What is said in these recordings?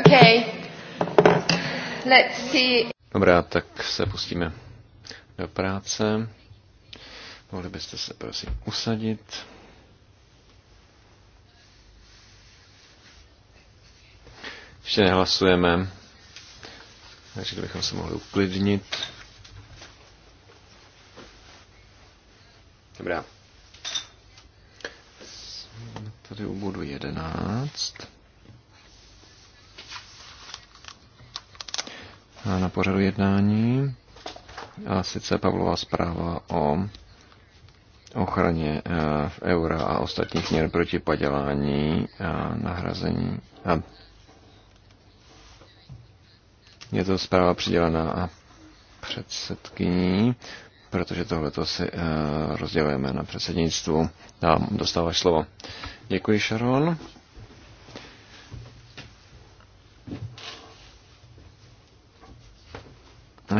Okay. Let's see. Dobrá, tak se pustíme do práce. Mohli byste se prosím usadit. Ještě nehlasujeme, takže bychom se mohli uklidnit. Dobrá. tady u bodu 11. na pořadu jednání, a sice Pavlova zpráva o ochraně eh, v eura a ostatních měr proti padělání a nahrazení. A je to zpráva přidělená předsedkyní, protože tohle to si eh, rozdělujeme na předsednictvu. Dám, dostáváš slovo. Děkuji, Sharon.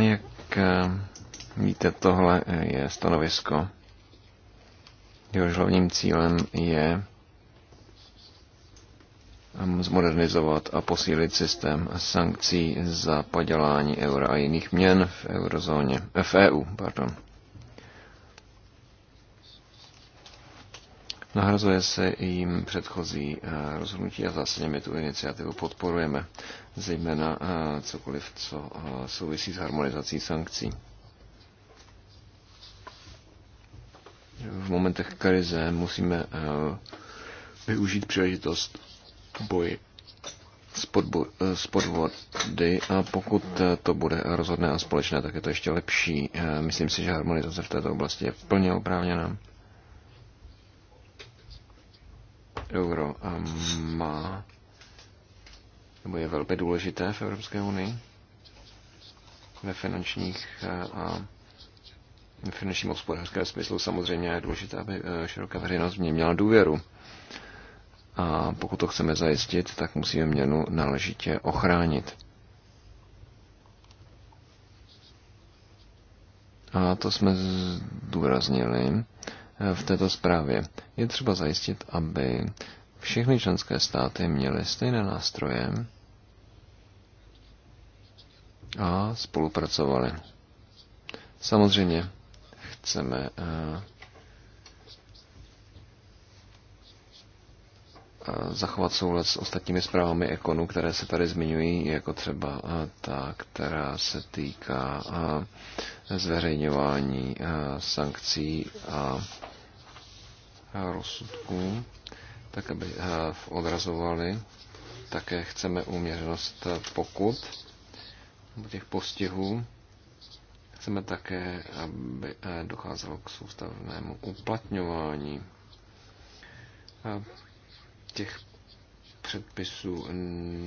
Jak eh, víte, tohle eh, je stanovisko. Jehož hlavním cílem je eh, zmodernizovat a posílit systém sankcí za padělání eura a jiných měn v eurozóně, v EU. Pardon. Nahrazuje se jim předchozí rozhodnutí a zásadně my tu iniciativu podporujeme zejména eh, cokoliv, co eh, souvisí s harmonizací sankcí. V momentech krize musíme eh, využít příležitost boji s podvody a pokud to bude rozhodné a společné, tak je to ještě lepší. Myslím si, že harmonizace v této oblasti je plně oprávněná. Euro má nebo je velmi důležité v Evropské unii ve finančních eh, a v finančním hospodářském smyslu samozřejmě je důležité, aby eh, široká veřejnost v ní měla důvěru. A pokud to chceme zajistit, tak musíme měnu náležitě ochránit. A to jsme zdůraznili eh, v této zprávě. Je třeba zajistit, aby všechny členské státy měly stejné nástroje a spolupracovali. Samozřejmě chceme eh, eh, zachovat soulad s ostatními zprávami ekonu, které se tady zmiňují, jako třeba eh, ta, která se týká zveřejňování sankcí a rozsudků, tak aby odrazovali. Také chceme uměřenost pokud těch postihů chceme také, aby eh, docházelo k soustavnému uplatňování eh, těch předpisů.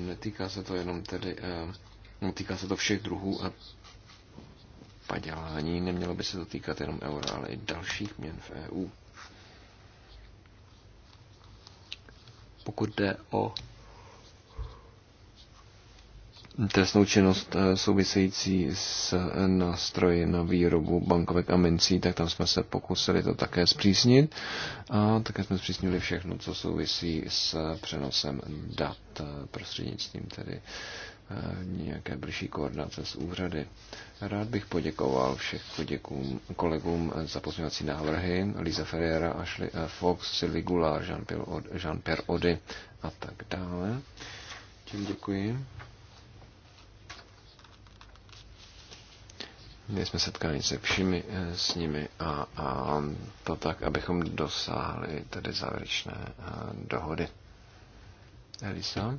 Netýká se to jenom tedy, eh, no, týká se to všech druhů a padělání. Nemělo by se to týkat jenom eura, ale i dalších měn v EU. Pokud jde o trestnou činnost eh, související s eh, nástroji na výrobu bankovek a mincí, tak tam jsme se pokusili to také zpřísnit. A také jsme zpřísnili všechno, co souvisí s eh, přenosem dat prostřednictvím tedy nějaké blížší koordinace s úřady. Rád bych poděkoval všech poděkům, kolegům za pozměňovací návrhy Lisa Ferreira, Ashley Fox, Sylvie Goulart, Jean-Pierre Ody a tak dále. Tím děkuji. My jsme setkali se všemi eh, s nimi a, a to tak, abychom dosáhli tedy závěrečné eh, dohody. Elisa?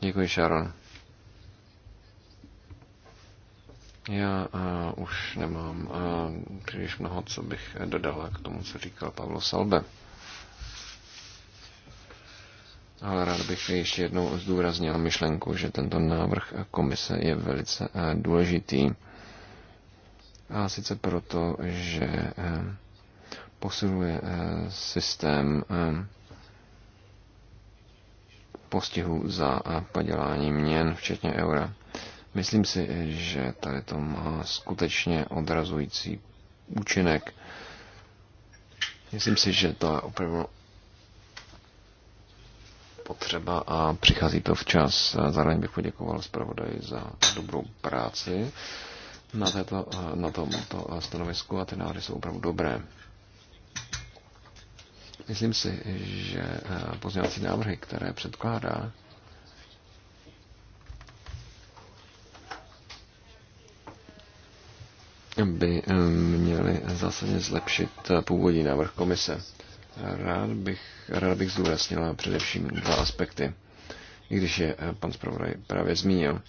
Děkuji, Sharon. Já uh, už nemám uh, příliš mnoho, co bych dodala k tomu, co říkal Pavlo Salbe. Ale rád bych ještě jednou zdůraznil myšlenku, že tento návrh komise je velice uh, důležitý a sice proto, že eh, posiluje eh, systém eh, postihu za padělání měn, včetně eura. Myslím si, že tady to má skutečně odrazující účinek. Myslím si, že to je opravdu potřeba a přichází to včas. Zároveň bych poděkoval zpravodaji za dobrou práci na, této, eh, na tomto eh, stanovisku a ty návrhy jsou opravdu dobré. Myslím si, že eh, pozměňovací návrhy, které předkládá, by měly zásadně zlepšit původní návrh komise. Rád bych, rád bych zdůraznil především dva aspekty, i když je pan zpravodaj právě zmínil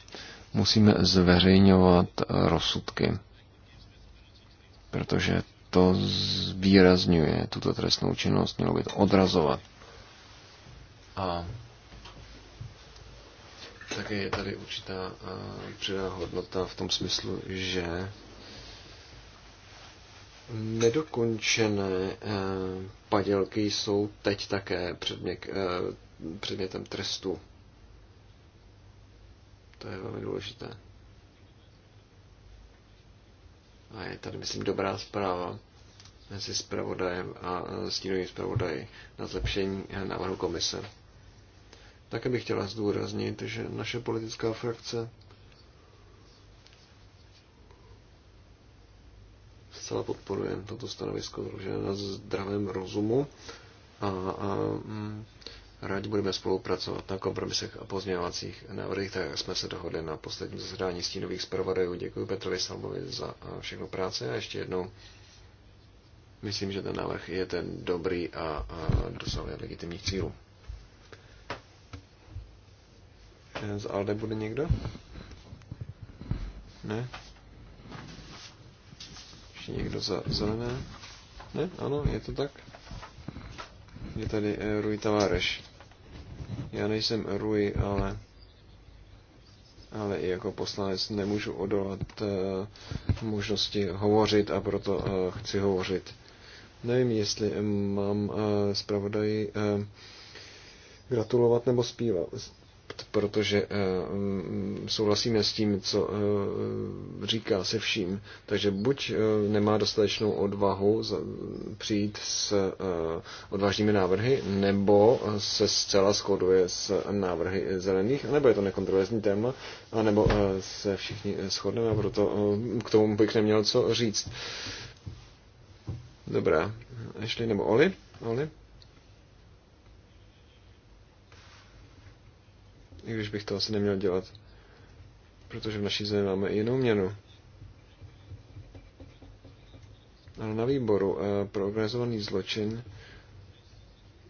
musíme zveřejňovat eh, rozsudky, protože to zvýrazňuje tuto trestnou činnost, mělo by to odrazovat. A také je tady určitá eh, přidá hodnota v tom smyslu, že nedokončené eh, padělky jsou teď také předmětem trestu. To je velmi důležité. A je tady, myslím, dobrá zpráva mezi zpravodajem a stínovým zpravodají na zlepšení návrhu komise. Také bych chtěla zdůraznit, že naše politická frakce zcela podporuje toto stanovisko že na zdravém rozumu a, a mm, Rádi budeme spolupracovat na kompromisech a pozměňovacích návrhech, tak jsme se dohodli na posledním zasedání stínových zpravodajů. Děkuji Petrovi Salmovi za eh, všechno práce a ještě jednou myslím, že ten návrh je ten dobrý a, a dosahuje legitimních cílů. Eh, z Alde bude někdo? Ne? Ještě někdo za zelené? Ne? Ano, je to tak? Je tady eh, Rui Tavares. Já nejsem Rui, ale, ale i jako poslanec nemůžu odolat uh, možnosti hovořit a proto uh, chci hovořit. Nevím, jestli eh, mám uh, zpravodaji uh, gratulovat nebo zpívat, pakt, protože eh, mm, souhlasíme s tím, co eh, říká se vším. Takže buď eh, nemá dostatečnou odvahu přijít s odvážnými návrhy, nebo se zcela shoduje s návrhy zelených, nebo je to nekontroverzní téma, anebo se všichni shodneme, proto k tomu bych neměl co říct. Dobrá, Ashley nebo Oli? Oli? i když bych to asi neměl dělat, protože v naší zemi máme i jinou měnu. Ale na výboru eh, pro organizovaný zločin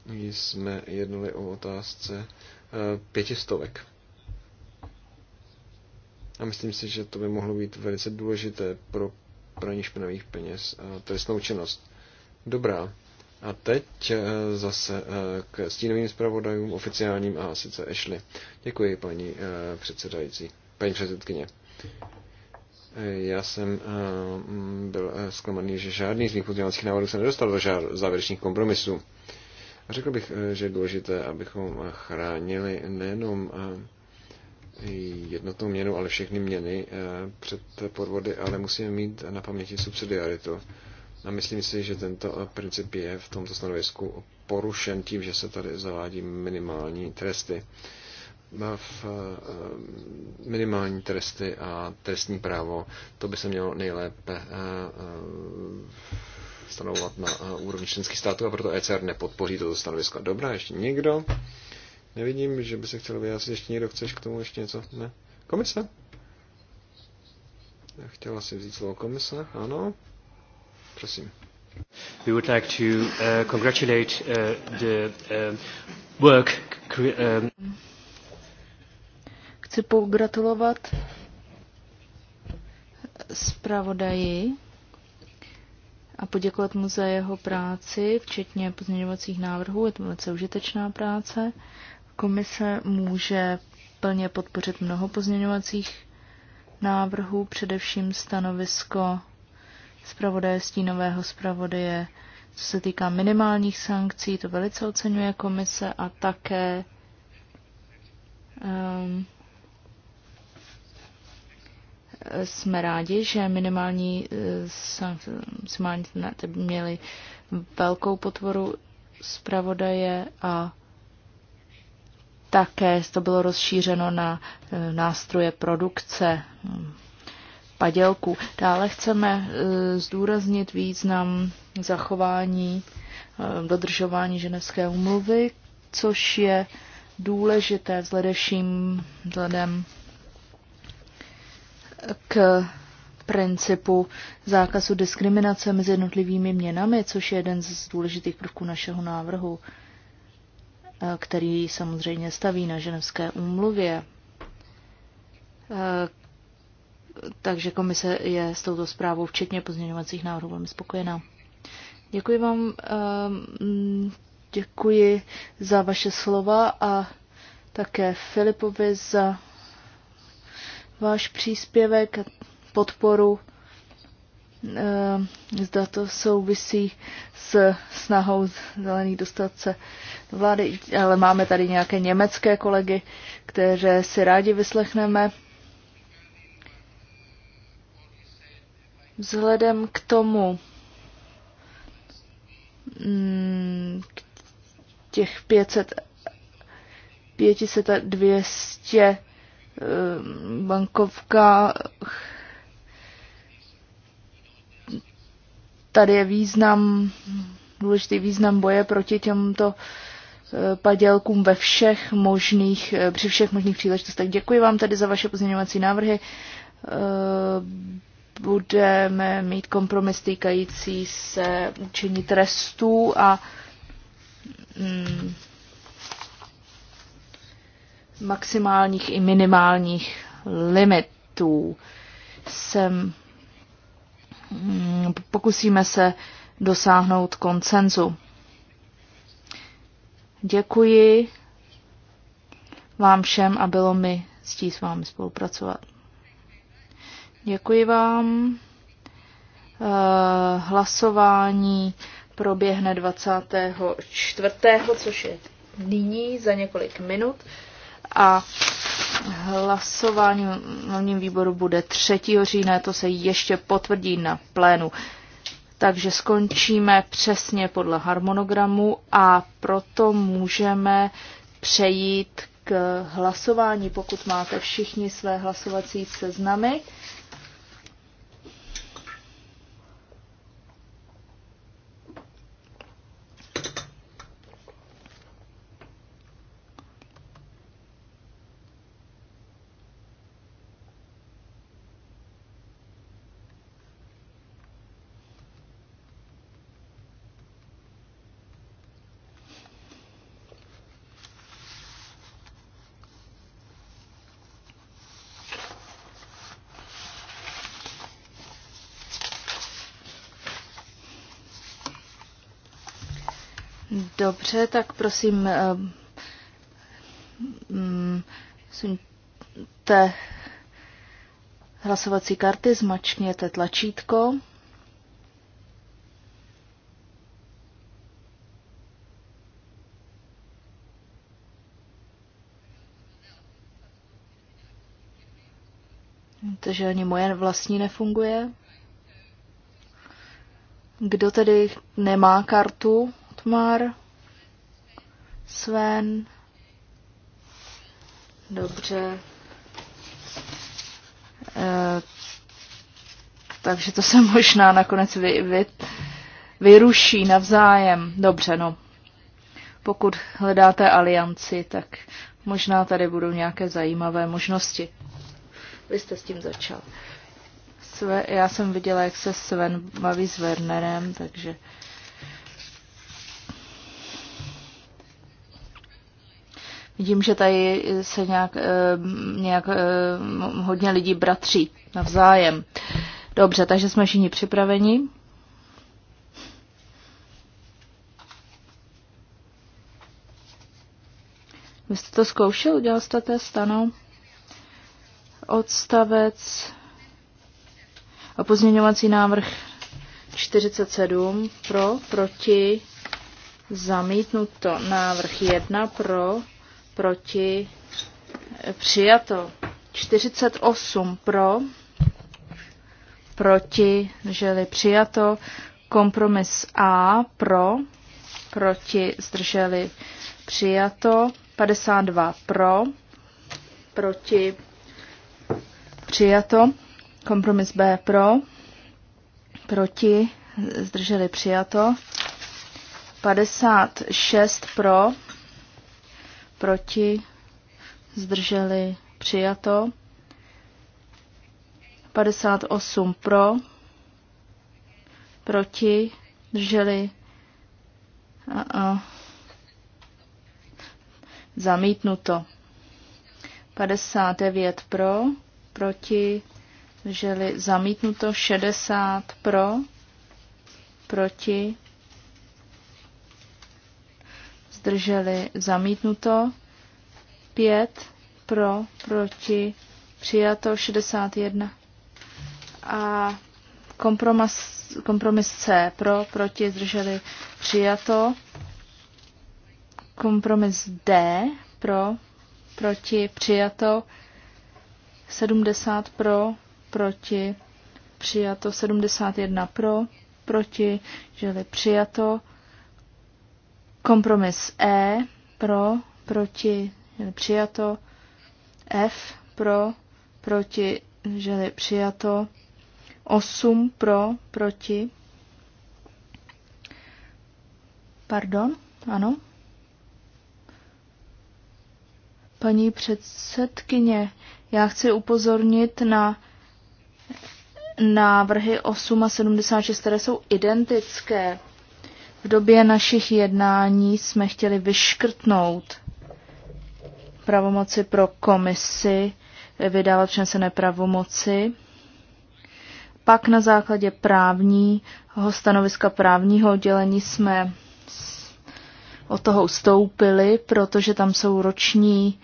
jsme jednali o otázce eh, pětistovek. A myslím si, že to by mohlo být velice důležité pro praní špinavých peněz a trestnou činnost. Dobrá. A teď eh, zase eh, k stínovým zpravodajům oficiálním a sice Ashley. Děkuji, paní eh, předsedající, paní předsedkyně. Já jsem byl zklamaný, že žádný z mých pozměňovacích návodů se nedostal do žád závěrečných kompromisů. A řekl bych, že je důležité, abychom chránili nejenom jednotnou měnu, ale všechny měny před podvody, ale musíme mít na paměti subsidiaritu a myslím si, že tento eh, princip je v tomto stanovisku porušen tím, že se tady zavádí minimální tresty. V eh, eh, minimální tresty a trestní právo, to by se mělo nejlépe stanovovat na úrovni členských států a proto ECR nepodpoří toto stanovisko. Dobrá, ještě někdo? Nevidím, že by se chtěl vyjádřit. Ještě někdo chceš k tomu ještě něco? Ne? Komise? Chtěla si vzít slovo komise? Ano. Prosím. We would like to uh, congratulate uh, the uh, work. Um... Chci pogratulovat zpravodaji a poděkovat mu za jeho práci, včetně pozměňovacích návrhů. Je to velice užitečná práce. Komise může plně podpořit mnoho pozměňovacích návrhů, především stanovisko zpravodaje, stínového zpravodaje. Co se týká minimálních sankcí, to velice oceňuje komise a také um, jsme rádi, že minimální eh, sankce měly velkou potvoru zpravodaje a také to bylo rozšířeno na eh, nástroje produkce, padělku Dále chceme eh, zdůraznit význam zachování, eh, dodržování ženevské umluvy, což je důležité vzhledem, vzhledem k principu zákazu diskriminace mezi jednotlivými měnami, což je jeden z důležitých prvků našeho návrhu, eh, který samozřejmě staví na ženevské úmluvě takže komise je s touto zprávou, včetně pozměňovacích návrhů, velmi spokojená. Děkuji vám, ehm, děkuji za vaše slova a také Filipovi za váš příspěvek a podporu. Ehm, zda to souvisí s snahou zelených dostat se do vlády, ale máme tady nějaké německé kolegy, které si rádi vyslechneme. Vzhledem k tomu, mm, těch 500, 500 a 200 mm, bankovkách tady je význam, důležitý význam boje proti těmto e, padělkům ve všech možných, e, při všech možných příležitostech. Děkuji vám tedy za vaše pozměňovací návrhy. E, budeme mít kompromis týkající se učení trestů a mm, maximálních i minimálních limitů. Sem, mm, pokusíme se dosáhnout koncenzu. Děkuji vám všem a bylo mi ctí s vámi spolupracovat. Děkuji vám. Eh, hlasování proběhne 24., což je nyní za několik minut. A hlasování v hlavním výboru bude 3. října, to se ještě potvrdí na plénu. Takže skončíme přesně podle harmonogramu a proto můžeme přejít k hlasování, pokud máte všichni své hlasovací seznamy. Dobře, tak prosím, um, eh, mm, te hlasovací karty, zmačkněte tlačítko. Takže ani moje vlastní nefunguje. Kdo tedy nemá kartu, Tmar? Sven. Dobře. E, takže to se možná nakonec vy, vy, vyruší navzájem. Dobře, no. Pokud hledáte alianci, tak možná tady budou nějaké zajímavé možnosti. Vy jste s tím začal. Sve, já jsem viděla, jak se Sven baví s Wernerem, takže uh, Vidím, že tady se nějak, eh, nějak eh, hodně lidí bratří navzájem. Dobře, takže jsme všichni připraveni. Vy jste to zkoušel, udělal jste test, stano? Odstavec a pozměňovací návrh 47 pro, proti, zamítnuto. Návrh 1 pro, proti, přijato. 48 pro, proti, želi přijato. Kompromis A pro, proti, zdrželi přijato. 52 pro, proti, přijato. Kompromis B pro, proti, zdrželi přijato. 56 pro, proti, zdrželi, přijato. 58 pro, proti, drželi, a -a. zamítnuto. 59 pro, proti, drželi, zamítnuto. 60 pro, proti, zdrželi zamítnuto, 5 pro, proti, přijato 61 a kompromis, kompromis C pro, proti, zdrželi přijato, kompromis D pro, proti, přijato 70 pro, proti, přijato 71 pro, proti, zdrželi přijato Kompromis E pro, proti, přijato. F pro, proti, želi přijato. 8 pro, proti. Pardon, ano. Paní předsedkyně, já chci upozornit na návrhy 8 a 76, které jsou identické. V době našich jednání jsme chtěli vyškrtnout pravomoci pro komisi vydávat přenesené pravomoci. Pak na základě právního stanoviska právního oddělení jsme od toho ustoupili, protože tam jsou roční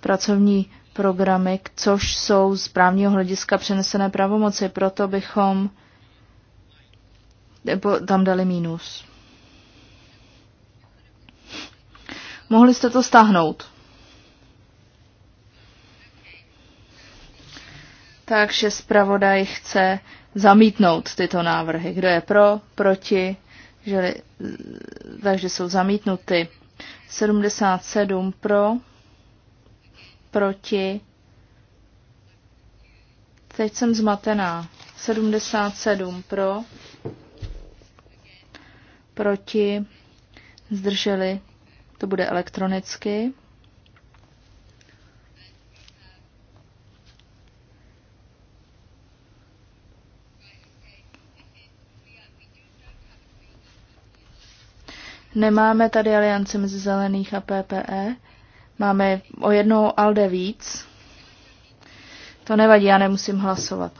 pracovní programy, což jsou z právního hlediska přenesené pravomoci, proto bychom tam dali mínus. Mohli jste to stáhnout. Takže zpravodaj chce zamítnout tyto návrhy. Kdo je pro, proti, že, takže jsou zamítnuty. 77 pro, proti. Teď jsem zmatená. 77 pro, proti, zdrželi, to bude elektronicky. Nemáme tady alianci mezi zelených a PPE. Máme o jednou ALDE víc. To nevadí, já nemusím hlasovat.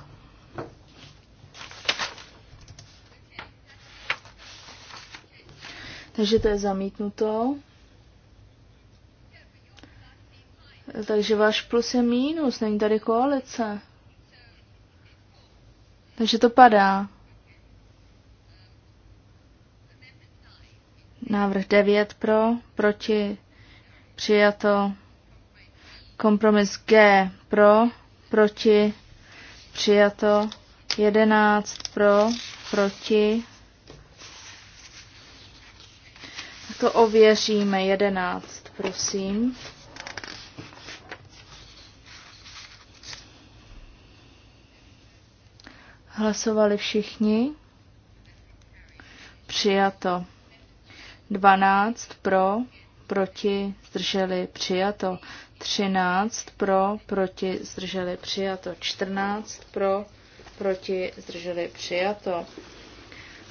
Takže to je zamítnuto. Takže váš plus je mínus, není tady koalice. Takže to padá. Návrh 9 pro, proti, přijato. Kompromis G pro, proti, přijato. 11 pro, proti. To ověříme, 11, prosím. Hlasovali všichni? Přijato. 12 pro, proti, zdrželi, přijato. 13 pro, proti, zdrželi, přijato. 14 pro, proti, zdrželi, přijato.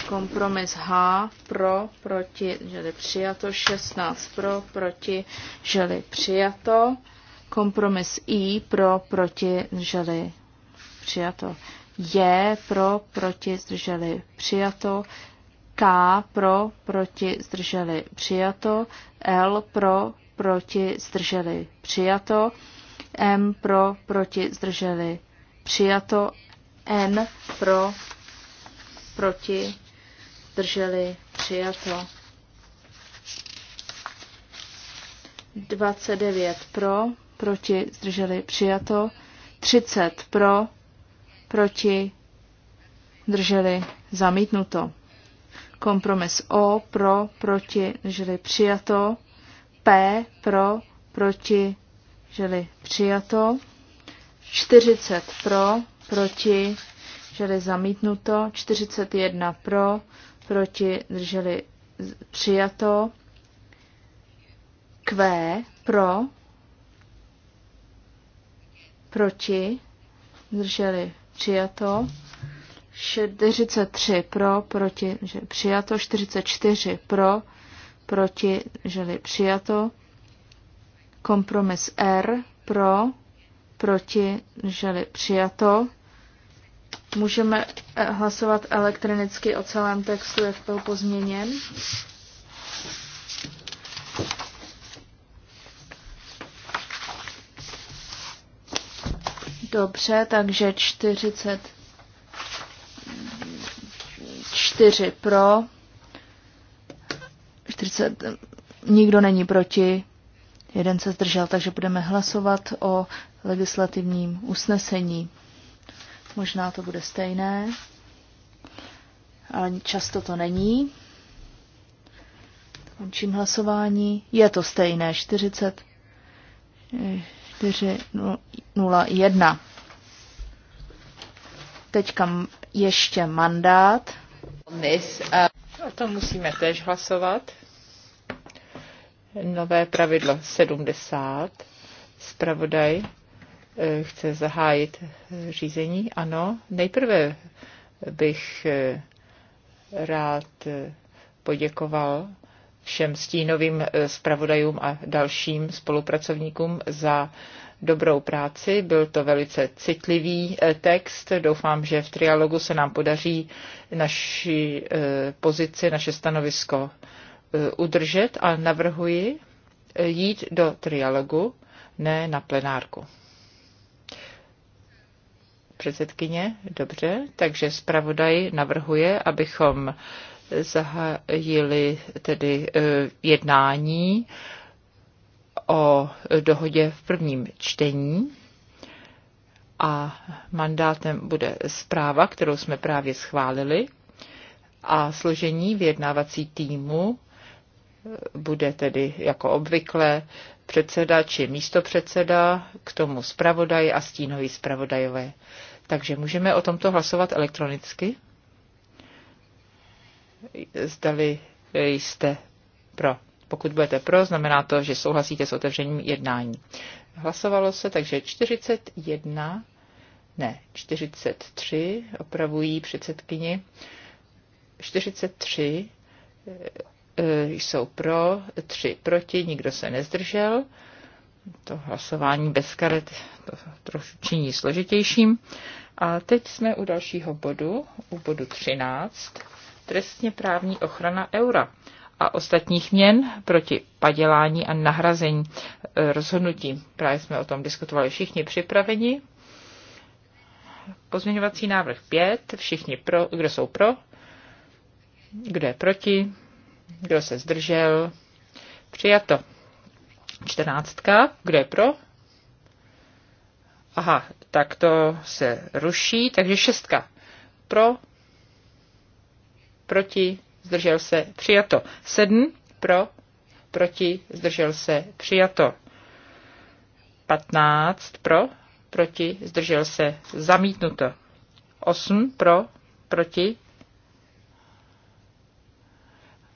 Kompromis H pro, proti, zdrželi přijato. 16 pro, proti, zdrželi přijato. Kompromis I pro, proti, zdrželi přijato. J pro, proti, zdrželi, přijato. K pro, proti, zdrželi, přijato. L pro, proti, zdrželi, přijato. M pro, proti, zdrželi, přijato. N pro, proti, zdrželi, přijato. 29 pro, proti, zdrželi, přijato. 30 pro, proti, drželi, zamítnuto. Kompromis O pro, proti, drželi, přijato. P pro, proti, drželi, přijato. 40 pro, proti, drželi, zamítnuto. 41 pro, proti, drželi, přijato. Q pro, proti, drželi přijato. 43 pro, proti, že přijato. 44 pro, proti, že přijato. Kompromis R pro, proti, že přijato. Můžeme eh, hlasovat elektronicky o celém textu, jak byl pozměněn. Dobře, takže 44 pro, 40, nikdo není proti, jeden se zdržel, takže budeme hlasovat o legislativním usnesení. Možná to bude stejné, ale často to není. Končím hlasování. Je to stejné, 40. 401. Teďka ještě mandát. A to musíme tež hlasovat. Nové pravidlo 70. Spravodaj eh, chce zahájit eh, řízení. Ano, nejprve bych eh, rád poděkoval všem stínovým eh, zpravodajům a dalším spolupracovníkům za dobrou práci. Byl to velice citlivý eh, text. Doufám, že v trialogu se nám podaří naši eh, pozici, naše stanovisko udržet a navrhuji jít do trialogu, ne na plenárku. Předsedkyně, dobře, takže zpravodaj navrhuje, abychom zahájili tedy e, jednání o dohodě v prvním čtení a mandátem bude zpráva, kterou jsme právě schválili a složení vyjednávací týmu e, bude tedy jako obvykle předseda či místopředseda, k tomu zpravodaj a stínový zpravodajové. Takže můžeme o tomto hlasovat elektronicky? zdali jste pro. Pokud budete pro, znamená to, že souhlasíte s otevřením jednání. Hlasovalo se, takže 41, ne, 43, opravují předsedkyni, 43 eh, jsou pro, 3 proti, nikdo se nezdržel. To hlasování bez karet to trošku činí složitějším. A teď jsme u dalšího bodu, u bodu 13 trestně právní ochrana eura a ostatních měn proti padělání a nahrazení e, rozhodnutí. Právě jsme o tom diskutovali všichni připraveni. Pozměňovací návrh 5, všichni pro, kdo jsou pro, kdo je proti, kdo se zdržel, přijato. Čtrnáctka, kdo je pro? Aha, tak to se ruší, takže šestka pro, proti, zdržel se, přijato. 7 pro, proti, zdržel se, přijato. 15 pro, proti, zdržel se, zamítnuto. 8 pro, proti,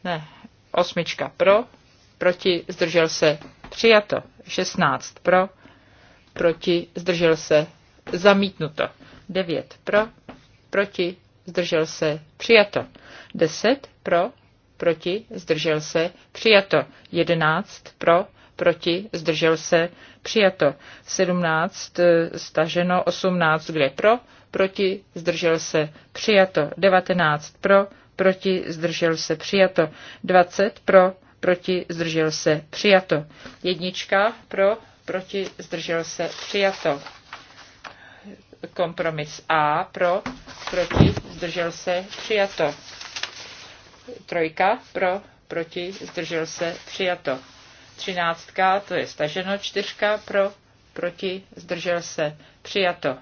ne, osmička pro, proti, zdržel se, přijato. 16 pro, proti, zdržel se, zamítnuto. 9 pro, proti, zdržel se, přijato. 10 pro, proti, zdržel se, přijato. 11 pro, proti, zdržel se, přijato. 17 eh, staženo, 18 kde pro, proti, zdržel se, přijato. 19 pro, proti, zdržel se, přijato. 20 pro, proti, zdržel se, přijato. Jednička pro, proti, zdržel se, přijato. Kompromis A pro, proti, zdržel se, přijato. Trojka pro, proti, zdržel se, přijato. Třináctka, to je staženo, čtyřka pro, proti, zdržel se, přijato.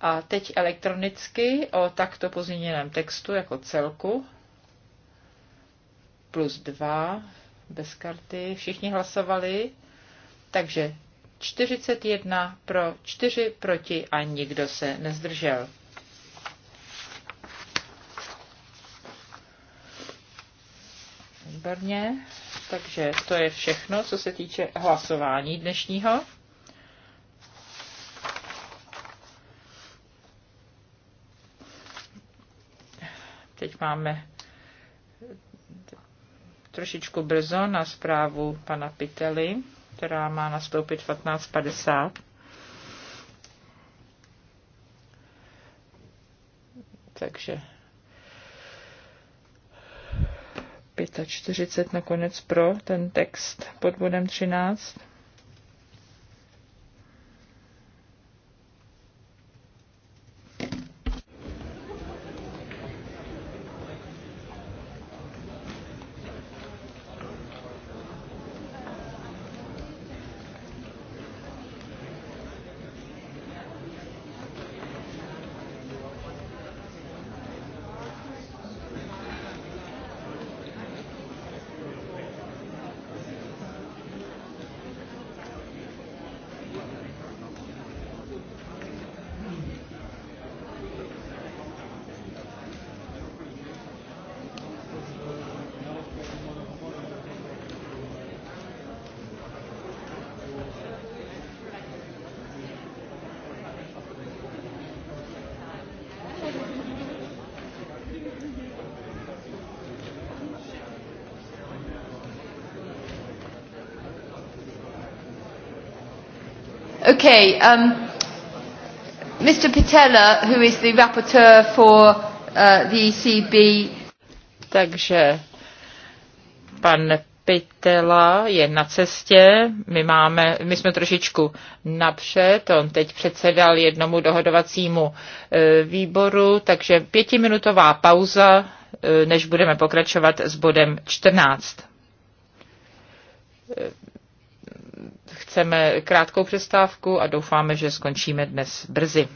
A teď elektronicky o takto pozměněném textu jako celku. Plus dva, bez karty, všichni hlasovali. Takže 41 pro, 4 proti a nikdo se nezdržel. Výborně. Takže to je všechno, co se týče hlasování dnešního. Teď máme trošičku brzo na zprávu pana Pitely, která má nastoupit 15.50. Takže 45 40 nakonec pro ten text pod bodem 13. Okay, um, Mr. Pitella, who is the rapporteur for uh, the ECB. Takže pan Pitella je na cestě. My, máme, my jsme trošičku napřed. On teď předsedal jednomu dohodovacímu e, výboru, takže pětiminutová pauza, e, než budeme pokračovat s bodem 14 chceme krátkou přestávku a doufáme, že skončíme dnes brzy.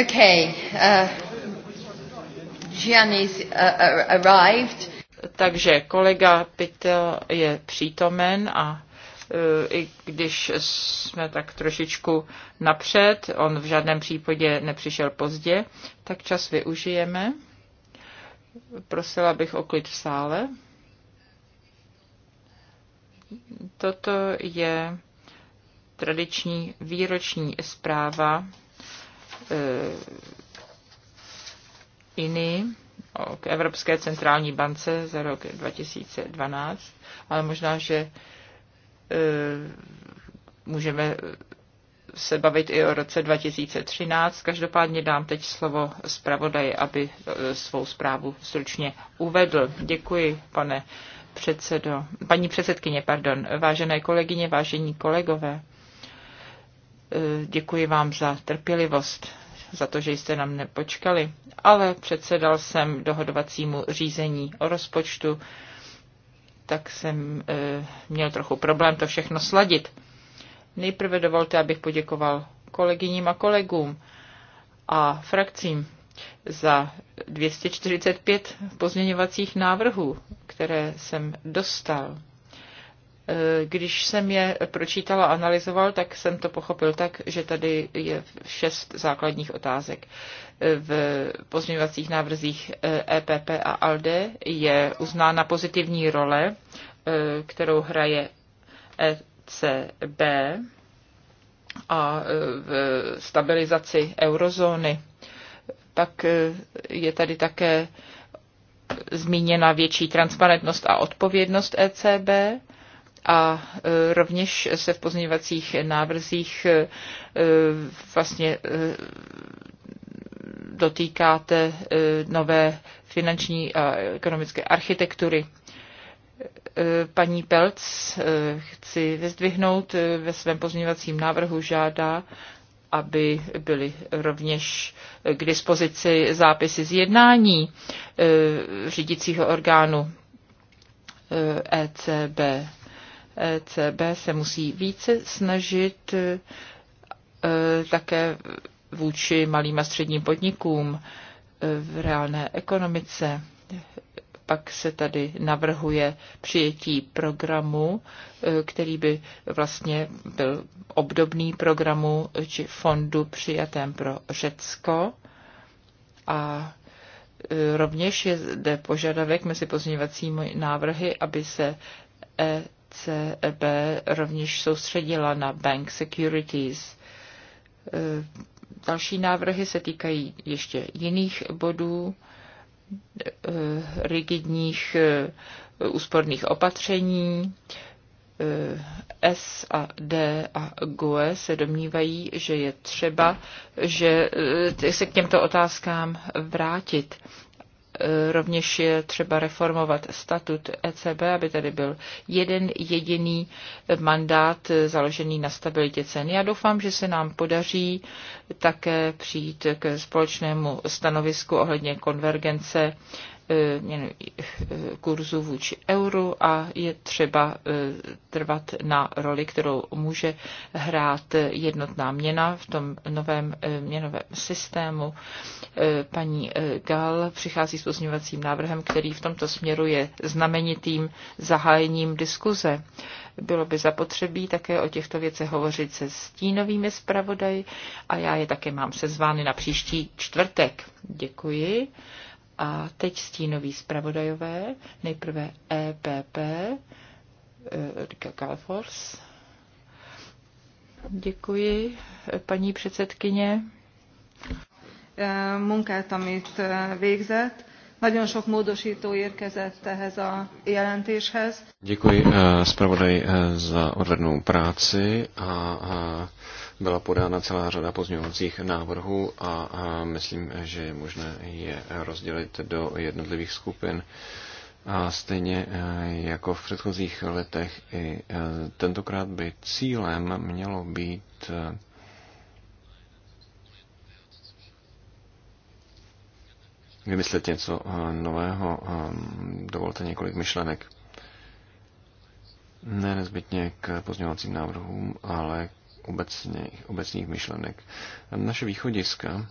Okay. Uh, Gianni's uh, uh arrived. Takže kolega Pitel je přítomen a uh, i když jsme tak trošičku napřed, on v žádném případě nepřišel pozdě, tak čas využijeme. Prosila bych o klid v sále. Toto je tradiční výroční zpráva Eh, INI, k Evropské centrální bance za rok 2012, ale možná, že eh, můžeme se bavit i o roce 2013. Každopádně dám teď slovo zpravodaji, aby eh, svou zprávu stručně uvedl. Děkuji, pane předsedo, paní předsedkyně, pardon, vážené kolegyně, vážení kolegové. Eh, děkuji vám za trpělivost, za to, že jste nám nepočkali, ale předsedal jsem dohodovacímu řízení o rozpočtu, tak jsem eh, měl trochu problém to všechno sladit. Nejprve dovolte, abych poděkoval kolegyním a kolegům a frakcím za 245 pozměňovacích návrhů, které jsem dostal. Když jsem je pročítala a analyzoval, tak jsem to pochopil tak, že tady je šest základních otázek. V pozměňovacích návrzích EPP eh, e a ALDE je uznána pozitivní role, eh, kterou hraje ECB a eh, v stabilizaci eurozóny. Pak je tady také zmíněna větší transparentnost a odpovědnost ECB a e, rovněž se v pozměňovacích návrzích e, vlastně e, dotýkáte nové finanční a ekonomické architektury. Paní Pelc chci vyzdvihnout ve svém pozměňovacím návrhu žádá, aby byly rovněž k dispozici zápisy z jednání řídícího orgánu ECB. ECB se musí více snažit e, také vůči malým a středním podnikům e, v reálné ekonomice. Pak se tady navrhuje přijetí programu, e, který by vlastně byl obdobný programu či fondu přijatém pro Řecko. A rovněž je zde požadavek mezi pozměňovacími návrhy, aby se ECB rovněž soustředila na bank securities. E, další návrhy se týkají ještě jiných bodů, e, rigidních e, úsporných opatření. S a D a GUE se domnívají, že je třeba že se k těmto otázkám vrátit. Eh, rovněž je třeba reformovat statut ECB, aby tady byl jeden jediný eh, mandát eh, založený na stabilitě cen. Já doufám, že se nám podaří také přijít k společnému stanovisku ohledně konvergence Eh, eh, kurzu vůči euru a je třeba eh, trvat na roli, kterou může hrát jednotná měna v tom novém měnovém systému. Paní Gal přichází s pozměňovacím návrhem, který v tomto směru je znamenitým zahájením diskuze. Bylo by zapotřebí také o těchto věcech hovořit se stínovými zpravodaji a já je také mám sezvány na příští čtvrtek. Děkuji. A teď stínoví zpravodajové, nejprve EPP, eh, Rika Kalfors. Děkuji, eh, paní předsedkyně. Eh, Munkát, amit végzett. Nagyon sok módosító érkezett ehhez a jelentéshez. Děkuji zpravodaj za odvednou práci a byla podána celá řada pozměňovacích návrhů a myslím, že je možné je rozdělit do jednotlivých skupin. A stejně e, jako v předchozích letech, i e, tentokrát by cílem mělo být e, vymyslet něco nového. Dovolte několik myšlenek. Ne nezbytně k pozměňovacím návrhům, ale obecných, obecných myšlenek. Naše východiska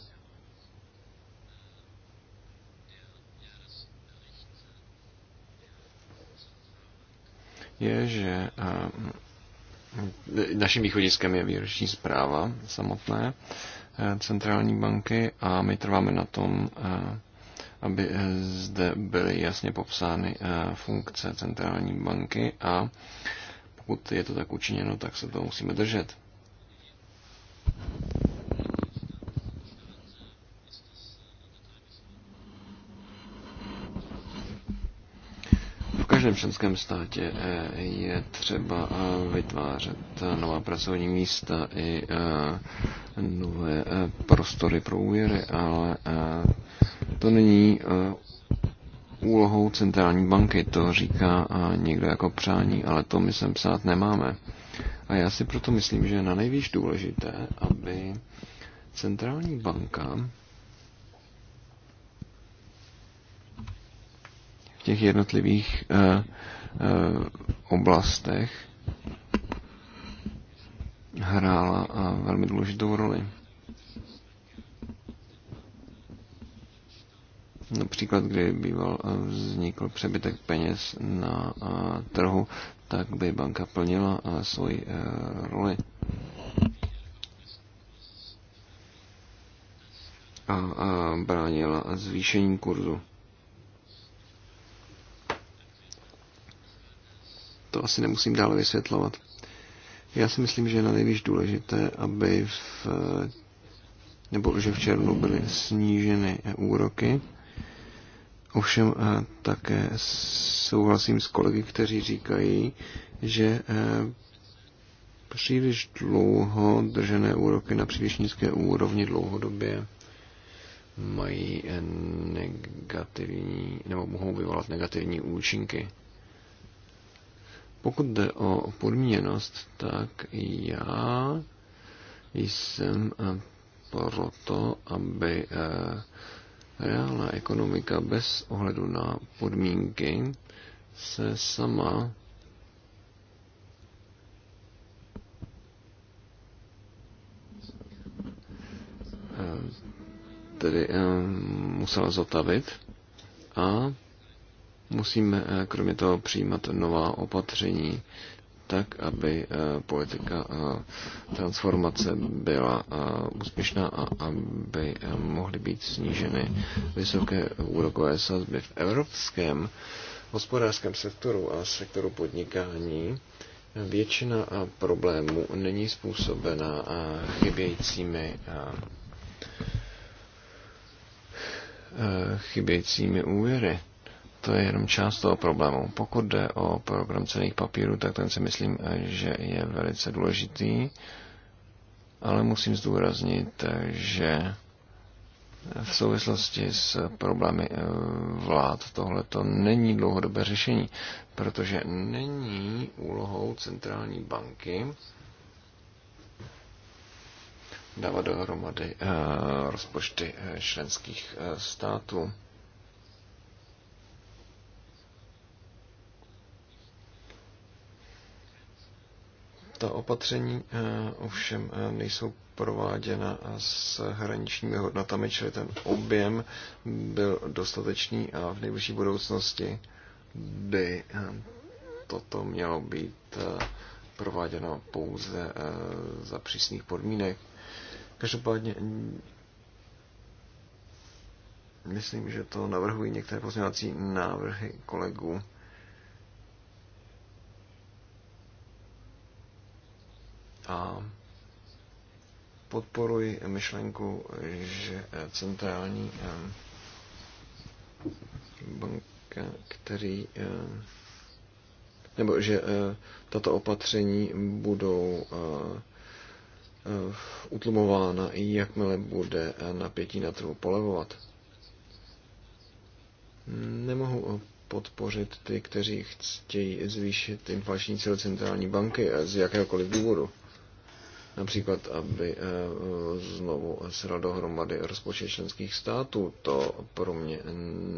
je, že naším východiskem je výroční zpráva samotné e, centrální banky a my trváme na tom, e, aby e, zde byly jasně popsány funkce centrální banky a pokud je to tak učiněno, tak se to musíme držet. V každém členském státě eh, je třeba eh, vytvářet eh, nová pracovní místa i nové prostory pro úvěry, ale to není úlohou centrální banky, to říká někdo jako přání, ale to my sem psát nemáme. A já si proto myslím, že je na nejvíc důležité, aby centrální banka v těch jednotlivých eh, eh, oblastech hrála eh, velmi důležitou roli. Například, kdy býval eh, vznikl přebytek peněz na eh, trhu, tak by banka plnila eh, svoji eh, roli. A, a bránila zvýšení kurzu. To asi nemusím dále vysvětlovat. Já si myslím, že je na nejvíc důležité, aby v, eh, nebo že v červnu byly sníženy úroky Ovšem eh, také souhlasím s kolegy, kteří říkají, že eh, příliš dlouho držené úroky na příliš nízké úrovni dlouhodobě mají eh, negativní, nebo mohou vyvolat negativní účinky. Pokud jde o podmíněnost, tak já jsem proto, aby reálná ekonomika bez ohledu na podmínky se sama eh, tedy eh, musela zotavit a musíme eh, kromě toho přijímat nová opatření, tak, aby eh, politika eh, transformace byla eh, úspěšná a aby mohly být sníženy vysoké úrokové sazby v evropském hospodářském sektoru a sektoru podnikání. Většina problémů není způsobena chybějícími chybějícími úvěry to je jenom část toho problému. Pokud jde o program cených papírů, tak ten si myslím, že je velice důležitý, ale musím zdůraznit, že v souvislosti s problémy eh, vlád tohle to není dlouhodobé řešení, protože není úlohou centrální banky dávat dohromady eh, rozpočty eh, členských států. Ta opatření eh, ovšem eh, nejsou prováděna s hraničními hodnotami, čili ten objem byl dostatečný a v nejbližší budoucnosti by eh, toto mělo být prováděno pouze za přísných podmínek. Každopádně myslím, že to navrhují některé pozměňovací návrhy kolegů A podporuji myšlenku, že eh, centrální eh, banka, který eh, nebo že tato opatření budou utlumována, i jakmile bude napětí na trhu polevovat. Nemohu podpořit ty, kteří chtějí zvýšit inflační cíl centrální banky z jakéhokoliv důvodu. Například, aby eh, znovu sral dohromady rozpočet členských států. To pro mě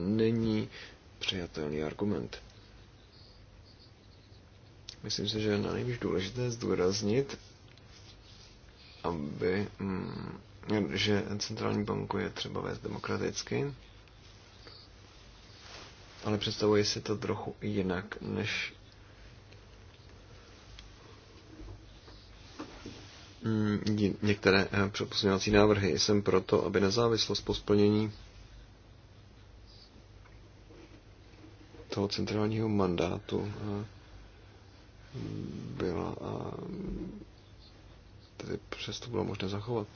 není přijatelný argument. Myslím si, že je na nejvíc důležité zdůraznit, aby, mm, že centrální banku je třeba vést demokraticky, ale představuji si to trochu jinak, než Mm, některé eh, pozměňovací návrhy. Jsem proto, aby nezávislost po splnění toho centrálního mandátu eh, byla a tedy přesto bylo možné zachovat.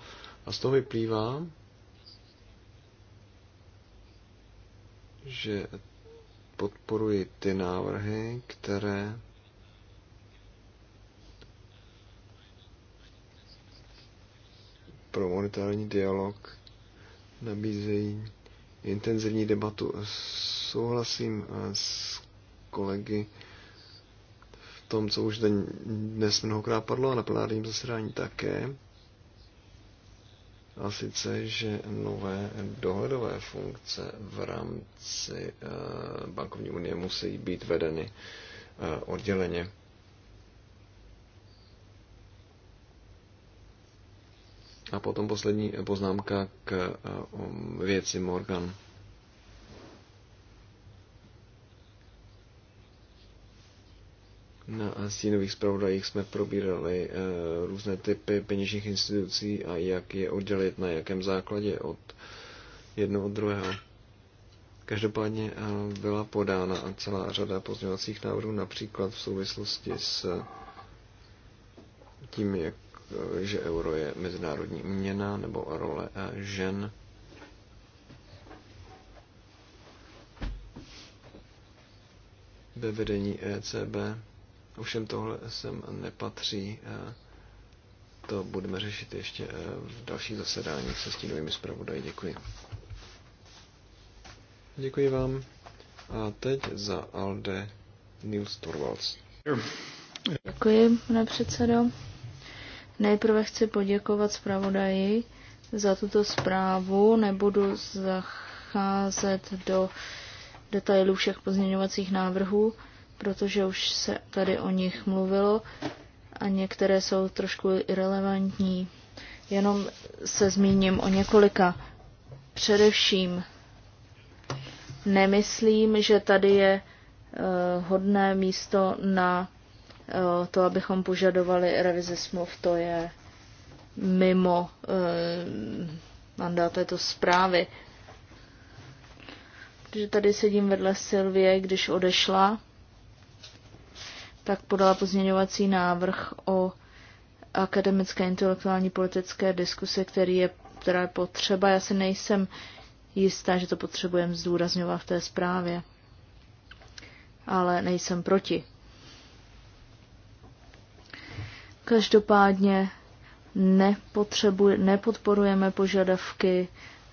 A z toho vyplývá, že podporuji ty návrhy, které pro monetární dialog nabízejí intenzivní debatu. Souhlasím eh, s kolegy v tom, co už dnes mnohokrát padlo a na plenárním zasedání také. A sice, že nové dohledové funkce v rámci eh, bankovní unie musí být vedeny eh, odděleně. A potom poslední poznámka k eh, um, věci Morgan. Na stínových zpravodajích jsme probírali eh, různé typy peněžních institucí a jak je oddělit na jakém základě od jednoho od druhého. Každopádně eh, byla podána celá řada pozměňovacích návrhů, například v souvislosti s tím, jak že euro je mezinárodní měna nebo role žen. Ve vedení ECB. Ovšem tohle sem nepatří. To budeme řešit ještě e, v dalších zasedáních se stínovými zpravodaji. Děkuji. Děkuji vám. A teď za Alde Nils Torvalds. Děkuji, pane předsedo. Nejprve chci poděkovat zpravodaji za tuto zprávu. Nebudu zacházet do detailů všech pozměňovacích návrhů, protože už se tady o nich mluvilo a některé jsou trošku irrelevantní. Jenom se zmíním o několika. Především nemyslím, že tady je eh, hodné místo na to, abychom požadovali revize smluv, to je mimo eh, mandát této zprávy. Protože tady sedím vedle Silvie, když odešla, tak podala pozměňovací návrh o akademické, intelektuální, politické diskuse, který je, která je potřeba. Já si nejsem jistá, že to potřebujeme zdůrazňovat v té zprávě. Ale nejsem proti Každopádně nepodporujeme požadavky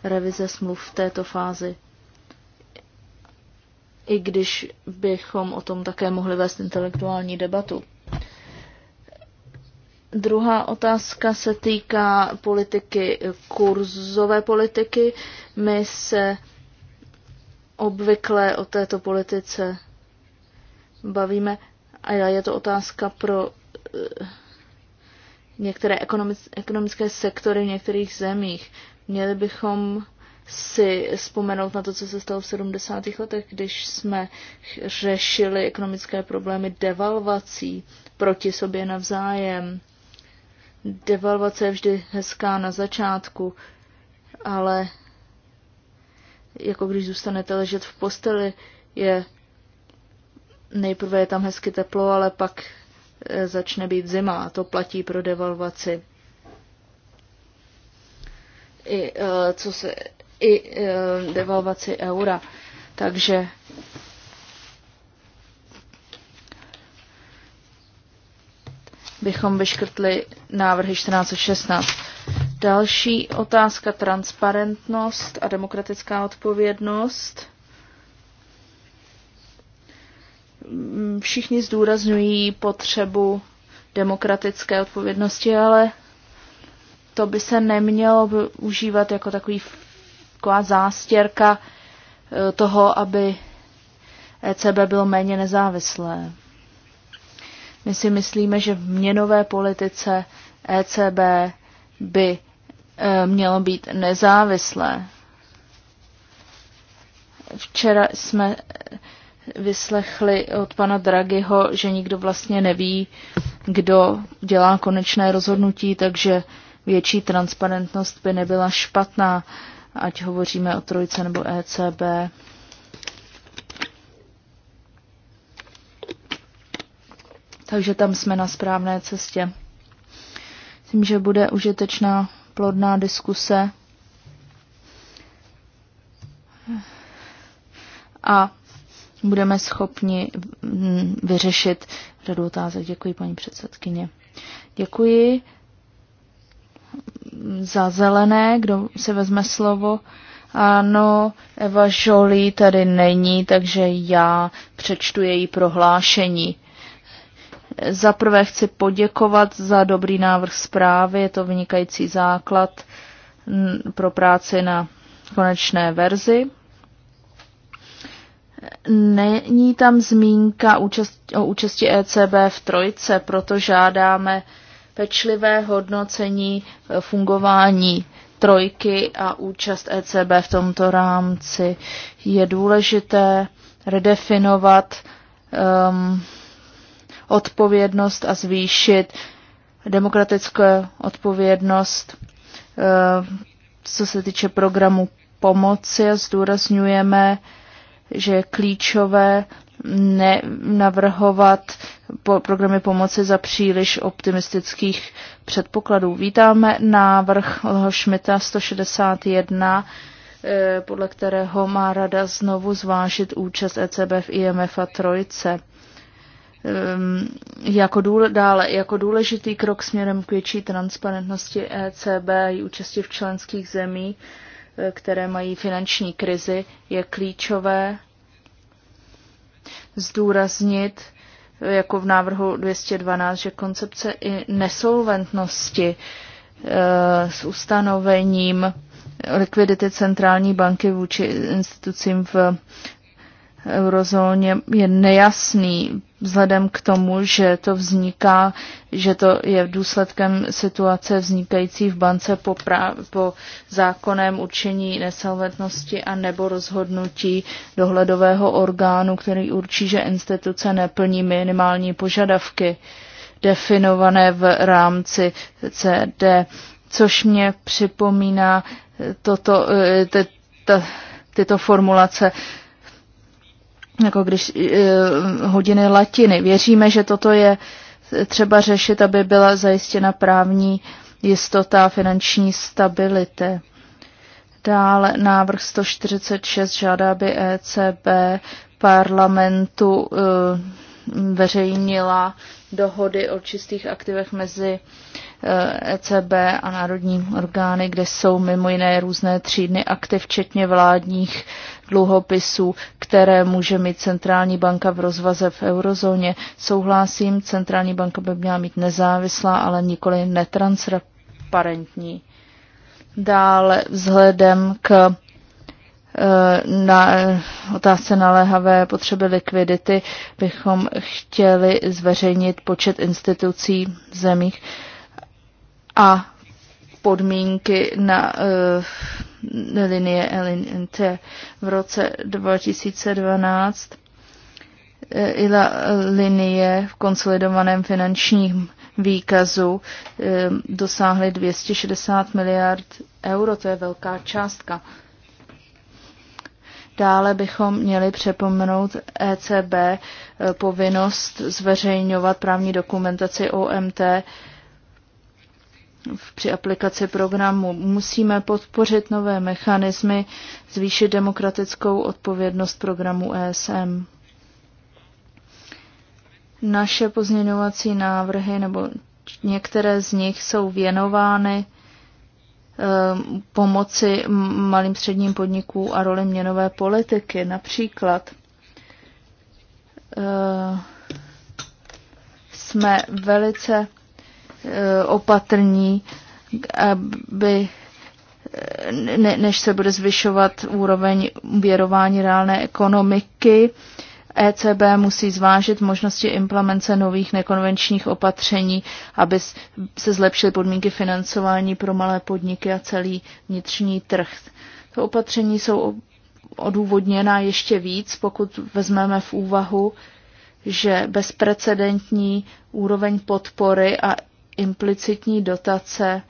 revize smluv v této fázi, i když bychom o tom také mohli vést intelektuální debatu. Druhá otázka se týká politiky, kurzové politiky. My se obvykle o této politice bavíme a je to otázka pro eh, některé ekonomické sektory v některých zemích. Měli bychom si vzpomenout na to, co se stalo v 70. letech, když jsme řešili ekonomické problémy devalvací proti sobě navzájem. Devalvace je vždy hezká na začátku, ale jako když zůstanete ležet v posteli, je nejprve je tam hezky teplo, ale pak E, začne být zima a to platí pro devalvaci. I, e, co se, i e, devalvaci eura. Takže bychom vyškrtli návrhy 14 16. Další otázka transparentnost a demokratická odpovědnost. Mm, všichni zdůrazňují potřebu demokratické odpovědnosti, ale to by se nemělo užívat jako takový taková zástěrka e, toho, aby ECB bylo méně nezávislé. My si myslíme, že v měnové politice ECB by e, mělo být nezávislé. Včera jsme vyslechli od pana Dragiho, že nikdo vlastně neví, kdo dělá konečné rozhodnutí, takže větší transparentnost by nebyla špatná, ať hovoříme o trojce nebo ECB. Takže tam jsme na správné cestě. Myslím, že bude užitečná plodná diskuse. A budeme schopni mm, vyřešit řadu otázek. Děkuji, paní předsedkyně. Děkuji za zelené, kdo se vezme slovo. Ano, Eva Žolí tady není, takže já přečtu její prohlášení. Za prvé chci poděkovat za dobrý návrh zprávy, je to vynikající základ mm, pro práci na konečné verzi. Není tam zmínka o účasti ECB v trojce, proto žádáme pečlivé hodnocení e, fungování trojky a účast ECB v tomto rámci. Je důležité redefinovat um, odpovědnost a zvýšit demokratickou odpovědnost, um, co se týče programu pomoci a zdůrazňujeme, uh, že je klíčové nenavrhovat po programy pomoci za příliš optimistických předpokladů. Vítáme návrh Lho Šmita 161, eh, podle kterého má rada znovu zvážit účast ECB v IMF a Trojce. Ehm, jako důle, dále, jako důležitý krok směrem k větší transparentnosti ECB i účasti v členských zemích které mají finanční krizi, je klíčové zdůraznit, jako v návrhu 212, že koncepce i nesolventnosti eh, s ustanovením likvidity centrální banky vůči institucím v eurozóně je nejasný vzhledem k tomu, že to vzniká, že to je důsledkem situace vznikající v bance po, prá- po zákonném určení nesolventnosti a nebo rozhodnutí dohledového orgánu, který určí, že instituce neplní minimální požadavky definované v rámci CD, což mě připomíná toto, ty, eh, ty, tyto formulace jako když e, hodiny latiny. Věříme, že toto je třeba řešit, aby byla zajistěna právní jistota a finanční stability. Dále návrh 146 žádá, aby ECB parlamentu e, veřejnila dohody o čistých aktivech mezi ECB e a národní orgány, kde jsou mimo jiné různé třídny aktiv, včetně vládních dluhopisů, které může mít centrální banka v rozvaze v eurozóně. Souhlasím, centrální banka by měla mít nezávislá, ale nikoli netransparentní. Dále vzhledem k eh, na eh, otázce naléhavé potřeby likvidity bychom chtěli zveřejnit počet institucí v zemích a podmínky na eh, linie LNT v roce 2012 e, i linie v konsolidovaném finančním výkazu e, dosáhly 260 miliard euro, to je velká částka. Dále bychom měli přepomenout ECB e, povinnost zveřejňovat právní dokumentaci OMT při aplikaci programu. Musíme podpořit nové mechanismy, zvýšit demokratickou odpovědnost programu ESM. Naše pozměňovací návrhy nebo některé z nich jsou věnovány ehm, pomoci malým středním podnikům a roli měnové politiky. Například ehm, jsme velice Eh, opatrní, aby eh, ne, než se bude zvyšovat úroveň věrování reálné ekonomiky. ECB musí zvážit možnosti implementace nových nekonvenčních opatření, aby se zlepšily podmínky financování pro malé podniky a celý vnitřní trh. To opatření jsou odůvodněná ještě víc, pokud vezmeme v úvahu, že bezprecedentní úroveň podpory a implicitní dotace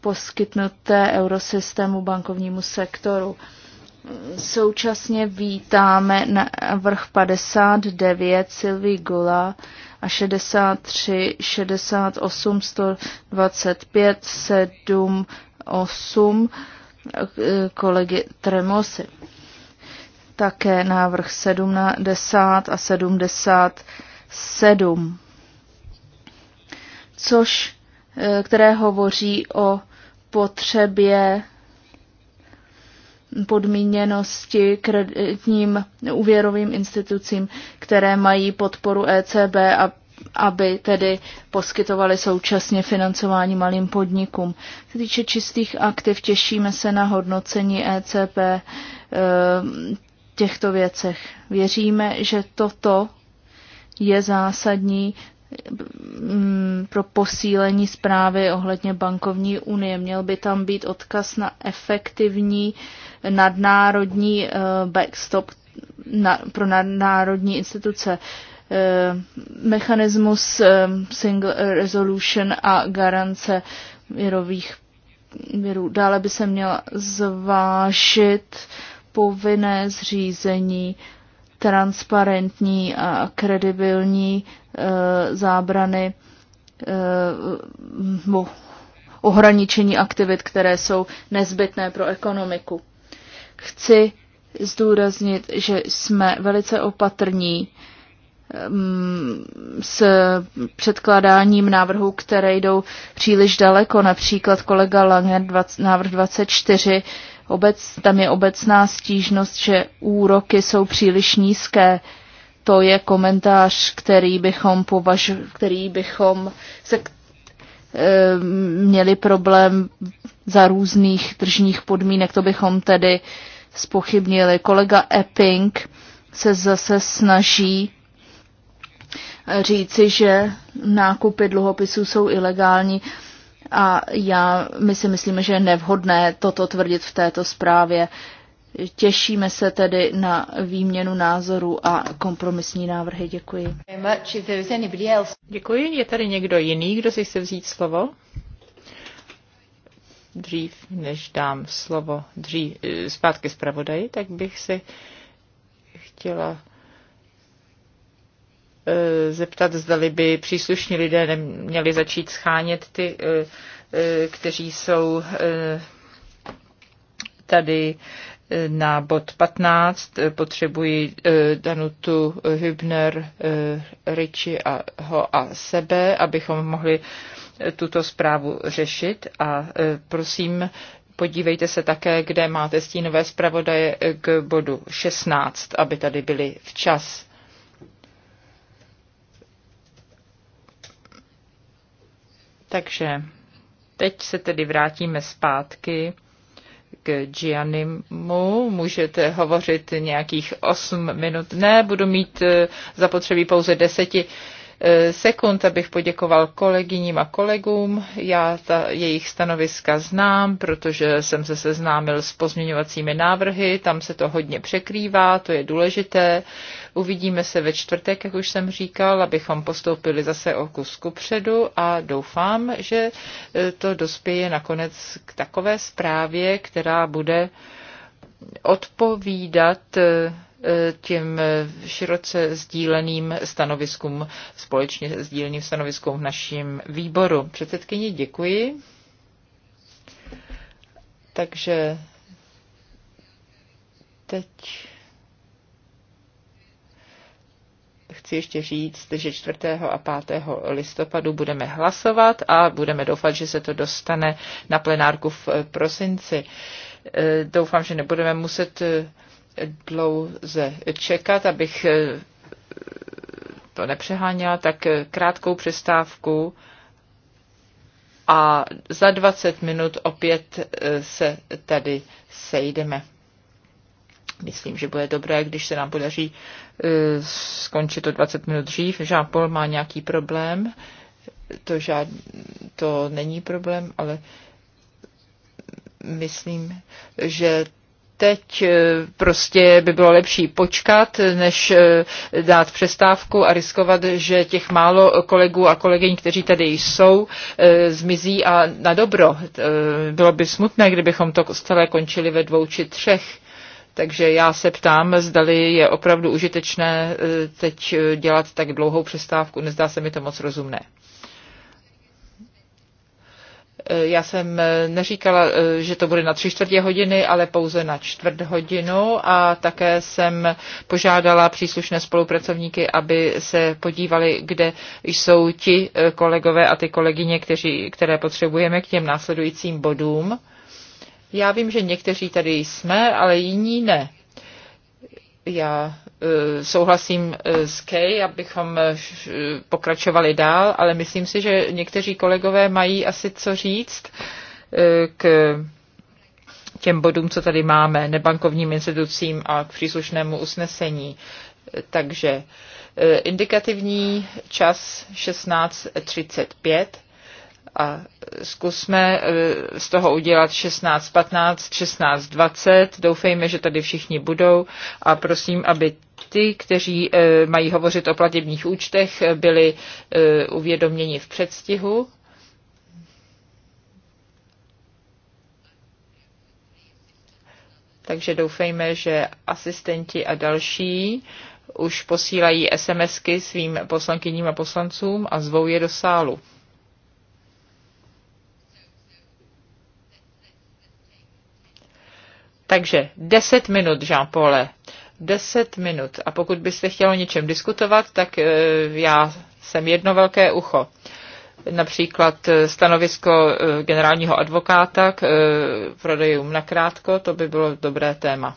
poskytnuté eurosystému bankovnímu sektoru. Současně vítáme na vrch 59 Silvi Gula a 63, 68, 125, 7, 8 kolegy Tremosy. Také návrh 70 a 77 což, eh, které hovoří o potřebě podmíněnosti kreditním úvěrovým institucím, které mají podporu ECB a aby tedy poskytovali současně financování malým podnikům. Co týče čistých aktiv, těšíme se na hodnocení ECB eh, těchto věcech. Věříme, že toto je zásadní Mm, pro posílení zprávy ohledně bankovní unie. Měl by tam být odkaz na efektivní nadnárodní eh, backstop pro nadnárodní instituce, eh, mechanismus eh, single resolution a garance věrových věrů. Dále by se měla zvážit povinné zřízení transparentní a kredibilní e, zábrany bo, e, ohraničení aktivit, které jsou nezbytné pro ekonomiku. Chci zdůraznit, že jsme velice opatrní mm, s předkládáním návrhů, které jdou příliš daleko. Například kolega Langer návrh 24 Obec, tam je obecná stížnost, že úroky jsou příliš nízké. To je komentář, který bychom, považ, který bychom se e, měli problém za různých tržních podmínek. To bychom tedy spochybnili. Kolega Epping se zase snaží říci, že nákupy dluhopisů jsou ilegální. E, a já, my si myslíme, že je nevhodné toto tvrdit v této zprávě. Těšíme se tedy na výměnu názorů a kompromisní návrhy. Děkuji. Děkuji. Je tady někdo jiný, kdo si chce vzít slovo? Dřív, než dám slovo dřív, eh, zpátky zpravodaji, tak bych si chtěla E, zeptat, zdali by příslušní lidé neměli začít schánět ty, e, e, kteří jsou tady na bod 15. potřebují Danutu Hübner, Riči a ho a sebe, abychom mohli tuto zprávu řešit a prosím, podívejte se také, kde máte stínové zpravodaje k bodu 16, aby tady byli včas Takže teď se tedy vrátíme zpátky k Giannimu. Můžete hovořit nějakých 8 minut. Ne, budu mít eh, zapotřebí pouze deseti Eh, sekund, abych poděkoval kolegyním a kolegům. Já ta, jejich stanoviska znám, protože jsem se seznámil s pozměňovacími návrhy, tam se to hodně překrývá, to je důležité. Uvidíme se ve čtvrtek, jak už jsem říkal, abychom postoupili zase o kus předu a doufám, že eh, to dospěje nakonec k takové zprávě, která bude odpovídat eh, těm široce sdíleným stanoviskům, společně sdíleným stanoviskům v našem výboru. Předsedkyni děkuji. Takže teď chci ještě říct, že 4. a 5. listopadu budeme hlasovat a budeme doufat, že se to dostane na plenárku v prosinci. E, doufám, že nebudeme muset dlouze čekat, abych eh, to nepřeháněla, tak eh, krátkou přestávku a za 20 minut opět eh, se tady sejdeme. Myslím, že bude dobré, když se nám podaří skončit to 20 minut dřív. Jean-Paul má nějaký problém. To, žád, to není problém, ale myslím, že teď eh, prostě by bylo lepší počkat, než eh, dát přestávku a riskovat, že těch málo kolegů a kolegyň, kteří tady jsou, eh, zmizí a na dobro. Bylo by smutné, kdybychom to celé končili ve dvou či třech. Takže já se ptám, zdali je opravdu užitečné teď dělat tak dlouhou přestávku. Nezdá se mi to moc rozumné. E, já jsem e, neříkala, e, že to bude na tři čtvrtě hodiny, ale pouze na čtvrt hodinu a také jsem požádala příslušné spolupracovníky, aby se podívali, kde jsou ti kolegové a ty kolegyně, kteří, které potřebujeme k těm následujícím bodům. Já vím, že někteří tady jsme, ale jiní ne já e, souhlasím e, s Kay, abychom e, pokračovali dál, ale myslím si, že někteří kolegové mají asi co říct k těm bodům, co tady máme, nebankovním institucím a k příslušnému usnesení. Takže indikativní čas 16.35 a zkusme eh, z toho udělat 16.15, 16.20. Doufejme, že tady všichni budou a prosím, aby ty, kteří eh, mají hovořit o platebních účtech, byli eh, uvědoměni v předstihu. Takže doufejme, že asistenti a další už posílají SMSky svým poslankyním a poslancům a zvou je do sálu. Takže 10 minut, Jean-Paul. 10 minut. A pokud byste chtěli o něčem diskutovat, tak eh, já jsem jedno velké ucho například eh, stanovisko eh, generálního advokáta k prodejům nakrátko, to by bylo dobré téma.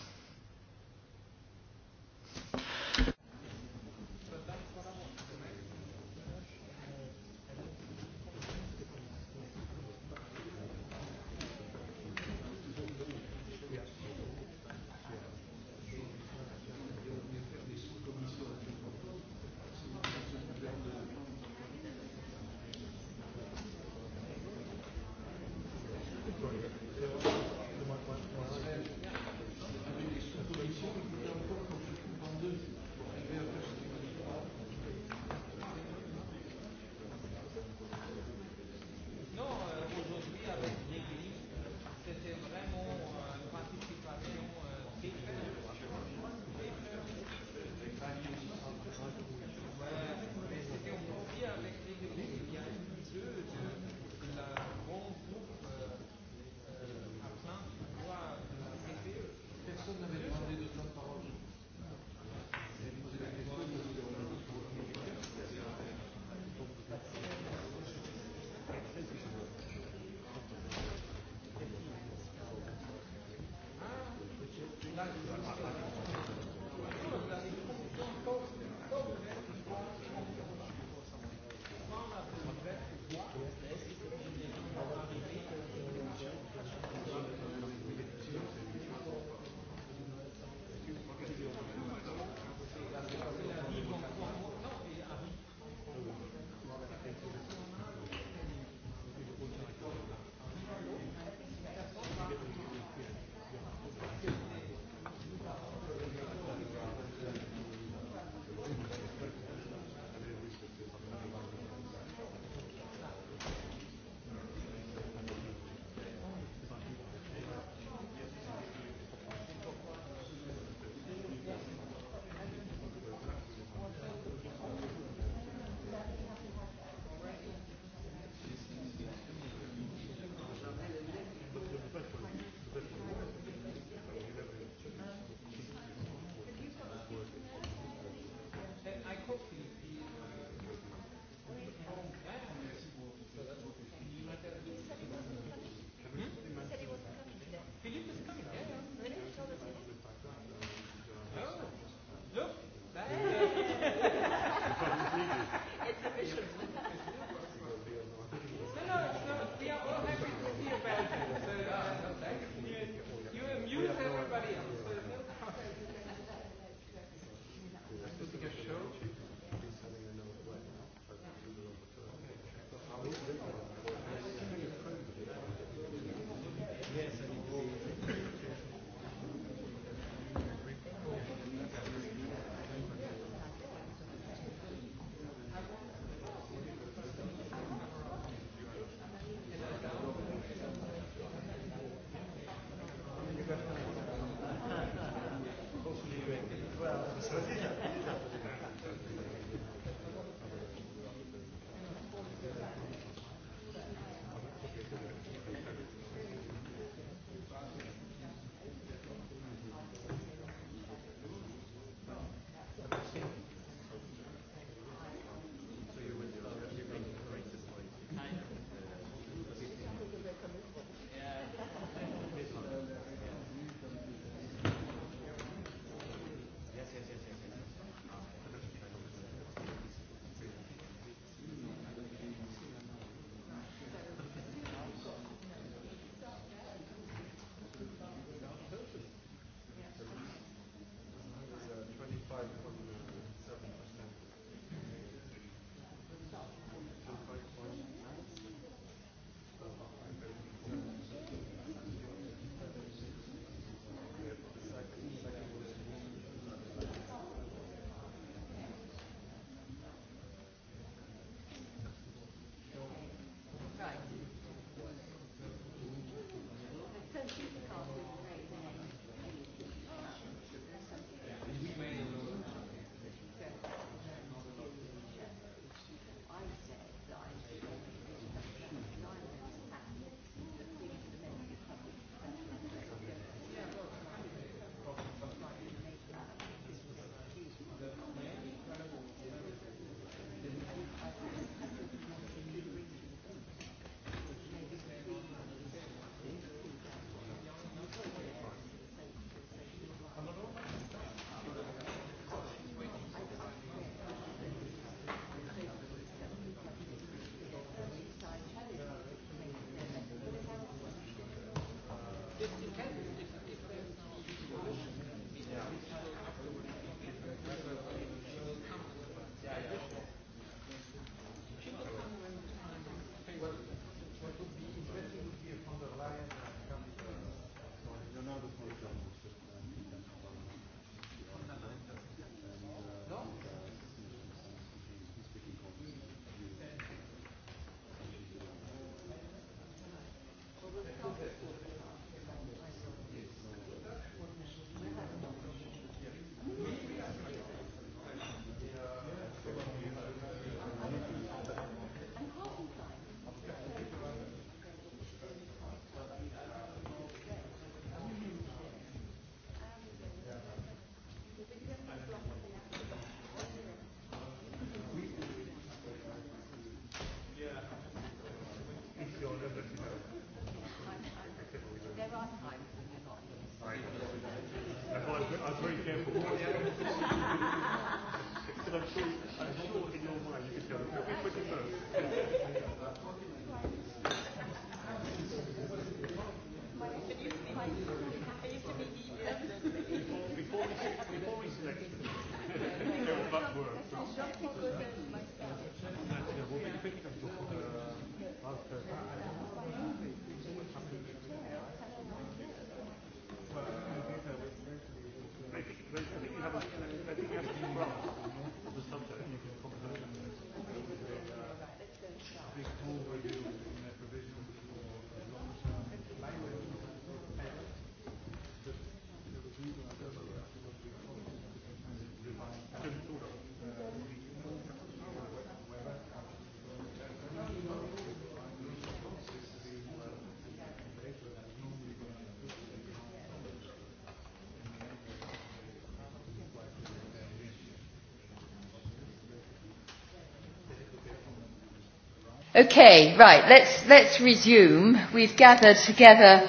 Okay, right, let's, let's resume. We've gathered together.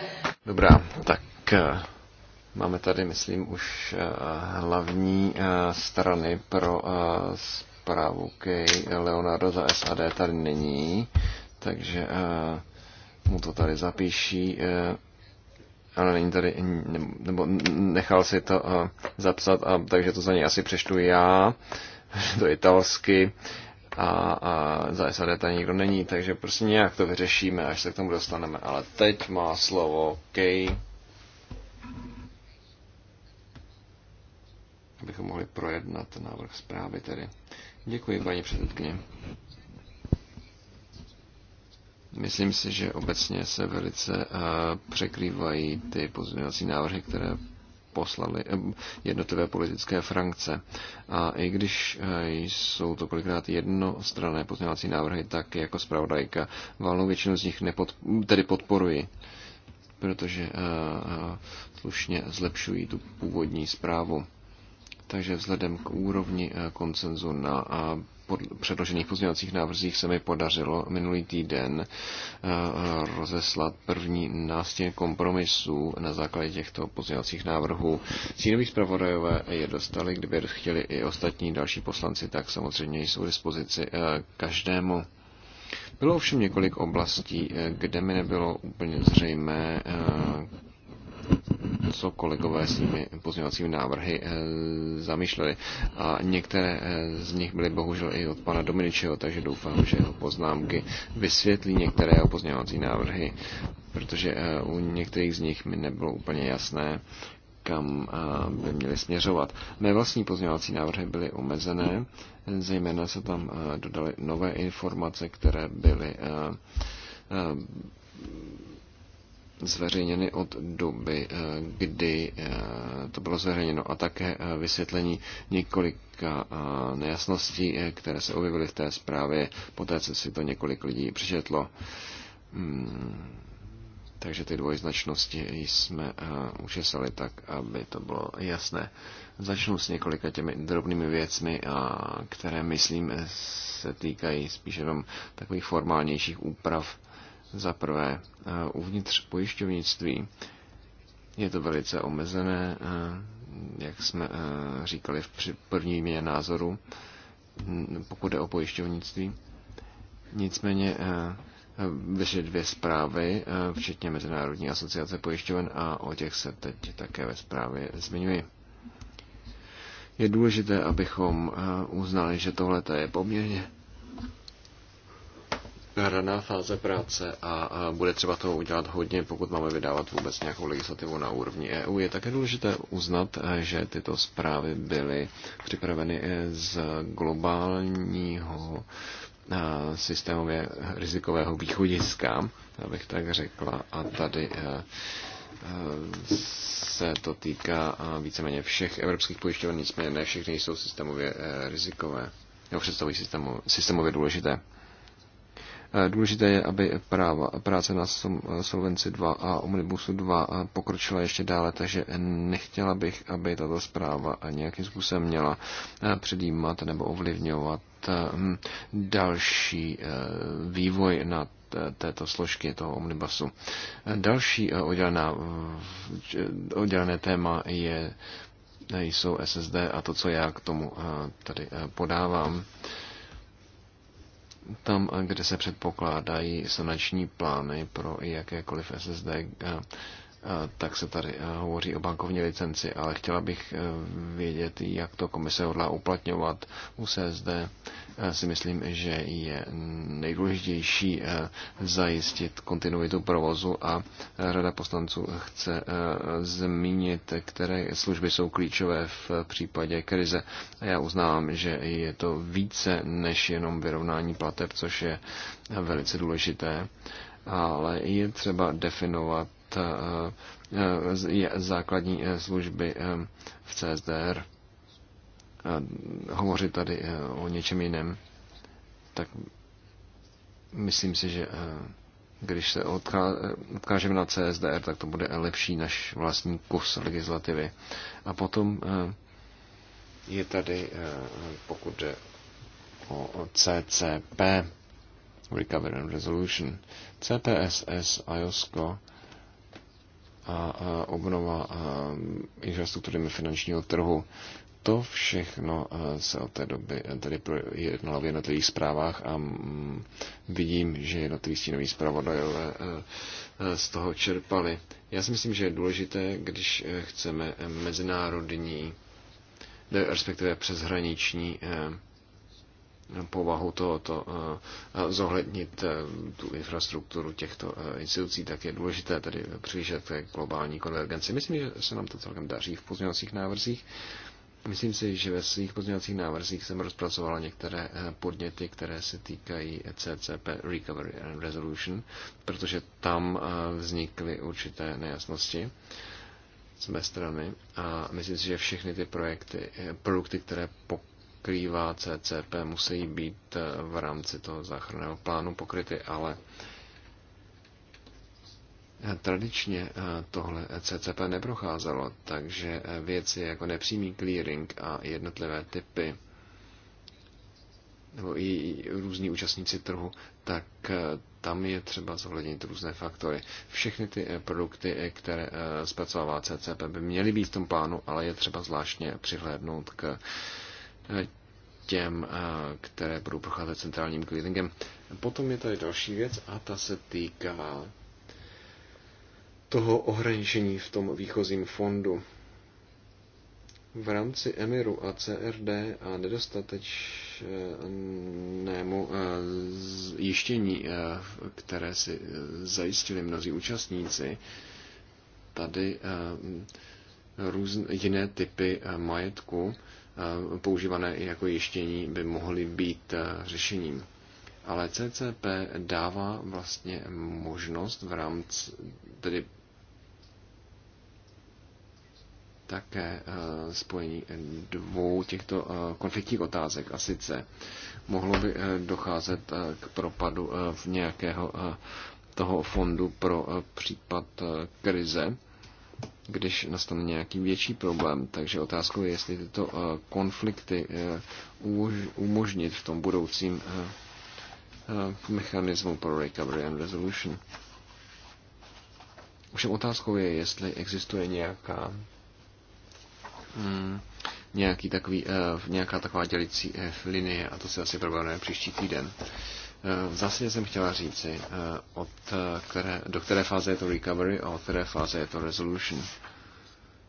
Dobrá, tak uh, máme tady, myslím, už uh, hlavní uh, strany pro uh, zprávu Kej. Leonardo za SAD tady není, takže uh, mu to tady zapíší Uh, ale není tady, nebo nechal si to uh, zapsat, a, takže to za něj asi přeštu já do italsky. Uh, a, a za SAD tady nikdo není, takže prostě nějak to vyřešíme, až se k tomu dostaneme. Ale teď má slovo K. abychom mohli projednat návrh zprávy tedy. Děkuji, paní předsedkyně. Myslím si, že obecně se velice eh, překrývají ty pozměňovací návrhy, které poslali eh, jednotlivé politické frankce A i když eh, jsou to kolikrát jednostranné pozměňovací návrhy, tak jako zpravodajka valnou většinu z nich nepod, tedy podporuji protože eh, slušně zlepšují tu původní zprávu. Takže vzhledem k úrovni eh, koncenzu na eh, předložených pozměňovacích návrzích se mi podařilo minulý týden eh, rozeslat první nástěn kompromisů na základě těchto pozměňovacích návrhů. Cínoví zpravodajové je dostali, kdyby chtěli i ostatní další poslanci, tak samozřejmě jsou k dispozici každému. Bylo ovšem několik oblastí, kde mi nebylo úplně zřejmé, co kolegové s těmi pozměňovacími návrhy eh, zamýšleli. A některé eh, z nich byly bohužel i od pana Dominičeho, takže doufám, že jeho poznámky vysvětlí některé jeho pozměňovací návrhy, protože eh, u některých z nich mi nebylo úplně jasné, kam by měly směřovat. Mé vlastní pozměňovací návrhy byly omezené, zejména se tam dodaly nové informace, které byly zveřejněny od doby, eh, kdy eh, to bylo zveřejněno a také eh, vysvětlení několika nejasností, které se objevily v té zprávě, poté co si to několik lidí přečetlo. Hmm. Takže ty dvojznačnosti jsme učesali tak, aby to bylo jasné. Začnu s několika těmi drobnými věcmi, které myslím se týkají spíše jenom takových formálnějších úprav za prvé, eh, uvnitř pojišťovnictví je to velice omezené, eh, jak jsme eh, říkali v první měně názoru, pokud jde o pojišťovnictví. Nicméně vyšly dvě zprávy, včetně Mezinárodní asociace pojišťoven a o těch se teď také ve zprávě zmiňuji. Je důležité, abychom uznali, že tohle je poměrně raná fáze práce a bude třeba toho udělat hodně, pokud máme vydávat vůbec nějakou legislativu na úrovni EU. Je také důležité uznat, eh, že tyto zprávy byly připraveny eh, z globálního eh, systémově rizikového východiska, abych tak řekla, a tady se to týká víceméně všech evropských pojišťoven, nicméně ne všechny jsou systémově rizikové, nebo představují systémově důležité. Důležité je, aby práva, práce na Solvenci 2 a Omnibusu 2 pokročila ještě dále, takže nechtěla bych, aby tato zpráva nějakým způsobem měla e, předjímat nebo ovlivňovat e, hm, další e, vývoj na této složky toho omnibusu. Další oddělená, oddělené téma je, jsou SSD a to, co já k tomu tady podávám tam, eh, kde se předpokládají sanační plány pro jakékoliv SSD, eh, eh, tak se tady hovoří o bankovní licenci, ale chtěla bych vědět, jak to komise hodlá uplatňovat u SSD si myslím, že je nejdůležitější eh, zajistit kontinuitu provozu a Rada poslanců chce eh, zmínit, které služby jsou klíčové v případě krize. A já uznávám, že je to více než jenom vyrovnání plateb, což je velice důležité, ale je třeba definovat eh, základní služby v CSDR hovořit tady eh, o něčem jiném, tak myslím si, že eh, když se odkážeme na CSDR, tak to bude lepší než vlastní kus legislativy. A potom eh, je tady, pokud jde o CCP, Recovery and Resolution, CPSS, IOSCO a obnova infrastruktury finančního trhu to všechno eh, se od té doby eh, tady jednalo v jednotlivých zprávách a mm, vidím, že jednotlivý stínový zpravodajové eh, z toho čerpali. Já si myslím, že je důležité, když chceme mezinárodní, respektive přeshraniční povahu tohoto zohlednit tu infrastrukturu těchto institucí, tak je důležité tedy přihlížet k globální konvergenci. Myslím, že se nám to celkem daří v pozměňovacích návrzích. Myslím si, že ve svých pozměňovacích návrzích jsem rozpracovala některé eh, podněty, které se týkají CCP Recovery and Resolution, protože tam eh, vznikly určité nejasnosti z mé strany a myslím si, že všechny ty projekty, eh, produkty, které pokrývá CCP, musí být v rámci toho záchranného plánu pokryty, ale uh, Tradičně eh, tohle CCP neprocházelo, takže eh, věci jako nepřímý clearing a jednotlivé typy nebo i různí účastníci trhu, tak eh, tam je třeba zohlednit různé faktory. Všechny ty produkty, které zpracovává CCP, by měly být v tom plánu, ale je třeba zvláštně přihlédnout k těm, které budou procházet centrálním clearingem. Potom je tady další věc a ta se týká toho ohraničení v tom výchozím fondu. V rámci Emiru a CRD a nedostatečnému eh, zjištění, eh, které si eh, zajistili mnozí účastníci, tady různé jiné typy majetku používané i jako jištění by mohly být řešením. Ale CCP dává vlastně možnost v rámci, tedy také eh, spojení dvou těchto eh, konfliktních otázek. A sice mohlo by eh, docházet k propadu v nějakého toho fondu pro případ krize, když nastane nějaký větší problém. Takže otázkou je, jestli tyto konflikty umožnit v tom budoucím mechanismu pro recovery and resolution. Ovšem otázkou je, jestli existuje nějaká Hmm, nějaký takový, eh, nějaká taková dělicí eh, linie a to se asi probereme příští týden. V eh, zásadě jsem chtěla říci, od které, do které fáze je to recovery a od které fáze je to resolution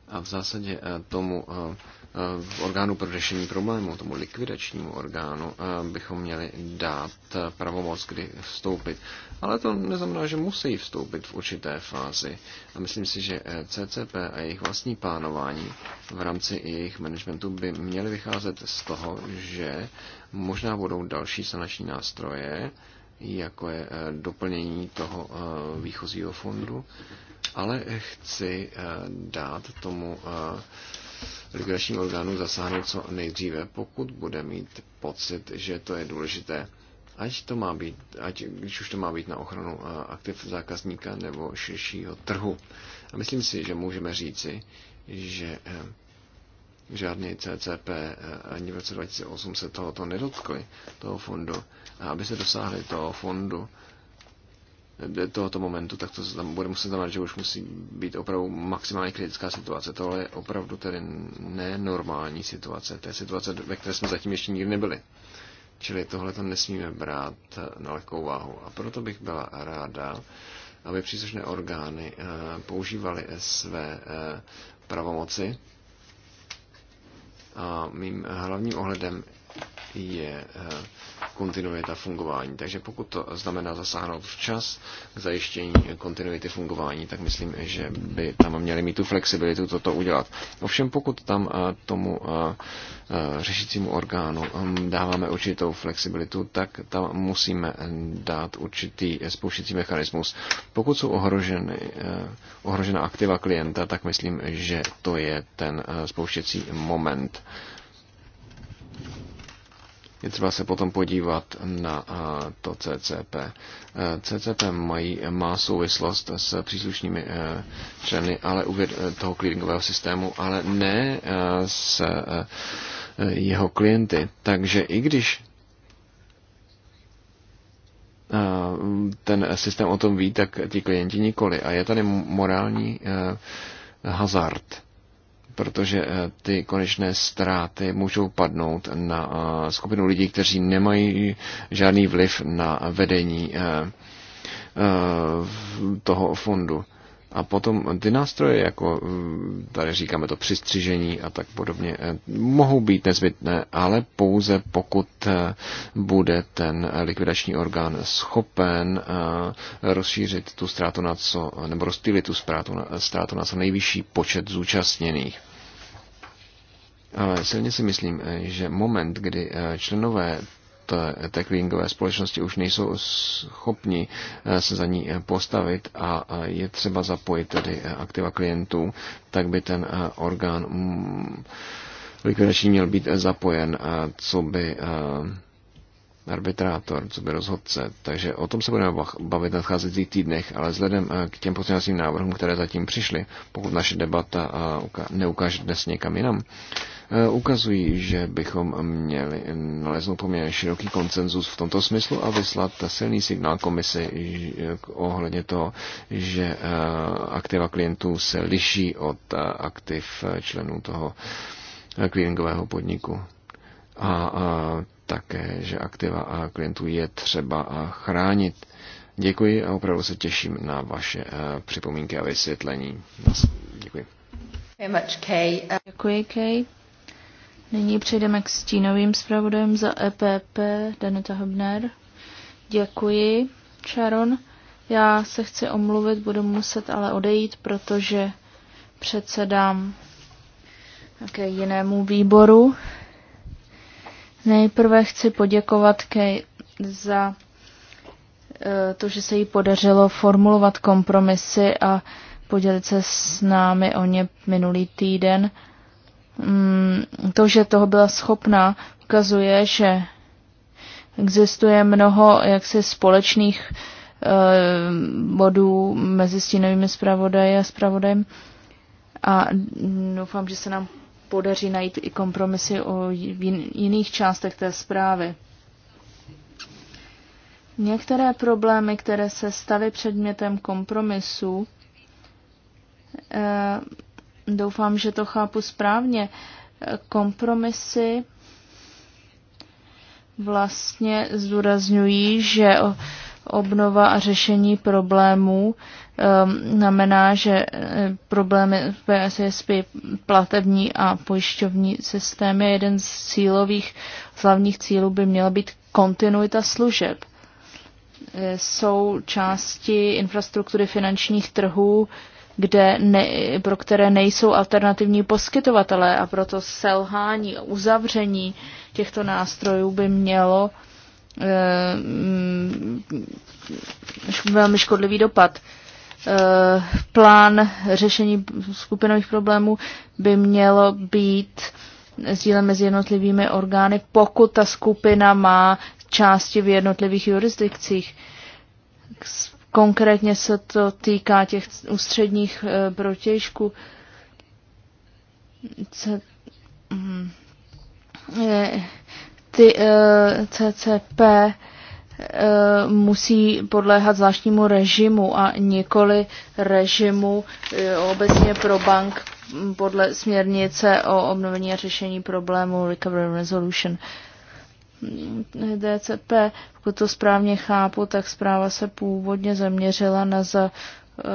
a v zásadě eh, tomu eh, eh, orgánu pro řešení problému, tomu likvidačnímu orgánu, bychom měli dát pravomoc, kdy vstoupit. Ale to neznamená, že musí vstoupit v určité fázi. A myslím si, že CCP a jejich vlastní plánování v rámci jejich managementu by měly vycházet z toho, že možná budou další sanační nástroje, jako je doplnění toho výchozího fondu, ale chci eh, dát tomu eh, likvidačním orgánu zasáhnout co nejdříve, pokud bude mít pocit, že to je důležité. Ať to má být, ať, když už to má být na ochranu eh, aktiv zákazníka nebo širšího trhu. A myslím si, že můžeme říci, že žádný CCP ani v roce 2008 se tohoto nedotkli, toho fondu. A aby se dosáhli toho fondu, tohoto momentu, tak to tam bude muset znamenat, že už musí být opravdu maximálně kritická situace. Tohle je opravdu tedy nenormální situace. To je situace, ve které jsme zatím ještě nikdy nebyli. Čili tohle to nesmíme brát na lehkou váhu. A proto bych byla ráda, aby příslušné orgány eh, používaly své eh, pravomoci. A mým hlavním ohledem je eh, kontinuita fungování. Takže pokud to znamená zasáhnout včas k zajištění kontinuity fungování, tak myslím, že by tam měli mít tu flexibilitu toto udělat. Ovšem pokud tam eh, tomu eh, řešícímu orgánu hm, dáváme určitou flexibilitu, tak tam musíme dát určitý spouštěcí mechanismus. Pokud jsou ohroženy, ohrožena aktiva klienta, tak myslím, že to je ten spouštěcí moment. Je třeba se potom podívat na to CCP. E, CCP mají, má souvislost s příslušnými e, členy ale e, toho clearingového systému, ale ne s jeho klienty. Takže i když ten systém o tom ví, tak ti klienti nikoli. A je tady morální hazard protože eh, ty konečné ztráty můžou padnout na eh, skupinu lidí, kteří nemají žádný vliv na vedení eh, toho fondu. A potom ty nástroje, jako eh, tady říkáme to přistřižení a tak podobně, eh, mohou být nezbytné, ale pouze pokud eh, bude ten likvidační orgán schopen rozšířit tu ztrátu na co, nebo rozptýlit tu ztrátu na, ztrátu na co nejvyšší počet zúčastněných. Ale silně si myslím, že moment, kdy členové té clearingové společnosti už nejsou schopni eh, se za ní eh, postavit a je třeba zapojit tedy eh, aktiva klientů, tak by ten orgán mm, likvidační měl být zapojen, co by arbitrátor, co by rozhodce. Takže o tom se budeme bavit v nadcházejících týdnech, ale vzhledem k těm pozměňovacím návrhům, které zatím přišly, pokud naše debata neukáže dnes někam jinam, E, ukazují, že bychom měli naleznout poměrně široký konsenzus v tomto smyslu a vyslat silný signál komisi ohledně toho, že e, aktiva klientů se liší od e, aktiv členů toho clearingového podniku. A, a také, že aktiva a klientů je třeba chránit. Děkuji a opravdu se těším na vaše připomínky a vysvětlení. Děkuji. Děkuji, Kay. Nyní přejdeme k stínovým zpravodajům za EPP, Daneta Hobner. Děkuji, Sharon. Já se chci omluvit, budu muset ale odejít, protože předsedám také jinému výboru. Nejprve chci poděkovat Kej za e, to, že se jí podařilo formulovat kompromisy a podělit se s námi o ně minulý týden. Mm, to, že toho byla schopna, ukazuje, že existuje mnoho jaksi společných eh, bodů mezi stínovými zpravodaji a zpravodajem a doufám, že se nám podaří najít i kompromisy o jiných částech té zprávy. Některé problémy, které se staly předmětem kompromisu, eh, Doufám, že to chápu správně. Kompromisy vlastně zdůrazňují, že obnova a řešení problémů um, znamená, že e, problémy v PSSP platební a pojišťovní systém je jeden z cílových, z hlavních cílů by měla být kontinuita služeb. E, jsou části infrastruktury finančních trhů, kde ne, pro které nejsou alternativní poskytovatelé a proto selhání, uzavření těchto nástrojů by mělo e, velmi škodlivý dopad. E, plán řešení skupinových problémů by mělo být sdílen mezi jednotlivými orgány, pokud ta skupina má části v jednotlivých jurisdikcích. Konkrétně se to týká těch ústředních eh, protějšků. Mm, eh, ty eh, CCP musí podléhat zvláštnímu režimu a nikoli režimu obecně pro bank podle směrnice o obnovení a řešení problému Recovery Resolution. Uh, DCP. Pokud to správně chápu, tak zpráva se původně zaměřila na za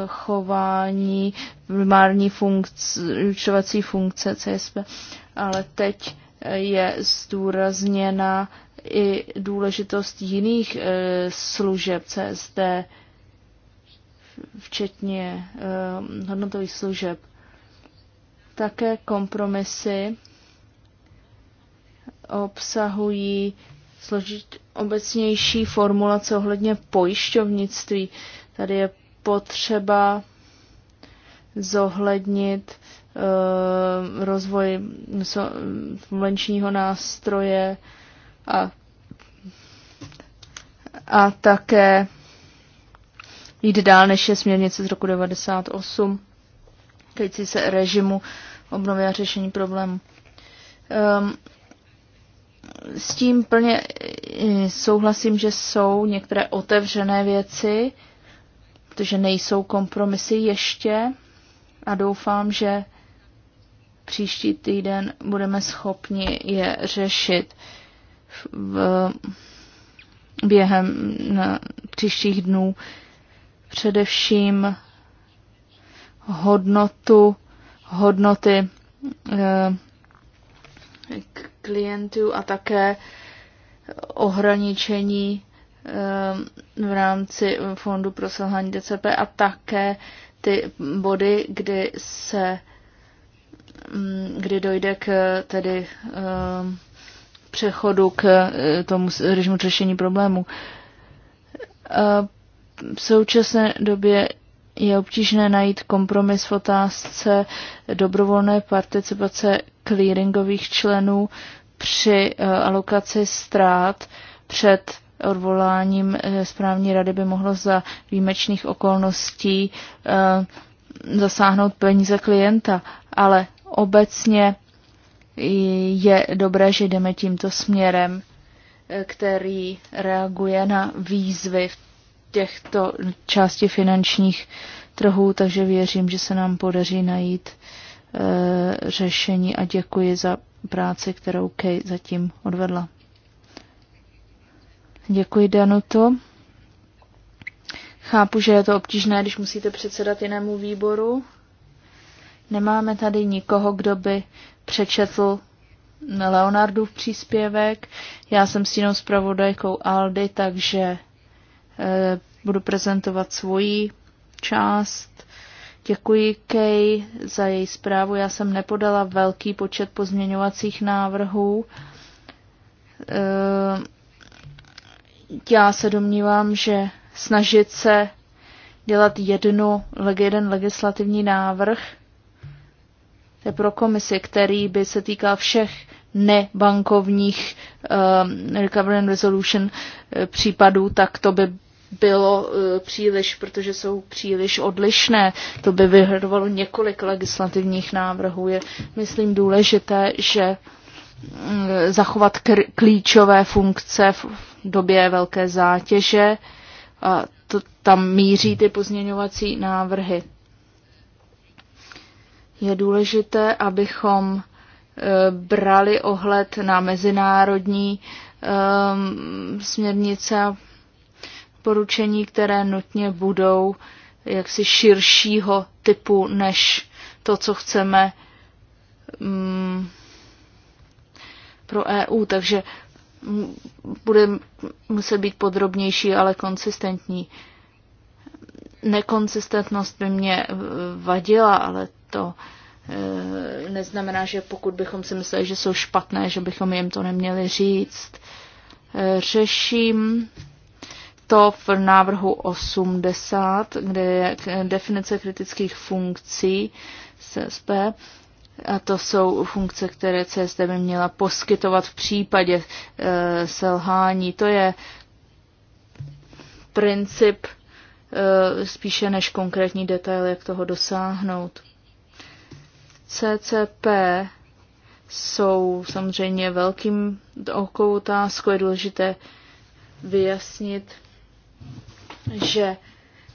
chování primární funkce, funkce CSP, ale teď je zdůrazněna i důležitost jiných e, služeb CSD, včetně e, hodnotových služeb. Také kompromisy obsahují složit obecnější formulace ohledně pojišťovnictví. Tady je potřeba zohlednit e, rozvoj so, menšího nástroje a, a také jít dál než je směrnice z roku 98, týkající se režimu obnovy a řešení problémů. Um, s tím plně eh, souhlasím, že jsou některé otevřené věci, protože nejsou kompromisy ještě a doufám, že příští týden budeme schopni je řešit v, během na příštích dnů. Především hodnotu, hodnoty, eh, klientů a také ohraničení eh, v rámci fondu pro selhání DCP a také ty body, kdy se mm, kdy dojde k tedy eh, přechodu k eh, tomu režimu řešení problému. V současné době je obtížné najít kompromis v otázce dobrovolné participace clearingových členů při eh, alokaci ztrát před odvoláním eh, správní rady by mohlo za výjimečných okolností eh, zasáhnout peníze klienta, ale obecně je dobré, že jdeme tímto směrem, který reaguje na výzvy v těchto části finančních trhů, takže věřím, že se nám podaří najít řešení a děkuji za práci, kterou Kay zatím odvedla. Děkuji, Danuto. Chápu, že je to obtížné, když musíte předsedat jinému výboru. Nemáme tady nikoho, kdo by přečetl Leonardův příspěvek. Já jsem s jinou zpravodajkou Aldy, takže e, budu prezentovat svoji část Děkuji Kej za její zprávu. Já jsem nepodala velký počet pozměňovacích návrhů. Eh, já se domnívám, že snažit se dělat jednu, jeden legislativní návrh je pro komisi, který by se týkal všech nebankovních um, Recovery and Resolution eh, případů, tak to by bylo eh, příliš, protože jsou příliš odlišné. To by vyhradovalo několik legislativních návrhů. Je, myslím, důležité, že mm, zachovat klíčové funkce v době velké zátěže. A to, tam míří ty pozměňovací návrhy. Je důležité, abychom eh, brali ohled na mezinárodní um, směrnice a poručení, které nutně budou jaksi širšího typu než to, co chceme mm, pro EU. Takže bude muset být podrobnější, ale konsistentní. Nekonsistentnost by mě e, vadila, ale to e, neznamená, že pokud bychom si mysleli, že jsou špatné, že bychom jim to neměli říct. E, řeším to v návrhu 80, kde je definice kritických funkcí CSP. A to jsou funkce, které CSP by měla poskytovat v případě e, selhání. To je princip e, spíše než konkrétní detail, jak toho dosáhnout. CCP jsou samozřejmě velkým okou otázkou. Je důležité vyjasnit že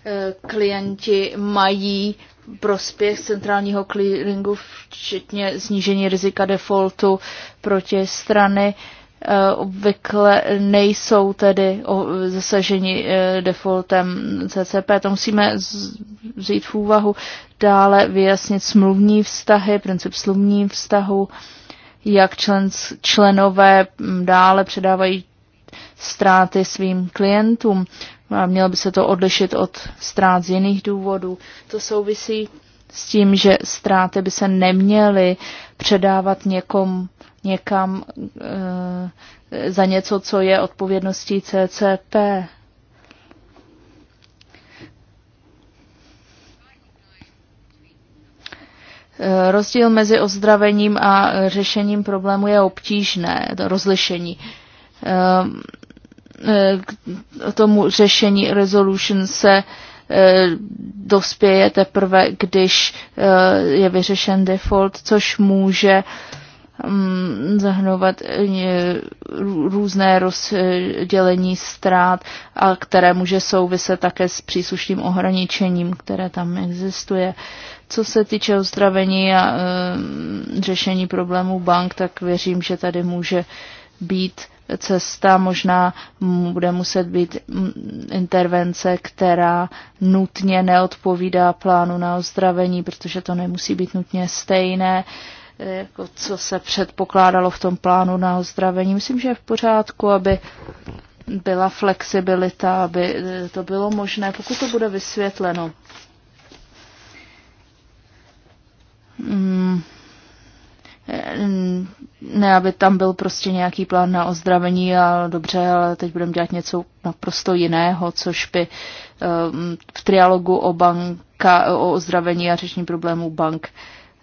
eh, klienti mají prospěch centrálního clearingu, včetně snížení rizika defaultu proti strany. Eh, obvykle nejsou tedy zasaženi eh, defaultem CCP. To musíme vzít v úvahu. Dále vyjasnit smluvní vztahy, princip smluvní vztahu, jak člen, členové dále předávají ztráty svým klientům a mělo by se to odlišit od ztrát z jiných důvodů. To souvisí s tím, že ztráty by se neměly předávat někom, někam e, za něco, co je odpovědností CCP. Eh, rozdíl mezi ozdravením a řešením problému je obtížné, to rozlišení. Eh, k tomu řešení resolution se e, dospěje teprve, když e, je vyřešen default, což může mm, zahrnovat e, různé rozdělení ztrát, a které může souviset také s příslušným ohraničením, které tam existuje. Co se týče uzdravení a řešení problémů bank, tak věřím, že tady může být cesta, možná bude muset být intervence, která nutně neodpovídá plánu na ozdravení, protože to nemusí být nutně stejné, e, jako co se předpokládalo v tom plánu na ozdravení. Myslím, že je v pořádku, aby byla flexibilita, aby e, to bylo možné, pokud to bude vysvětleno. Hmm ne, aby tam byl prostě nějaký plán na ozdravení a dobře, ale teď budeme dělat něco naprosto jiného, což by ehm, v trialogu o banka, o ozdravení a řešení problémů bank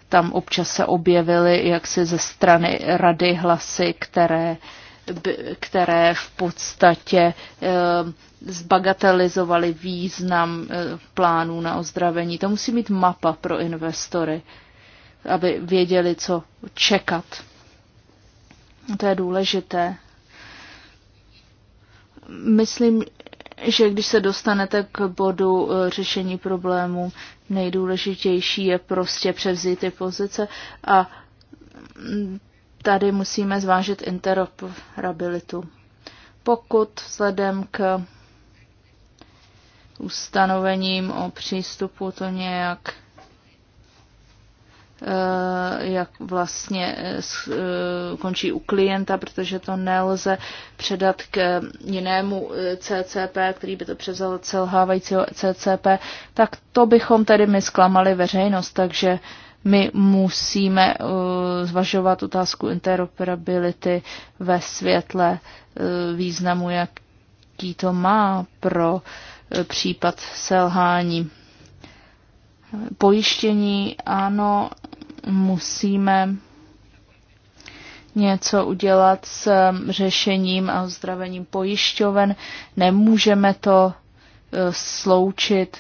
tam občas se objevily jaksi ze strany rady hlasy, které, které v podstatě ehm, zbagatelizovaly význam e, plánů na ozdravení. To musí mít mapa pro investory aby věděli, co čekat. To je důležité. Myslím, že když se dostanete k bodu eh, řešení problémů, nejdůležitější je prostě převzít ty pozice a mm, tady musíme zvážit interoperabilitu. Pokud vzhledem k ustanovením o přístupu to nějak Eh, jak vlastně eh, eh, končí u klienta, protože to nelze předat k jinému CCP, který by to převzal od selhávajícího CCP, tak to bychom tedy my zklamali veřejnost, takže my musíme zvažovat otázku interoperability ve světle významu, jaký to má pro případ selhání. Pojištění, ano, musíme něco udělat s um, řešením a ozdravením pojišťoven. Nemůžeme to uh, sloučit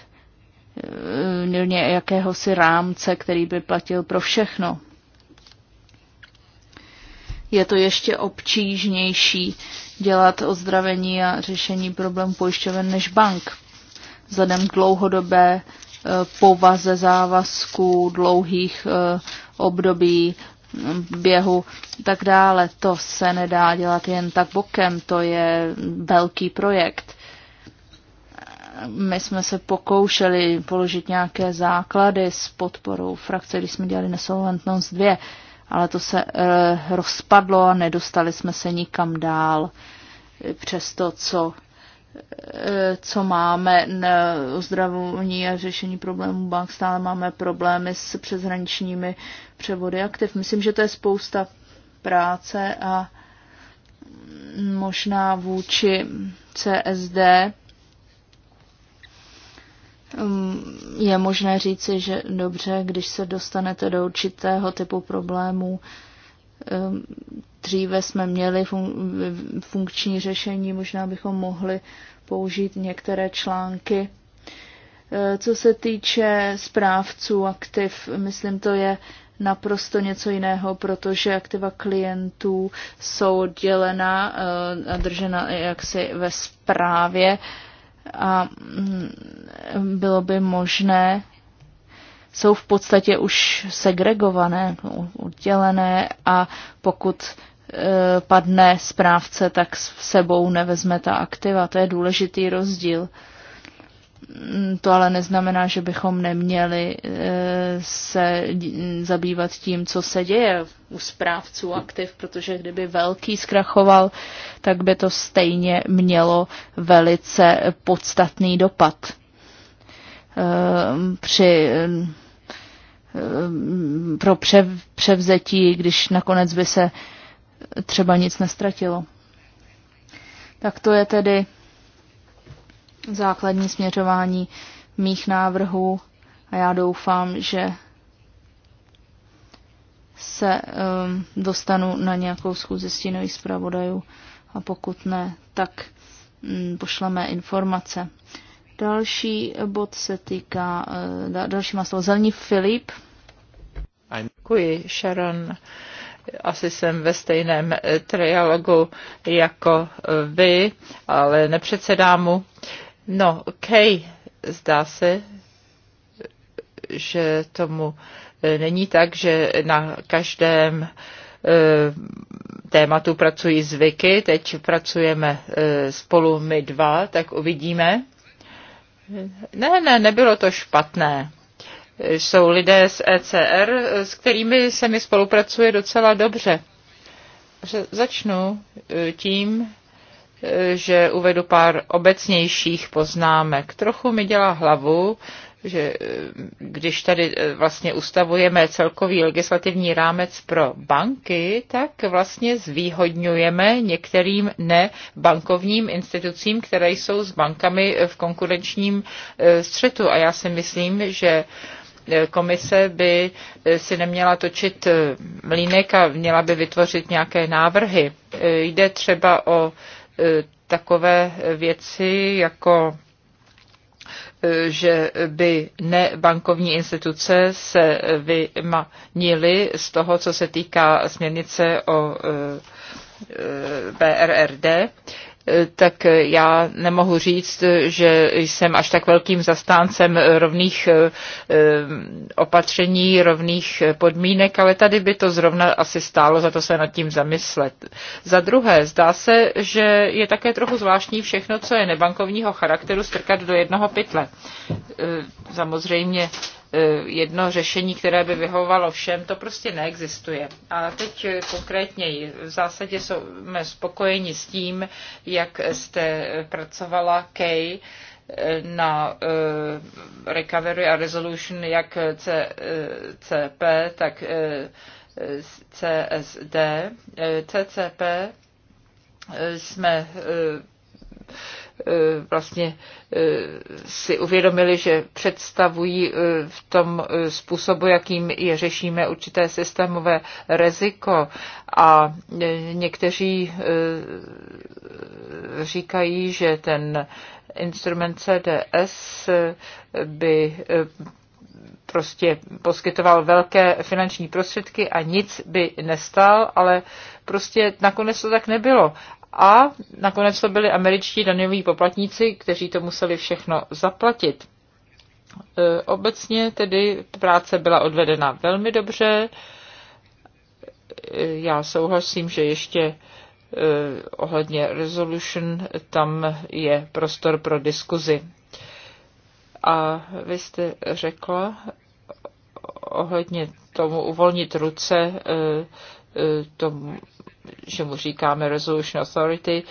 uh, jakéhosi rámce, který by platil pro všechno. Je to ještě obtížnější dělat ozdravení a řešení problém pojišťoven než bank, vzhledem k dlouhodobé povaze závazků, dlouhých eh, období běhu tak dále. To se nedá dělat jen tak bokem, to je velký projekt. My jsme se pokoušeli položit nějaké základy s podporou frakce, když jsme dělali nesolventnost 2, ale to se e, rozpadlo a nedostali jsme se nikam dál přes to, co co máme na ozdravování a řešení problémů bank, stále máme problémy s přeshraničními převody aktiv. Myslím, že to je spousta práce a možná vůči CSD um, je možné říci, že dobře, když se dostanete do určitého typu problémů, Ehm, dříve jsme měli funkční řešení, možná bychom mohli použít některé články. Ehm, co se týče správců aktiv, myslím, to je naprosto něco jiného, protože aktiva klientů jsou dělena, ehm, a držena jaksi ve správě a mm, bylo by možné jsou v podstatě už segregované, oddělené jako a pokud e, padne správce, tak s sebou nevezme ta aktiva. To je důležitý rozdíl. Mm, to ale neznamená, že bychom neměli e, se zabývat tím, co se děje u správců aktiv, protože kdyby velký zkrachoval, tak by to stejně mělo velice podstatný dopad e, při Eh, pro převzetí, když nakonec by se třeba nic nestratilo. Tak to je tedy základní směřování mých návrhů a já doufám, že se um, dostanu na nějakou schůzi stínových zpravodajů a pokud ne, tak um, pošleme informace. Další bod se týká, eh, další má slovo Zelní Filip. Děkuji, Sharon asi jsem ve stejném eh, trialogu jako eh, vy, ale nepředsedám mu. No, OK, zdá se, že tomu není tak, že na každém tématu pracují zvyky, teď pracujeme spolu my dva, tak uvidíme ne, ne, nebylo to špatné. Jsou lidé z ECR, s kterými se mi spolupracuje docela dobře. Začnu eh, tím, eh, že uvedu pár obecnějších poznámek. Trochu mi dělá hlavu, že eh, když tady eh, vlastně ustavujeme celkový legislativní rámec pro banky, tak vlastně zvýhodňujeme některým nebankovním institucím, které jsou s bankami eh, v konkurenčním střetu. A já si myslím, že komise by si neměla točit mlínek a měla by vytvořit nějaké návrhy. Jde třeba o takové věci jako že by nebankovní instituce se vymanily z toho, co se týká směrnice o eh, eh, BRRD. Eh, tak eh, já nemohu říct, že jsem až tak velkým zastáncem rovných eh, opatření, rovných podmínek, ale tady by to zrovna asi stálo za to se nad tím zamyslet. Za druhé, zdá se, že je také trochu zvláštní všechno, co je nebankovního charakteru, strkat do jednoho pytle. Samozřejmě Eh, jedno řešení, které by vyhovovalo všem, to prostě neexistuje. A teď eh, konkrétně v zásadě jsme spokojeni s tím, jak jste pracovala, Kay, eh, na Recovery a Resolution, jak CCP, tak CSD. CCP jsme E, vlastně e, si uvědomili, že představují e, v tom způsobu, jakým je řešíme určité systémové riziko. A někteří říkají, že ten instrument CDS by prostě poskytoval velké finanční prostředky a nic by nestal, ale prostě nakonec to tak nebylo a nakonec to byli američtí daňoví poplatníci, kteří to museli všechno zaplatit. E, obecně tedy práce byla odvedena velmi dobře. E, já souhlasím, že ještě e, ohledně resolution tam je prostor pro diskuzi. A vy jste řekla ohledně tomu uvolnit ruce Eh, tomu, mu říkáme Resolution Authority,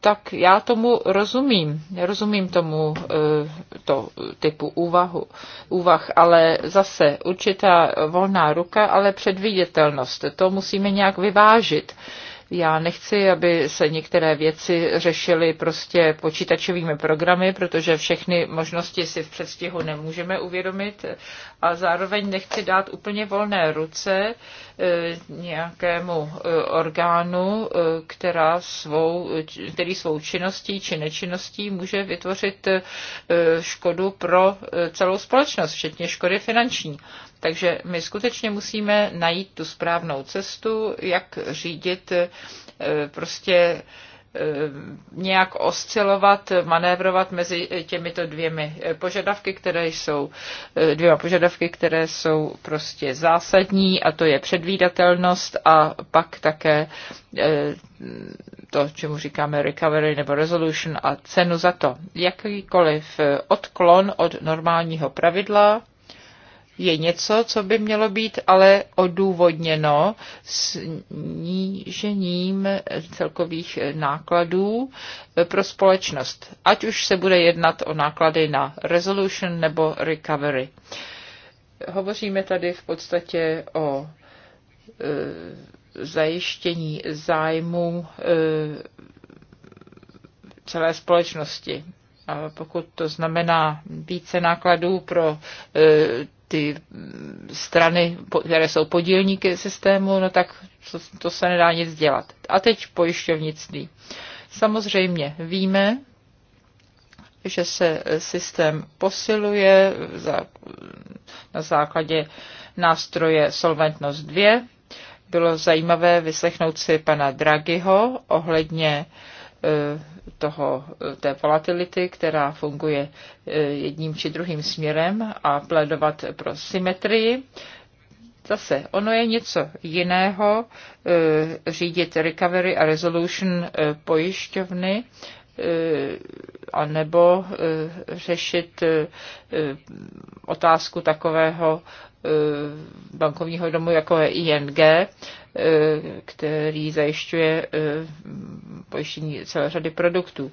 tak já tomu rozumím. Rozumím tomu eh, to typu úvahu, úvah, ale zase určitá volná ruka, ale předvídatelnost. To musíme nějak vyvážit. Já nechci, aby se některé věci řešily prostě počítačovými programy, protože všechny možnosti si v předstihu nemůžeme uvědomit a zároveň nechci dát úplně volné ruce e, nějakému e, orgánu, e, která svou, který svou činností či nečinností může vytvořit škodu pro celou společnost, včetně škody finanční. Takže my skutečně musíme najít tu správnou cestu, jak řídit eh, prostě eh, nějak oscilovat, manévrovat mezi těmito dvěmi požadavky, které jsou eh, dvěma požadavky, které jsou prostě zásadní a to je předvídatelnost a pak také to, čemu říkáme recovery nebo resolution a cenu za to. Jakýkoliv odklon od normálního pravidla je něco, co by mělo být ale odůvodněno snížením celkových nákladů pro společnost, ať už se bude jednat o náklady na resolution nebo recovery. Hovoříme tady v podstatě o e, zajištění zájmu e, celé společnosti. A pokud to znamená více nákladů pro e, ty strany, které jsou podílníky systému, no tak to, to se nedá nic dělat. A teď pojišťovnictví. Samozřejmě víme, že se systém posiluje za, na základě nástroje Solventnost 2. Bylo zajímavé vyslechnout si pana Draghiho ohledně uh, Eh, toho, eh, té volatility, která funguje eh, jedním či druhým směrem a plédovat pro symetrii. Zase, ono je něco jiného řídit recovery a resolution pojišťovny, anebo řešit otázku takového bankovního domu, jako je ING, který zajišťuje eh, pojištění celé řady produktů.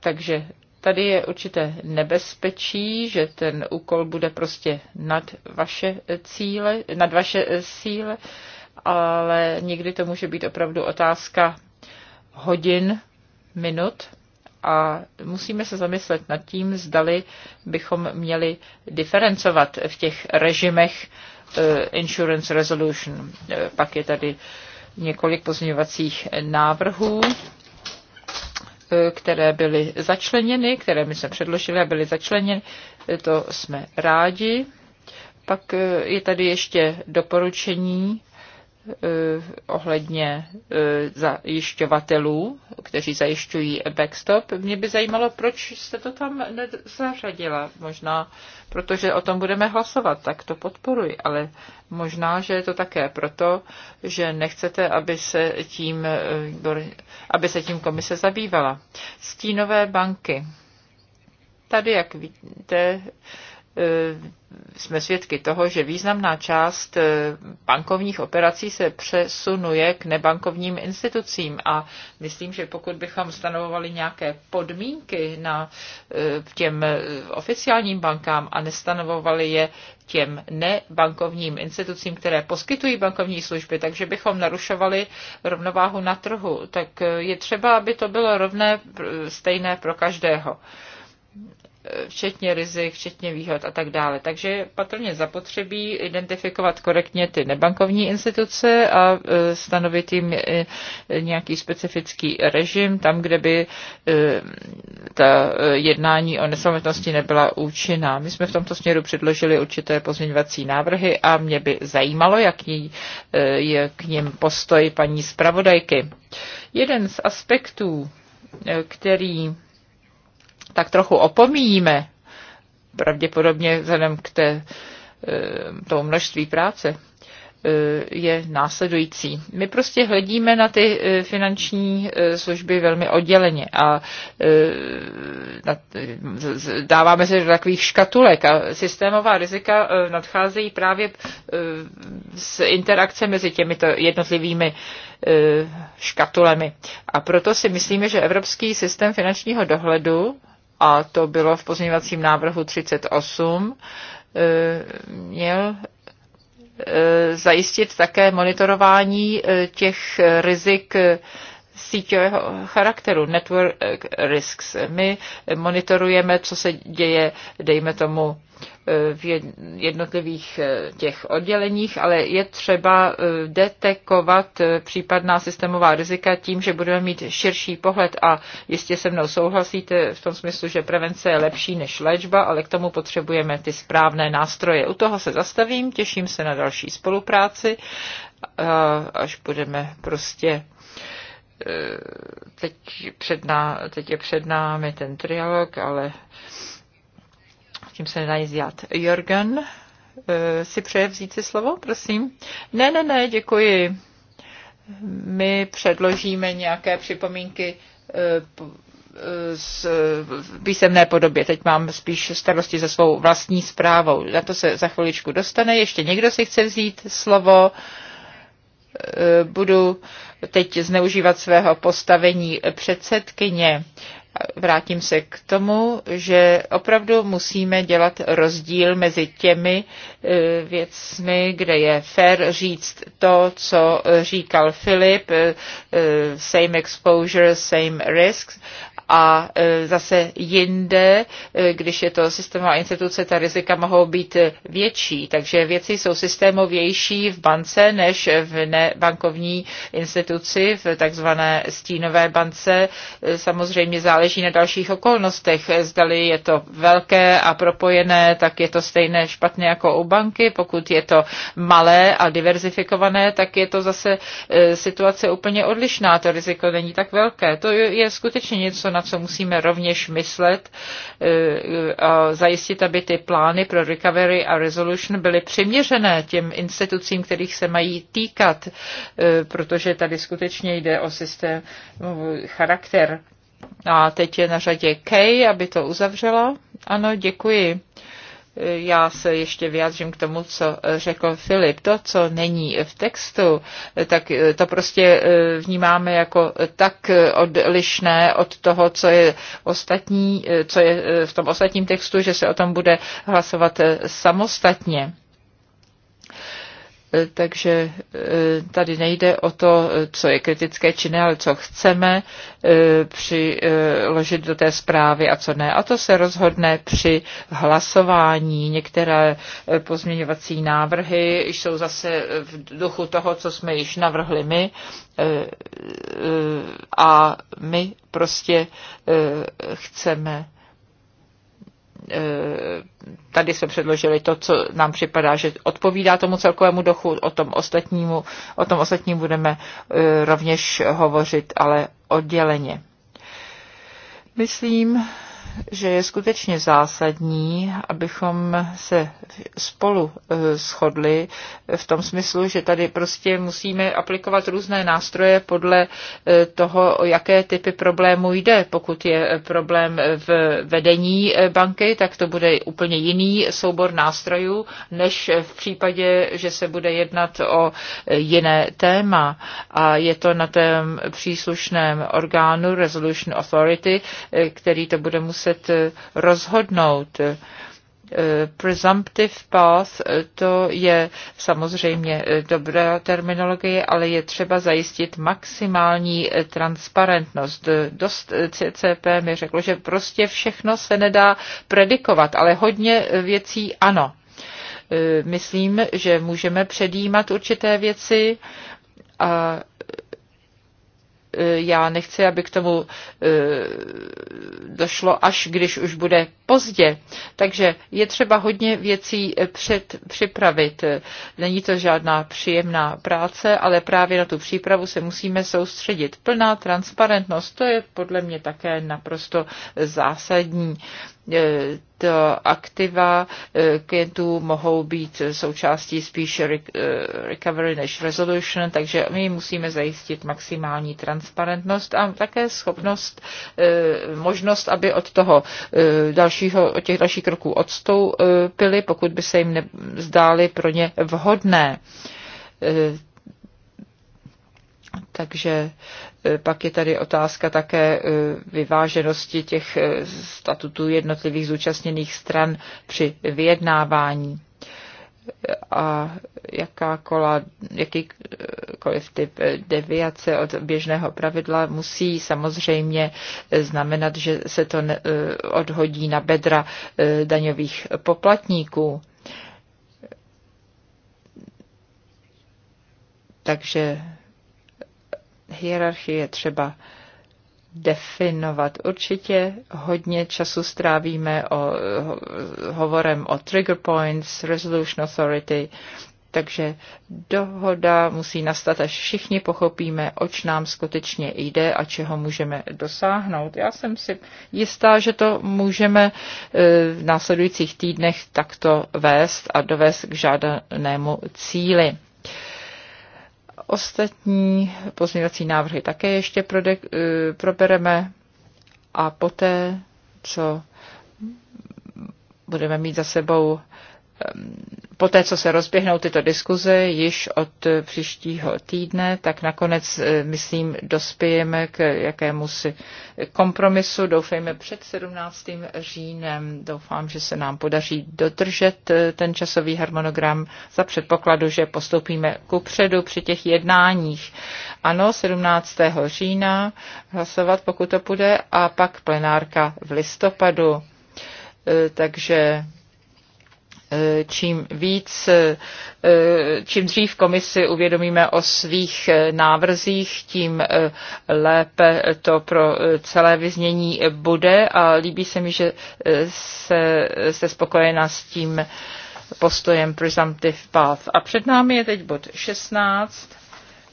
Takže tady je určité nebezpečí, že ten úkol bude prostě nad vaše cíle, nad vaše eh, síle, ale někdy to může být opravdu otázka hodin, minut a musíme se zamyslet nad tím, zdali bychom měli diferencovat v těch režimech Eh, insurance Resolution. Eh, pak je tady několik pozměňovacích návrhů eh, které byly začleněny, které my jsme předložili a byly začleněny, to jsme rádi. Pak je tady ještě doporučení Eh, ohledně eh, zajišťovatelů, kteří zajišťují backstop. Mě by zajímalo, proč jste to tam nezařadila. Možná, protože o tom budeme hlasovat, tak to podporuji, ale možná, že je to také proto, že nechcete, aby se tím, eh, aby se tím komise zabývala. Stínové banky. Tady, jak víte, Eh, jsme svědky toho, že významná část eh, bankovních operací se přesunuje k nebankovním institucím a myslím, že pokud bychom stanovovali nějaké podmínky na eh, těm oficiálním bankám a nestanovovali je těm nebankovním institucím, které poskytují bankovní služby, takže bychom narušovali rovnováhu na trhu, tak je třeba, aby to bylo rovné, stejné pro každého. Eh, včetně rizik, včetně výhod a tak dále. Takže patrně zapotřebí identifikovat korektně ty nebankovní instituce a eh, stanovit jim eh, nějaký specifický režim tam, kde by ta jednání o nesamotnosti nebyla účinná. My jsme v tomto směru předložili určité pozměňovací návrhy a mě by zajímalo, jaký je k ním postoj paní zpravodajky. Jeden z aspektů, který tak trochu opomíjíme, pravděpodobně vzhledem k té, eh, tomu množství práce, eh, je následující. My prostě hledíme na ty eh, finanční služby velmi odděleně a dáváme se do takových škatulek a systémová rizika nadcházejí právě s interakce mezi těmito jednotlivými škatulemi. A proto si myslíme, že Evropský systém finančního dohledu a to bylo v pozměňovacím návrhu 38, eh, měl eh, zajistit také monitorování eh, těch rizik síťového charakteru, network risks. My monitorujeme, co se děje, dejme tomu, eh, v jednotlivých eh, těch odděleních, ale je třeba eh, detekovat případná systémová rizika tím, že budeme mít širší pohled a jistě se mnou souhlasíte v tom smyslu, že prevence je lepší než léčba, ale k tomu potřebujeme ty správné nástroje. U toho se zastavím, těším se na další spolupráci, až budeme prostě teď, před ná, teď je před námi ten trialog, ale s tím se nedá nic dělat. Jorgen eh, si přeje vzít si slovo, prosím? Ne, ne, ne, děkuji. My předložíme nějaké připomínky eh, eh, z písemné podobě. Teď mám spíš starosti se svou vlastní zprávou. Na to se za chviličku dostane. Ještě někdo si chce vzít slovo? Uh, Eh, budu teď zneužívat svého postavení předsedkyně. Vrátím se k tomu, že opravdu musíme dělat rozdíl mezi těmi eh, věcmi, kde je fér říct to, co říkal Filip, eh, same exposure, same risks, a e, zase jinde, e, když je to systémová instituce, ta rizika mohou být větší. Takže věci jsou systémovější v bance než v nebankovní instituci, v takzvané stínové bance. E, samozřejmě záleží na dalších okolnostech. Zdali je to velké a propojené, tak je to stejné špatně jako u banky. Pokud je to malé a diverzifikované, tak je to zase situace úplně odlišná. To riziko není tak velké. To je skutečně něco na co musíme rovněž myslet eh, a zajistit, aby ty plány pro recovery a resolution byly přiměřené těm institucím, kterých se mají týkat, eh, protože tady skutečně jde o systém charakter. A teď je na řadě Kay, aby to uzavřela. Ano, děkuji já se ještě vyjádřím k tomu, co řekl Filip. To, co není v textu, tak to prostě eh, vnímáme jako tak odlišné od toho, co je, ostatní, eh, co je eh, v tom ostatním textu, že se o tom bude hlasovat samostatně takže e, tady nejde o to, co je kritické či ne, ale co chceme e, přiložit do té zprávy a co ne. A to se rozhodne při hlasování. Některé e, pozměňovací návrhy jsou zase v duchu toho, co jsme již navrhli my a my prostě chceme E, tady jsme předložili to, co nám připadá, že odpovídá tomu celkovému dochu, o tom ostatnímu, o tom ostatním budeme e, rovněž hovořit, ale odděleně. Myslím, že je skutečně zásadní, abychom se spolu eh, shodli v tom smyslu, že tady prostě musíme aplikovat různé nástroje podle eh, toho, o jaké typy problémů jde. Pokud je eh, problém v vedení banky, tak to bude úplně jiný soubor nástrojů, než v případě, že se bude jednat o jiné téma. A je to na tém příslušném orgánu Resolution Authority, který to bude muset muset eh, rozhodnout. Eh, presumptive path eh, to je samozřejmě dobrá terminologie, ale je třeba zajistit maximální transparentnost. Dost CCP mi řeklo, že prostě všechno se nedá predikovat, ale hodně věcí ano. Myslím, že můžeme předjímat určité věci a E, já nechci, aby k tomu e, došlo až když už bude pozdě. Takže je třeba hodně věcí e, před připravit. Není to žádná příjemná práce, ale právě na tu přípravu se musíme soustředit. Plná transparentnost, to je podle mě také naprosto zásadní. E, to aktiva e, klientů mohou být součástí spíš e, recovery než resolution, takže my musíme zajistit maximální transparentnost a také schopnost, možnost, aby od toho dalšího, od těch dalších kroků odstoupili, pokud by se jim zdály pro ně vhodné. Takže pak je tady otázka také eh, vyváženosti těch eh, statutů jednotlivých zúčastněných stran při vyjednávání a jakýkoliv typ deviace od běžného pravidla musí samozřejmě znamenat, že se to eh, odhodí na bedra daňových poplatníků. Takže hierarchie třeba definovat. Určitě hodně času strávíme o, hovorem o trigger points, resolution authority, takže dohoda musí nastat, až všichni pochopíme, oč nám skutečně jde a čeho můžeme dosáhnout. Já jsem si jistá, že to můžeme e, v následujících týdnech takto vést a dovést k žádanému cíli. Ostatní pozměňovací návrhy také ještě prode, eh, probereme a poté, co budeme mít za sebou poté, co se rozběhnou tyto diskuze již od příštího týdne, tak nakonec, e, myslím, dospějeme k jakému si kompromisu. Doufejme před 17. říjnem. Doufám, že se nám podaří dodržet e, ten časový harmonogram za předpokladu, že postoupíme ku předu při těch jednáních. Ano, 17. října hlasovat, pokud to půjde, a pak plenárka v listopadu. E, takže čím víc, čím dřív komisi uvědomíme o svých návrzích, tím lépe to pro celé vyznění bude a líbí se mi, že se, se spokojená s tím postojem Presumptive Path. A před námi je teď bod 16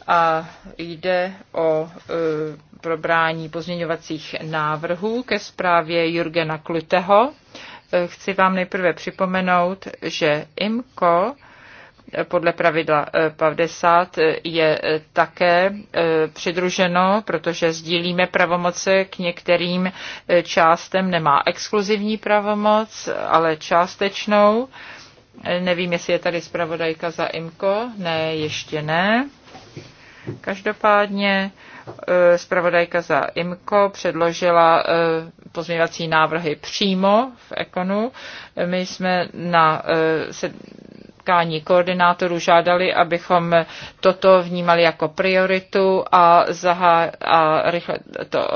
a jde o eh, probrání pozměňovacích návrhů ke zprávě Jurgena Kluteho Eh, chci vám nejprve připomenout, že IMCO eh, podle pravidla 50 eh, je také přidruženo, protože sdílíme pravomoce k některým částem, nemá exkluzivní pravomoc, ale částečnou. Nevím, jestli je tady zpravodajka za IMCO. Ne, ještě ne. Každopádně E, zpravodajka za IMCO předložila e, pozměňovací návrhy přímo v Ekonu. My jsme na e, setkání koordinátorů žádali, abychom toto vnímali jako prioritu a, zahá a rychle to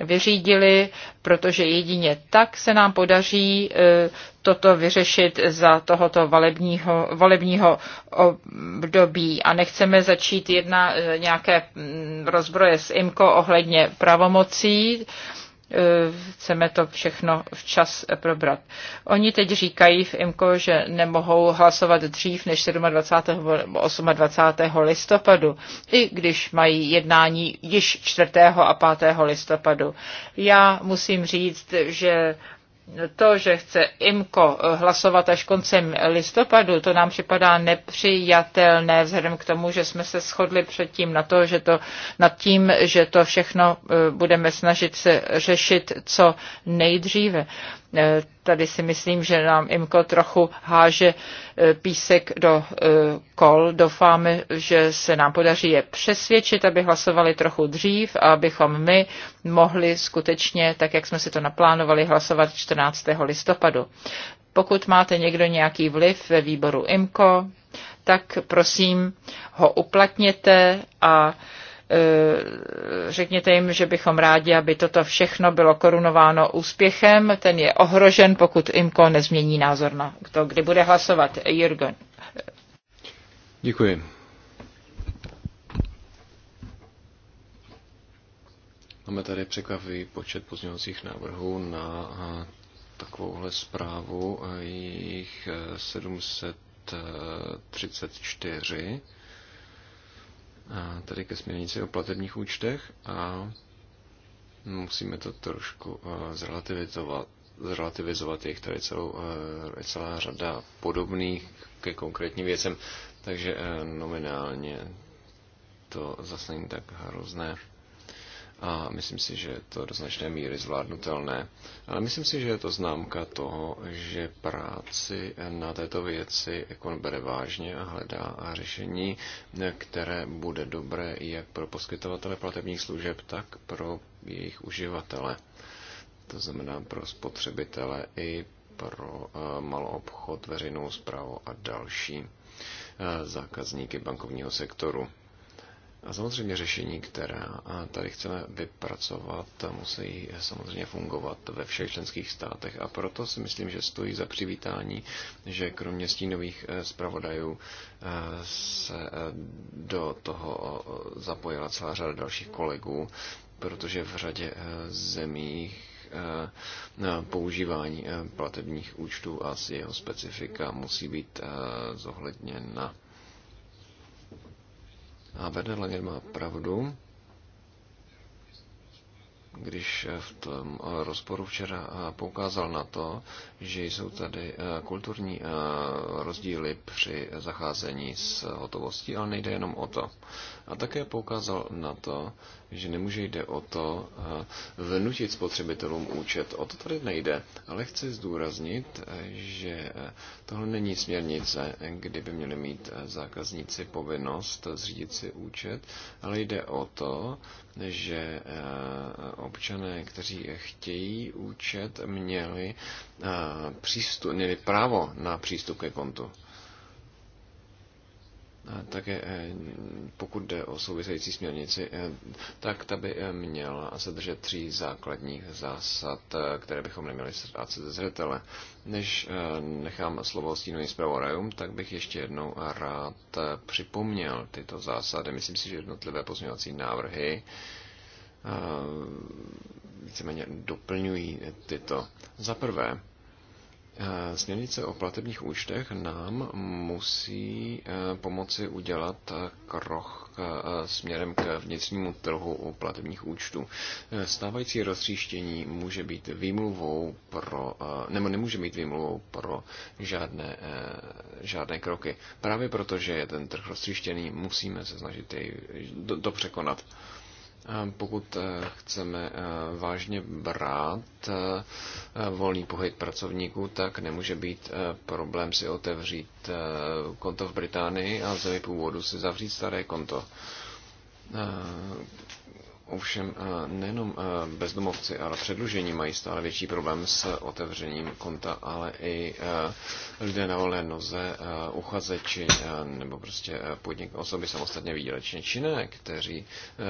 vyřídili, protože jedině tak se nám podaří e, toto vyřešit za tohoto volebního, volebního období. A nechceme začít jedna, e, nějaké mm, rozbroje s IMKO ohledně pravomocí, Eh, chceme to všechno včas probrat. Oni teď říkají v IMCO, že nemohou hlasovat dřív než 27. nebo 28. listopadu, i když mají jednání již 4. a 5. listopadu. Já musím říct, že to, že chce IMKO hlasovat až koncem listopadu, to nám připadá nepřijatelné vzhledem k tomu, že jsme se shodli předtím na to, že to, nad tím, že to všechno eh, budeme snažit se řešit co nejdříve. Eh, tady si myslím, že nám Imko trochu háže eh, písek do eh, kol. Doufáme, že se nám podaří je přesvědčit, aby hlasovali trochu dřív a abychom my mohli skutečně, tak jak jsme si to naplánovali, hlasovat 14. listopadu. Pokud máte někdo nějaký vliv ve výboru Imko, tak prosím ho uplatněte a Eh, řekněte jim, že bychom rádi, aby toto všechno bylo korunováno úspěchem. Ten je ohrožen, pokud IMKO nezmění názor na to, kdy bude hlasovat. Jürgen. Děkuji. Máme tady překvapivý počet pozměňovacích návrhů na eh, takovouhle zprávu. Eh, jich 734 tady ke směrnici o platebních účtech a musíme to trošku eh, zrelativizovat, zrelativizovat jejich tady celou, eh, celá řada podobných ke konkrétním věcem, takže eh, nominálně to zase není tak hrozné a myslím si, že je to do značné míry zvládnutelné. Ale myslím si, že je to známka toho, že práci na této věci Ekon bere vážně a hledá řešení, které bude dobré jak pro poskytovatele platebních služeb, tak pro jejich uživatele. To znamená pro spotřebitele i pro eh, maloobchod, veřejnou zprávu a další eh, zákazníky bankovního sektoru. A samozřejmě řešení, která tady chceme vypracovat, musí samozřejmě fungovat ve všech členských státech. A proto si myslím, že stojí za přivítání, že kromě stínových eh, zpravodajů eh, se eh, do toho zapojila celá řada dalších kolegů, protože v řadě zemích používání platebních účtů a jeho specifika musí být zohledněna. A Werner Langer má pravdu, když v tom rozporu včera poukázal na to, že jsou tady eh, kulturní eh, rozdíly při zacházení s hotovostí, ale nejde jenom o to. A také poukázal na to, že nemůže jde o to eh, vnutit spotřebitelům účet. O to tady nejde, ale chci zdůraznit, eh, že eh, tohle není směrnice, kdyby měli mít zákazníci povinnost zřídit si účet, ale jde o to, že občané, kteří chtějí účet, měli, přístup, měli právo na přístup ke kontu také eh, pokud jde o související směrnici, eh, tak ta by eh, měla se držet tří základních zásad, které bychom neměli ztrácet ze zřetele. Než nechám slovo stínovým zpravodajům, tak bych ještě jednou rád připomněl tyto zásady. Myslím si, že jednotlivé pozměňovací návrhy víceméně doplňují tyto. Za prvé, Eh, směrnice o platebních účtech nám musí eh, pomoci udělat eh, krok směrem k vnitřnímu trhu u platebních účtů. Stávající roztříštění může být výmluvou pro, nebo nemůže být výmluvou pro žádné, žádné kroky. Právě protože je ten trh roztříštěný, musíme se snažit jej do překonat pokud eh, chceme eh, vážně brát eh, volný pohyb pracovníků, tak nemůže být problém si otevřít konto v Británii a v zemi původu si zavřít staré konto. Ovšem eh, nejenom eh, bezdomovci, ale předlužení mají stále větší problém s otevřením konta, ale i eh, lidé na volné noze, uchazeči nebo prostě podnik osoby samostatně výdělečně činné, kteří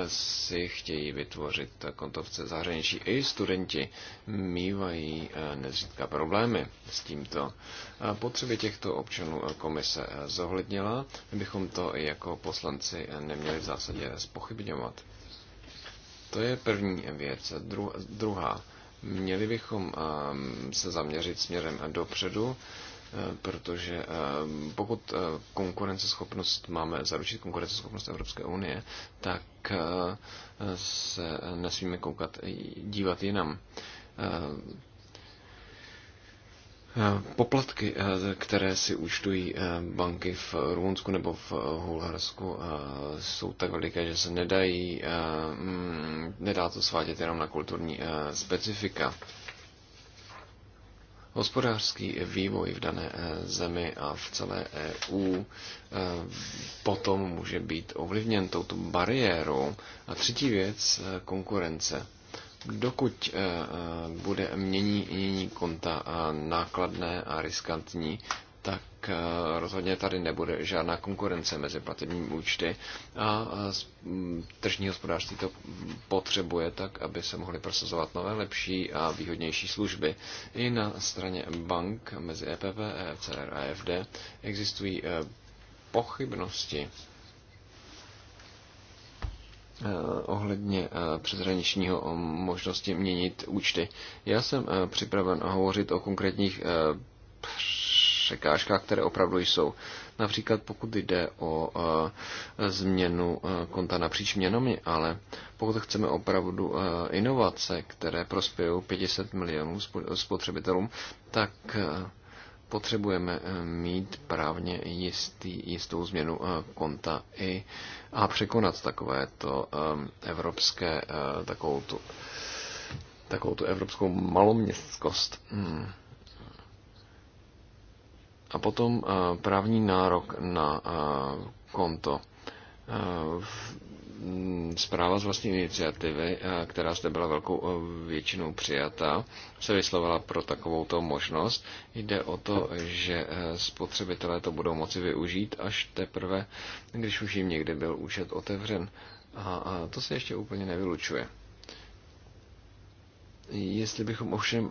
si chtějí vytvořit kontovce zahraničí. I studenti mývají nezřídka problémy s tímto. Potřeby těchto občanů komise zohlednila, bychom to jako poslanci neměli v zásadě spochybňovat. To je první věc. Dru, druhá. Měli bychom um, se zaměřit směrem dopředu, uh, protože um, pokud uh, konkurenceschopnost máme zaručit konkurenceschopnost Evropské unie, tak uh, se nesmíme koukat dívat jinam. Eh, poplatky, eh, které si účtují eh, banky v Rumunsku nebo v Hulharsku, jsou tak veliké, že se nedají, mm, nedá to svádět jenom na kulturní specifika. Hospodářský vývoj v dané zemi a v celé EU potom může být ovlivněn touto bariérou. A třetí věc, konkurence Dokud eh, eh, bude mění konta eh, nákladné a riskantní, tak rozhodně tady nebude žádná konkurence mezi platebními účty a tržní hospodářství to potřebuje tak, aby se mohly prosazovat nové, lepší a výhodnější služby. I na straně bank mezi EPP, EFCR a EFD existují pochybnosti Eh, ohledně eh, přeshraničního eh, možnosti měnit účty. Já jsem připraven hovořit o konkrétních překážkách, které opravdu jsou. Například pokud jde o změnu konta napříč měnami, ale pokud chceme opravdu inovace, které prospějou 500 milionů spotřebitelům, tak potřebujeme eh, mít právně jistý, jistou změnu eh, konta i a překonat takové to ehm, evropské, eh, takovou tu, takovou tu evropskou maloměstskost. Hmm. A potom právní nárok na konto. Mm, zpráva z vlastní iniciativy, eh, která zde byla velkou eh, většinou přijata, se vyslovala pro to možnost. Jde o to, že eh, spotřebitelé to budou moci využít až teprve, když už jim někdy byl účet otevřen. A to se ještě úplně nevylučuje. Jestli bychom ovšem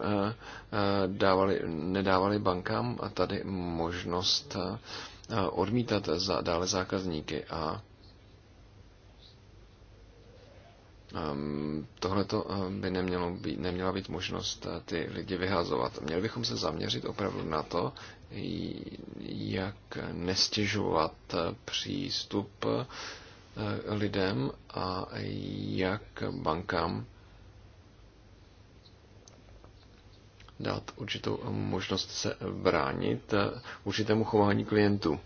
dávali, nedávali bankám tady možnost odmítat za, dále zákazníky a Ehm, Tohle ehm, by nemělo být, neměla být možnost eh, ty lidi vyhazovat. Měli bychom se zaměřit opravdu na to, jak nestěžovat eh, přístup eh, lidem a jak bankám dát určitou možnost se bránit určitému chování klientů.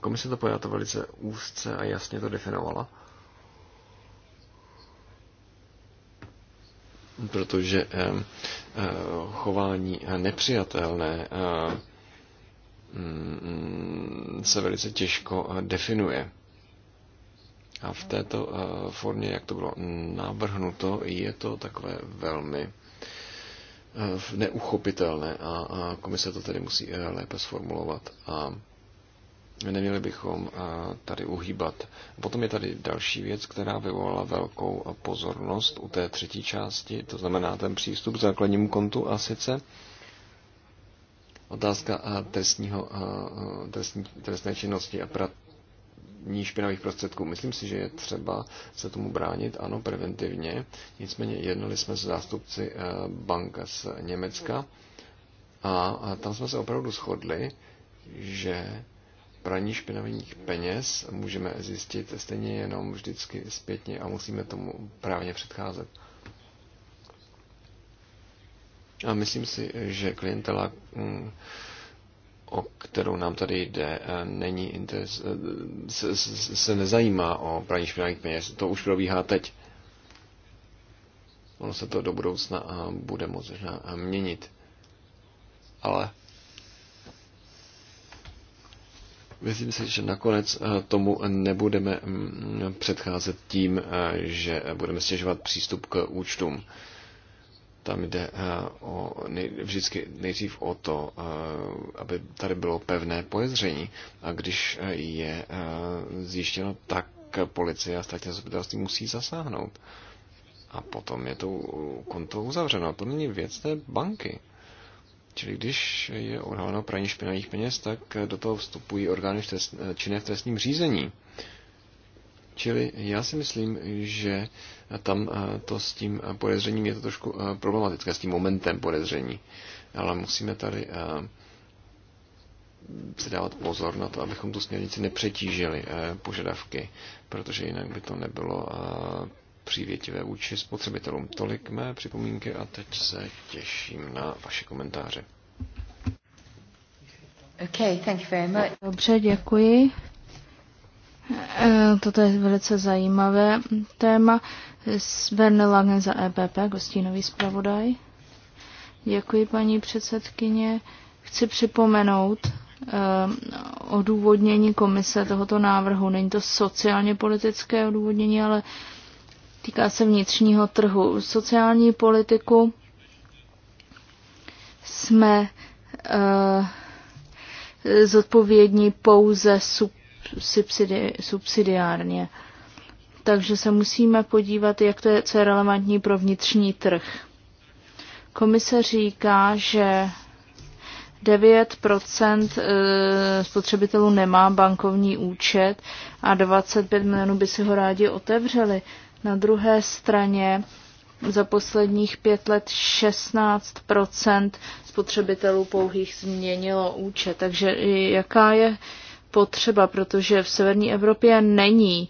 Komise to pojala to velice úzce a jasně to definovala protože eh, eh, chování nepřijatelné eh, mm, se velice těžko definuje. A v této formě, jak to bylo návrhnuto, je to takové velmi neuchopitelné a komise to tedy musí lépe sformulovat a Neměli bychom eh, tady uhýbat. Potom je tady další věc, která vyvolala velkou pozornost u té třetí části, to znamená ten přístup k základnímu kontu a sice otázka eh, trestního, eh, trestní, trestné činnosti a praní špinavých prostředků. Myslím si, že je třeba se tomu bránit, ano, preventivně. Nicméně jednali jsme s zástupci banka z Německa a tam jsme se opravdu shodli, že praní špinavých peněz můžeme zjistit stejně jenom vždycky zpětně a musíme tomu právně předcházet. A myslím si, že klientela, mm, o kterou nám tady jde, eh, není interes, se, eh, se, se nezajímá o praní špinavých peněz. To už probíhá teď. Ono se to do budoucna eh, bude možná měnit. Ale Myslím si, že nakonec eh, tomu nebudeme mm, předcházet tím, eh, že budeme stěžovat přístup k účtům. Tam jde eh, o nej, vždycky nejdřív o to, aby tady bylo pevné pojezření. A když je zjištěno, tak policie a státní zastupitelství musí zasáhnout. A potom je to konto uzavřeno. To není věc té banky. Čili když je odhaleno praní špinavých peněz, tak do toho vstupují orgány v trest, činné v trestním řízení. Čili já si myslím, že tam eh, to s tím podezřením je to trošku eh, problematické, s tím momentem podezření. Ale musíme tady eh, si dávat pozor na to, abychom tu směrnici nepřetížili požadavky, protože jinak by to nebylo přívětivé vůči spotřebitelům. Tolik mé připomínky a teď se těším na vaše komentáře. Okay, thank you very much. Dobře, děkuji. Eh, toto je velice zajímavé téma. Sven Langen za EPP, gostínový zpravodaj. Děkuji, paní předsedkyně. Chci připomenout eh, odůvodnění komise tohoto návrhu. Není to sociálně politické odůvodnění, ale Týká se vnitřního trhu. Sociální politiku jsme e, zodpovědní pouze subsidi, subsidiárně. Takže se musíme podívat, jak to je, co je relevantní pro vnitřní trh. Komise říká, že 9 eh, spotřebitelů nemá bankovní účet a 25 milionů by si ho rádi otevřeli. Na druhé straně za posledních pět let 16 spotřebitelů pouhých změnilo účet. Takže jaká je potřeba, protože v severní Evropě není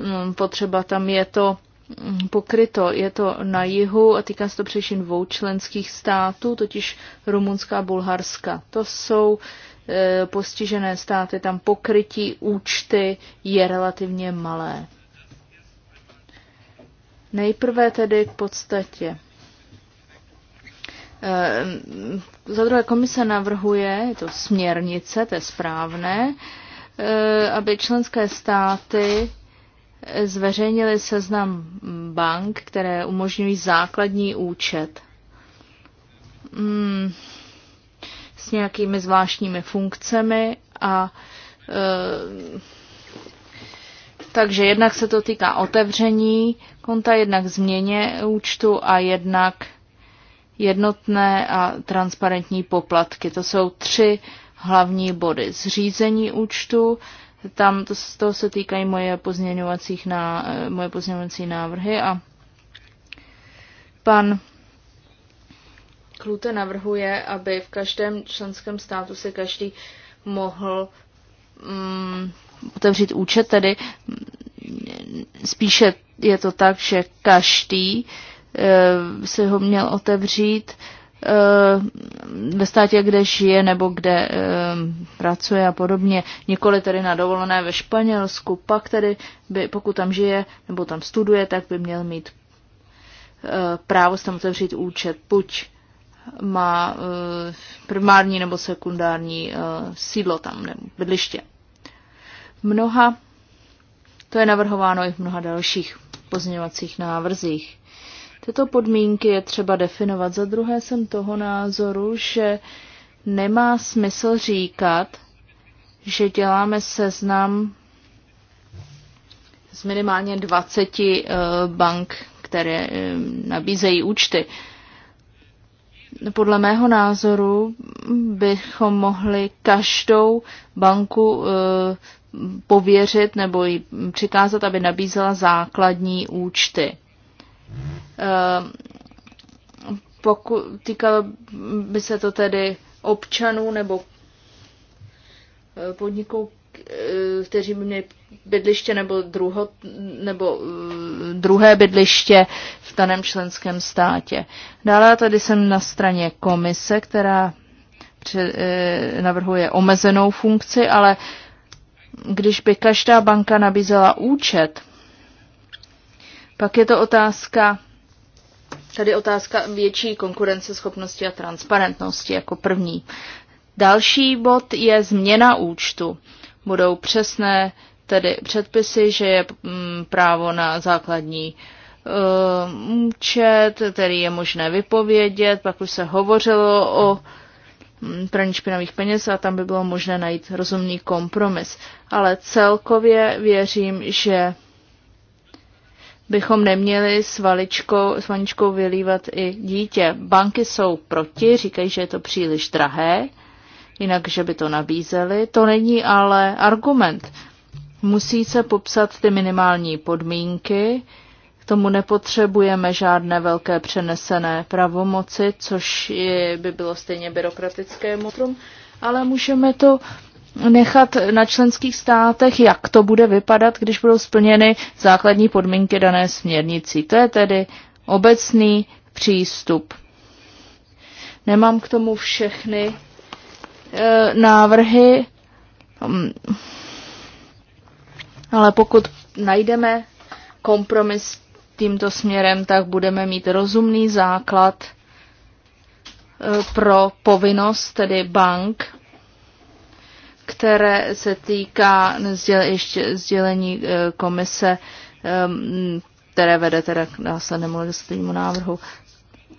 mm, potřeba, tam je to mm, pokryto. Je to na jihu a týká se to především dvou členských států, totiž Rumunská, a Bulharska. To jsou e, postižené státy, tam pokrytí účty je relativně malé. Nejprve tedy k podstatě. Eh, za druhé komise navrhuje, je to směrnice, to je správné, eh, aby členské státy zveřejnili seznam bank, které umožňují základní účet mm, s nějakými zvláštními funkcemi a e, takže jednak se to týká otevření konta, jednak změně účtu a jednak jednotné a transparentní poplatky. To jsou tři hlavní body. Zřízení účtu, tam to, toho se týkají moje, pozměňovacích na, eh, moje pozměňovací návrhy a pan Klute navrhuje, aby v každém členském státu se každý mohl mm, otevřít účet, tedy spíše je to tak, že každý eh, si ho měl otevřít eh, ve státě, kde žije nebo kde eh, pracuje a podobně. Nikoli tedy na dovolené ve Španělsku, pak tedy, by, pokud tam žije nebo tam studuje, tak by měl mít právo si tam otevřít účet. Buď má primární nebo sekundární sídlo tam nebo bydliště mnoha, to je navrhováno i v mnoha dalších pozměňovacích návrzích. Tyto podmínky je třeba definovat. Za druhé jsem toho názoru, že nemá smysl říkat, že děláme seznam z minimálně 20 eh, bank, které eh, nabízejí účty. Podle mého názoru bychom mohli každou banku eh, pověřit nebo jí přikázat, aby nabízela základní účty. Eh, Pokud týkalo by se to tedy občanů nebo eh, podniků, eh, kteří by měli bydliště nebo, druho, nebo druhé bydliště v daném členském státě. Dále tady jsem na straně komise, která navrhuje omezenou funkci, ale když by každá banka nabízela účet, pak je to otázka, tady otázka větší konkurenceschopnosti a transparentnosti jako první. Další bod je změna účtu. Budou přesné tedy předpisy, že je mm, právo na základní eh, účet, který je možné vypovědět, pak už se hovořilo o Hm, praní špinavých peněz a tam by bylo možné najít rozumný kompromis. Ale celkově věřím, že bychom neměli s, valičkou, s vaničkou vylívat i dítě. Banky jsou proti, říkají, že je to příliš drahé, jinak, že by to nabízeli. To není ale argument. Musí se popsat ty minimální podmínky, tomu nepotřebujeme žádné velké přenesené pravomoci, což je, by bylo stejně byrokratické motrum, ale můžeme to nechat na členských státech, jak to bude vypadat, když budou splněny základní podmínky dané směrnicí. To je tedy obecný přístup. Nemám k tomu všechny e, návrhy, hm, ale pokud najdeme kompromis tímto směrem, tak budeme mít rozumný základ e, pro povinnost, tedy bank, které se týká ještě sdělení e, komise, e, které vede teda k následnému legislativnímu návrhu.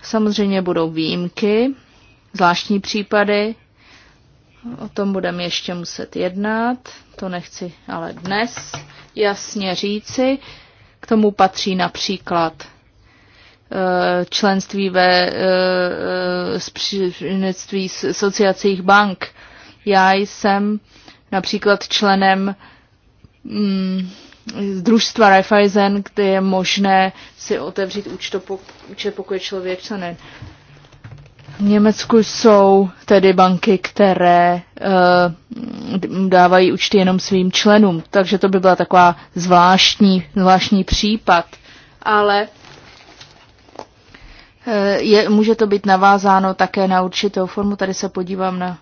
Samozřejmě budou výjimky, zvláštní případy, o tom budeme ještě muset jednat, to nechci ale dnes jasně říci tomu patří například eh, členství ve eh, spříčnictví asociacích bank. Já jsem například členem mm, družstva Raiffeisen, kde je možné si otevřít účet pokud je člověk členem. V Německu jsou tedy banky, které uh, dávají účty jenom svým členům, takže to by byla taková zvláštní, zvláštní případ. Ale uh, je, může to být navázáno také na určitou formu. Tady se podívám na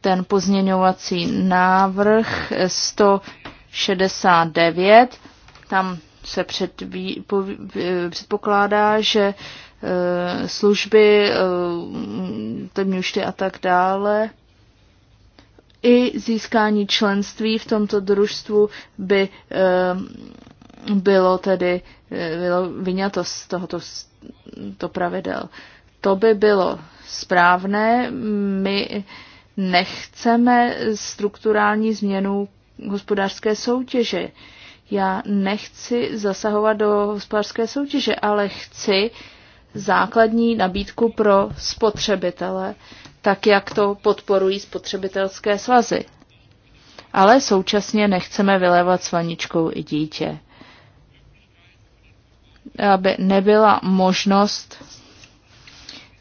ten pozměňovací návrh 169. Tam se předví, po, eh, předpokládá, že Eh, služby, eh, ten mňušty a tak dále. I získání členství v tomto družstvu by eh, bylo tedy bylo vyňato z tohoto to pravidel. To by bylo správné. My nechceme strukturální změnu hospodářské soutěže. Já nechci zasahovat do hospodářské soutěže, ale chci základní nabídku pro spotřebitele, tak jak to podporují spotřebitelské svazy. Ale současně nechceme vylévat s vaničkou i dítě. Aby nebyla možnost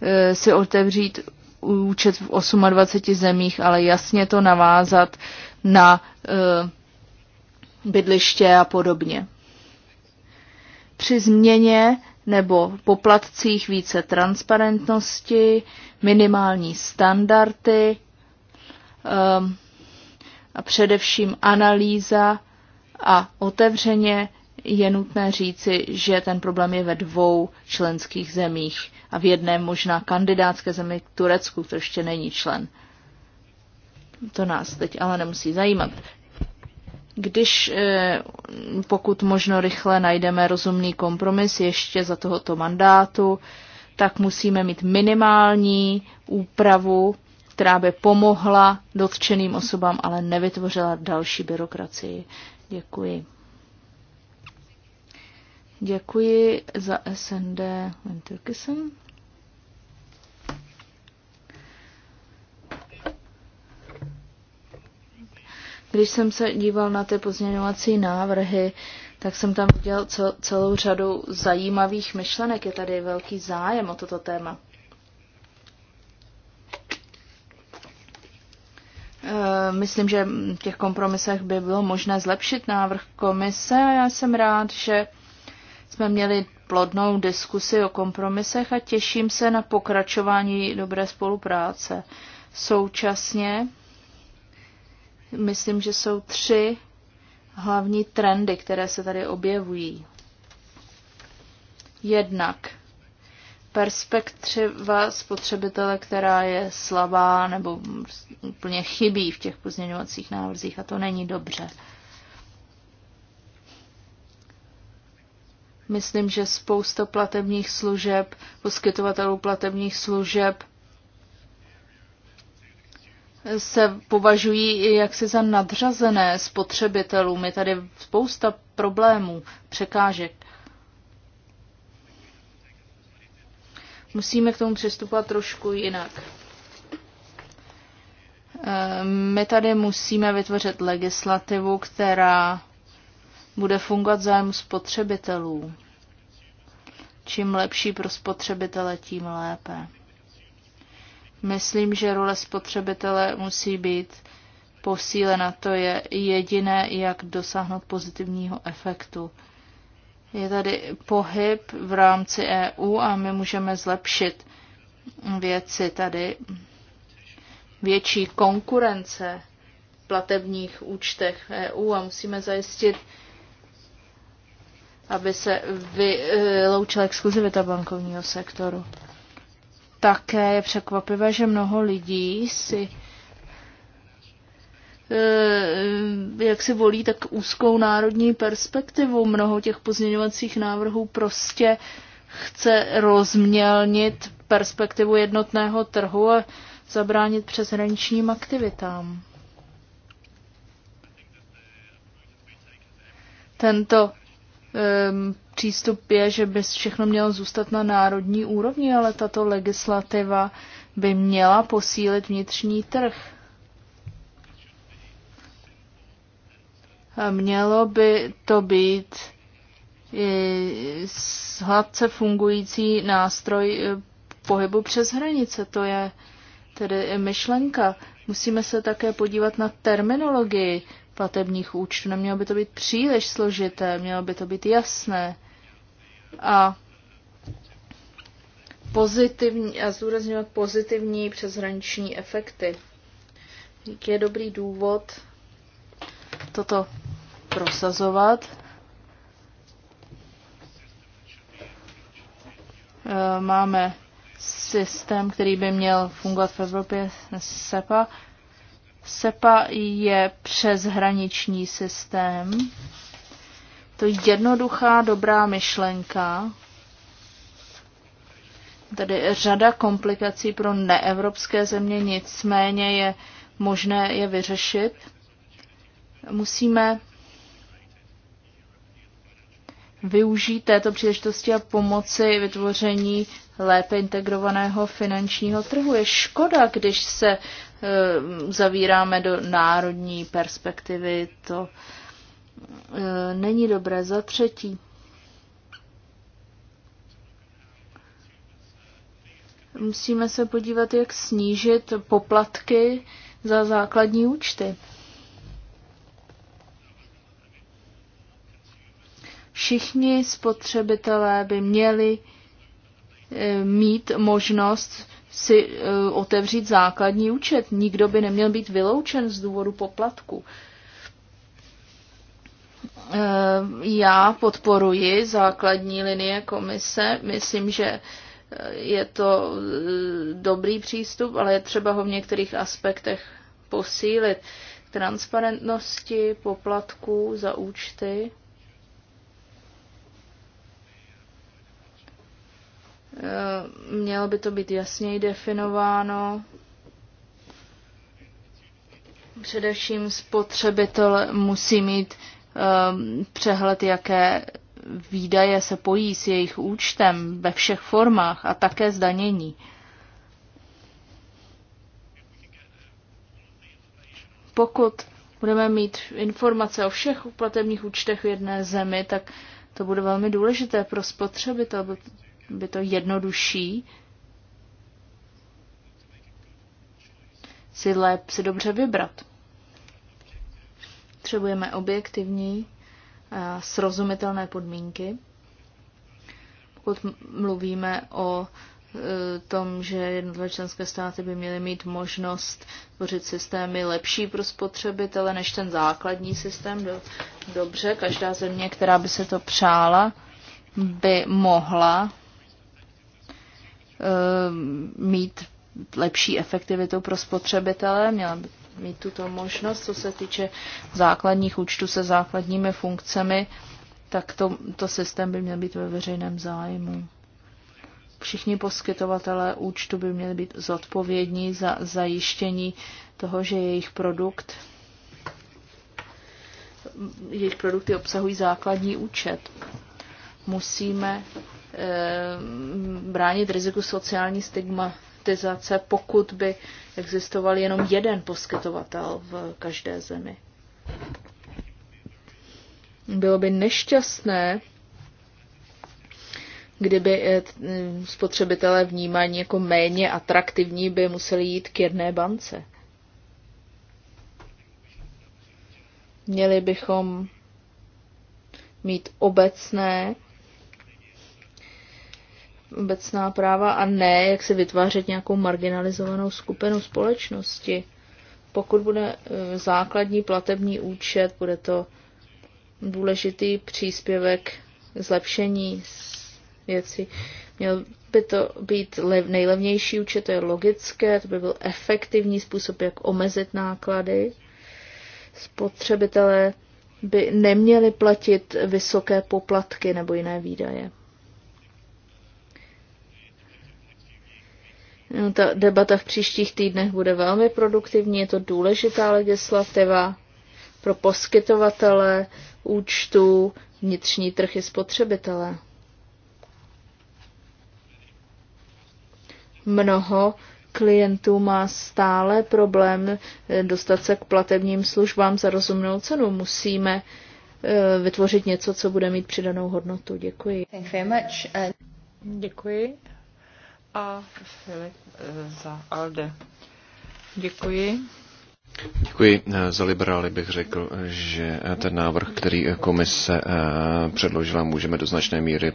e, si otevřít účet v 28 zemích, ale jasně to navázat na e, bydliště a podobně. Při změně nebo poplatcích více transparentnosti, minimální standardy um, a především analýza a otevřeně je nutné říci, že ten problém je ve dvou členských zemích a v jedné možná kandidátské zemi k Turecku, to ještě není člen. To nás teď ale nemusí zajímat. Když eh, pokud možno rychle najdeme rozumný kompromis ještě za tohoto mandátu, tak musíme mít minimální úpravu, která by pomohla dotčeným osobám, ale nevytvořila další byrokracii. Děkuji. Děkuji za SND Winterkissen. Když jsem se díval na ty pozměňovací návrhy, tak jsem tam viděl cel, celou řadu zajímavých myšlenek. Je tady velký zájem o toto téma. E, myslím, že v těch kompromisech by bylo možné zlepšit návrh komise a já jsem rád, že jsme měli plodnou diskusi o kompromisech a těším se na pokračování dobré spolupráce. Současně myslím, že jsou tři hlavní trendy, které se tady objevují. Jednak perspektiva spotřebitele, která je slabá nebo úplně chybí v těch pozměňovacích návrzích a to není dobře. Myslím, že spousta platebních služeb, poskytovatelů platebních služeb se považují jaksi za nadřazené spotřebitelům. Je tady spousta problémů, překážek. Musíme k tomu přistupovat trošku jinak. Eh, my tady musíme vytvořit legislativu, která bude fungovat zájem spotřebitelů. Čím lepší pro spotřebitele, tím lépe. Myslím, že role spotřebitele musí být posílena. To je jediné, jak dosáhnout pozitivního efektu. Je tady pohyb v rámci EU a my můžeme zlepšit věci tady. Větší konkurence v platebních účtech EU a musíme zajistit, aby se vyloučila exkluzivita bankovního sektoru také je překvapivé, že mnoho lidí si e, jak si volí tak úzkou národní perspektivu. Mnoho těch pozměňovacích návrhů prostě chce rozmělnit perspektivu jednotného trhu a zabránit přeshraničním aktivitám. Tento um, přístup je, že by všechno mělo zůstat na národní úrovni, ale tato legislativa by měla posílit vnitřní trh. Mělo by to být hladce fungující nástroj e, pohybu přes hranice. To je tedy myšlenka. Musíme se také podívat na terminologii platebních účtů. Nemělo by to být příliš složité, mělo by to být jasné a pozitivní a zúraznit pozitivní přeshraniční efekty. jaký Je dobrý důvod toto prosazovat. E, máme systém, který by měl fungovat v Evropě, SEPA. SEPA je přeshraniční systém to je jednoduchá, dobrá myšlenka. Tady řada komplikací pro neevropské země, nicméně je možné je vyřešit. Musíme využít této příležitosti a pomoci vytvoření lépe integrovaného finančního trhu. Je škoda, když se eh, zavíráme do národní perspektivy. To E, není dobré. Za třetí, musíme se podívat, jak snížit poplatky za základní účty. Všichni spotřebitelé by měli e, mít možnost si e, otevřít základní účet. Nikdo by neměl být vyloučen z důvodu poplatku. Eh, já podporuji základní linie komise. Myslím, že eh, je to eh, dobrý přístup, ale je třeba ho v některých aspektech posílit. K transparentnosti poplatků za účty. Mělo by to být jasněji definováno. Především spotřebitel musí mít um, přehled, jaké výdaje se pojí s jejich účtem ve všech formách a také zdanění. Pokud budeme mít informace o všech platebních účtech v jedné zemi, tak to bude velmi důležité pro spotřebitel, by to jednodušší si, lépe, si dobře vybrat. Potřebujeme objektivní srozumitelné podmínky. Pokud mluvíme o e, tom, že jednotlivé členské státy by měly mít možnost tvořit systémy lepší pro spotřebitele než ten základní systém. Dobře, každá země, která by se to přála, by mohla e, mít lepší efektivitu pro spotřebitele, měla by mít tuto možnost, co se týče základních účtů se základními funkcemi, tak to, to systém by měl být ve veřejném zájmu. Všichni poskytovatelé účtu by měli být zodpovědní za zajištění toho, že jejich produkt jejich produkty obsahují základní účet. Musíme e, bránit riziku sociální stigma standardizace, pokud by existoval jenom jeden poskytovatel v každé zemi. Bylo by nešťastné, kdyby eh, spotřebitelé vnímání jako méně atraktivní by museli jít k jedné bance. Měli bychom mít obecné obecná práva a ne, jak se vytvářet nějakou marginalizovanou skupinu společnosti. Pokud bude e, základní platební účet, bude to důležitý příspěvek zlepšení věci. Měl by to být lev, nejlevnější účet, to je logické, to by byl efektivní způsob, jak omezit náklady. Spotřebitelé by neměli platit vysoké poplatky nebo jiné výdaje. No, ta debata v příštích týdnech bude velmi produktivní, je to důležitá legislativa pro poskytovatele účtů, vnitřní trhy spotřebitele. Mnoho klientů má stále problém eh, dostat se k platebním službám za rozumnou cenu. Musíme eh, vytvořit něco, co bude mít přidanou hodnotu. Děkuji. Uh, Děkuji a Filip eh, za Alde. Děkuji. Děkuji. Eh, za liberály bych řekl, že eh, ten návrh, který eh, komise předložila, můžeme do značné míry